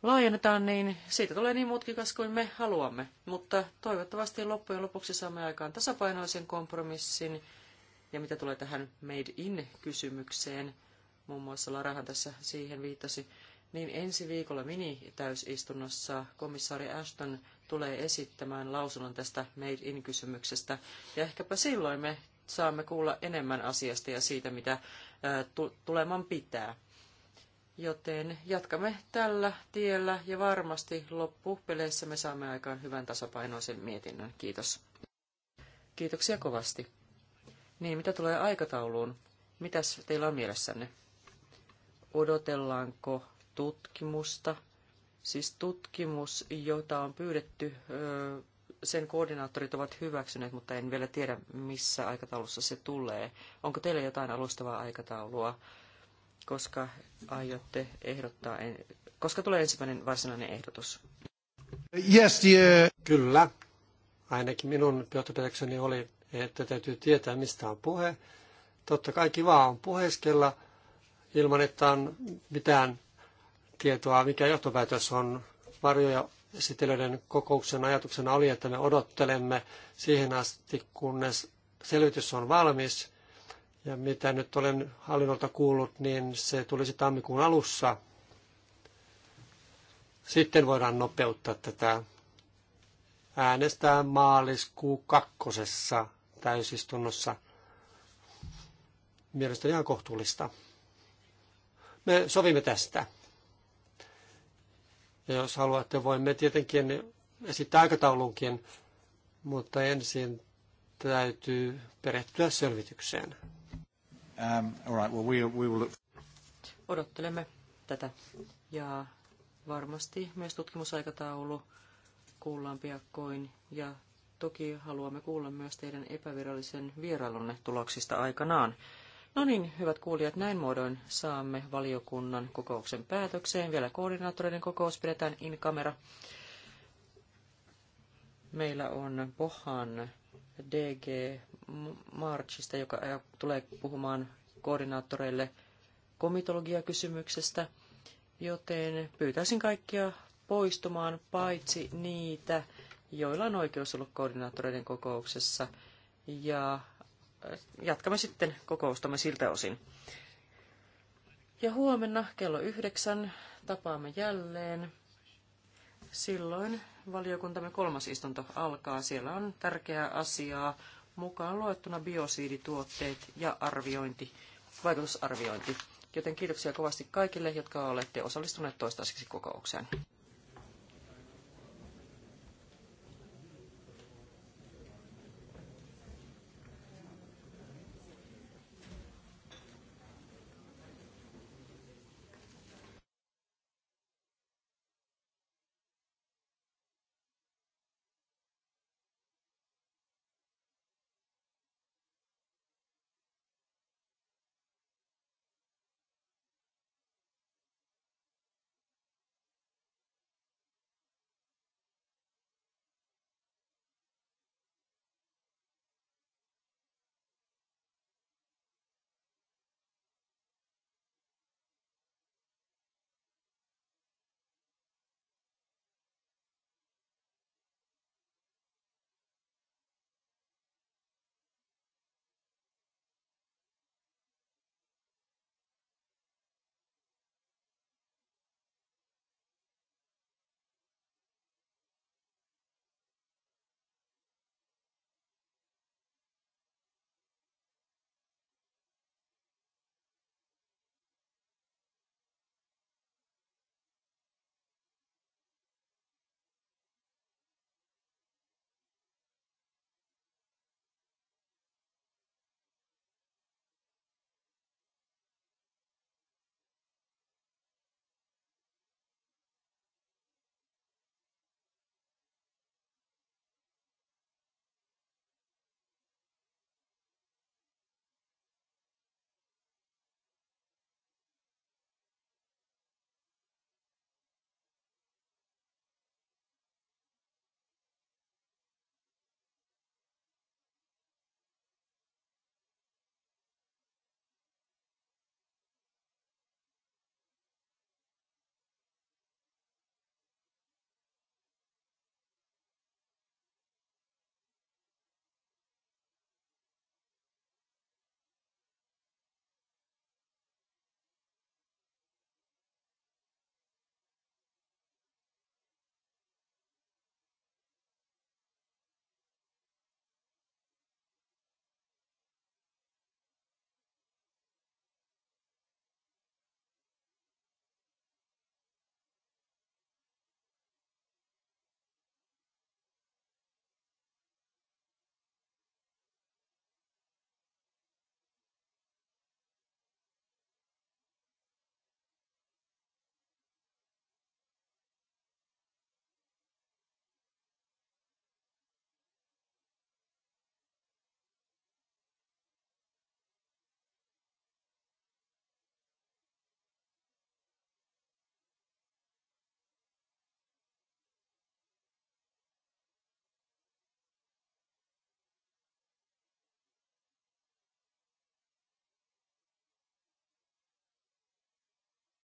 laajennetaan, niin siitä tulee niin mutkikas kuin me haluamme. Mutta toivottavasti loppujen lopuksi saamme aikaan tasapainoisen kompromissin. Ja mitä tulee tähän made in-kysymykseen, muun muassa Larahan tässä siihen viittasi, niin ensi viikolla mini-täysistunnossa komissaari Ashton tulee esittämään lausunnon tästä made in-kysymyksestä. Ja ehkäpä silloin me saamme kuulla enemmän asiasta ja siitä, mitä tuleman pitää. Joten jatkamme tällä tiellä ja varmasti loppupeleissä me saamme aikaan hyvän tasapainoisen mietinnön. Kiitos. Kiitoksia kovasti. Niin, mitä tulee aikatauluun? Mitäs teillä on mielessänne? Odotellaanko tutkimusta? Siis tutkimus, jota on pyydetty sen koordinaattorit ovat hyväksyneet, mutta en vielä tiedä, missä aikataulussa se tulee. Onko teillä jotain alustavaa aikataulua, koska aiotte ehdottaa, koska tulee ensimmäinen varsinainen ehdotus? Yes, yeah. Kyllä. Ainakin minun johtopäätökseni oli, että täytyy tietää, mistä on puhe. Totta kai kiva on puheiskella ilman, että on mitään tietoa, mikä johtopäätös on. Varjoja esitilöiden kokouksen ajatuksena oli, että me odottelemme siihen asti, kunnes selvitys on valmis. Ja mitä nyt olen hallinnolta kuullut, niin se tulisi tammikuun alussa. Sitten voidaan nopeuttaa tätä. Äänestää maaliskuu kakkosessa täysistunnossa. Mielestäni ihan kohtuullista. Me sovimme tästä. Ja jos haluatte, voimme tietenkin esittää aikataulunkin, mutta ensin täytyy perehtyä selvitykseen. Um, all right, well, we, we will look... Odottelemme tätä. Ja varmasti myös tutkimusaikataulu kuullaan piakkoin. Ja toki haluamme kuulla myös teidän epävirallisen vierailunne tuloksista aikanaan. No niin, hyvät kuulijat, näin muodoin saamme valiokunnan kokouksen päätökseen. Vielä koordinaattoreiden kokous pidetään in kamera. Meillä on Pohan DG Marchista, joka tulee puhumaan koordinaattoreille komitologiakysymyksestä, joten pyytäisin kaikkia poistumaan paitsi niitä, joilla on oikeus olla koordinaattoreiden kokouksessa. Ja jatkamme sitten kokoustamme siltä osin. Ja huomenna kello yhdeksän tapaamme jälleen. Silloin valiokuntamme kolmas istunto alkaa. Siellä on tärkeää asiaa mukaan luettuna biosiidituotteet ja arviointi, vaikutusarviointi. Joten kiitoksia kovasti kaikille, jotka olette osallistuneet toistaiseksi kokoukseen.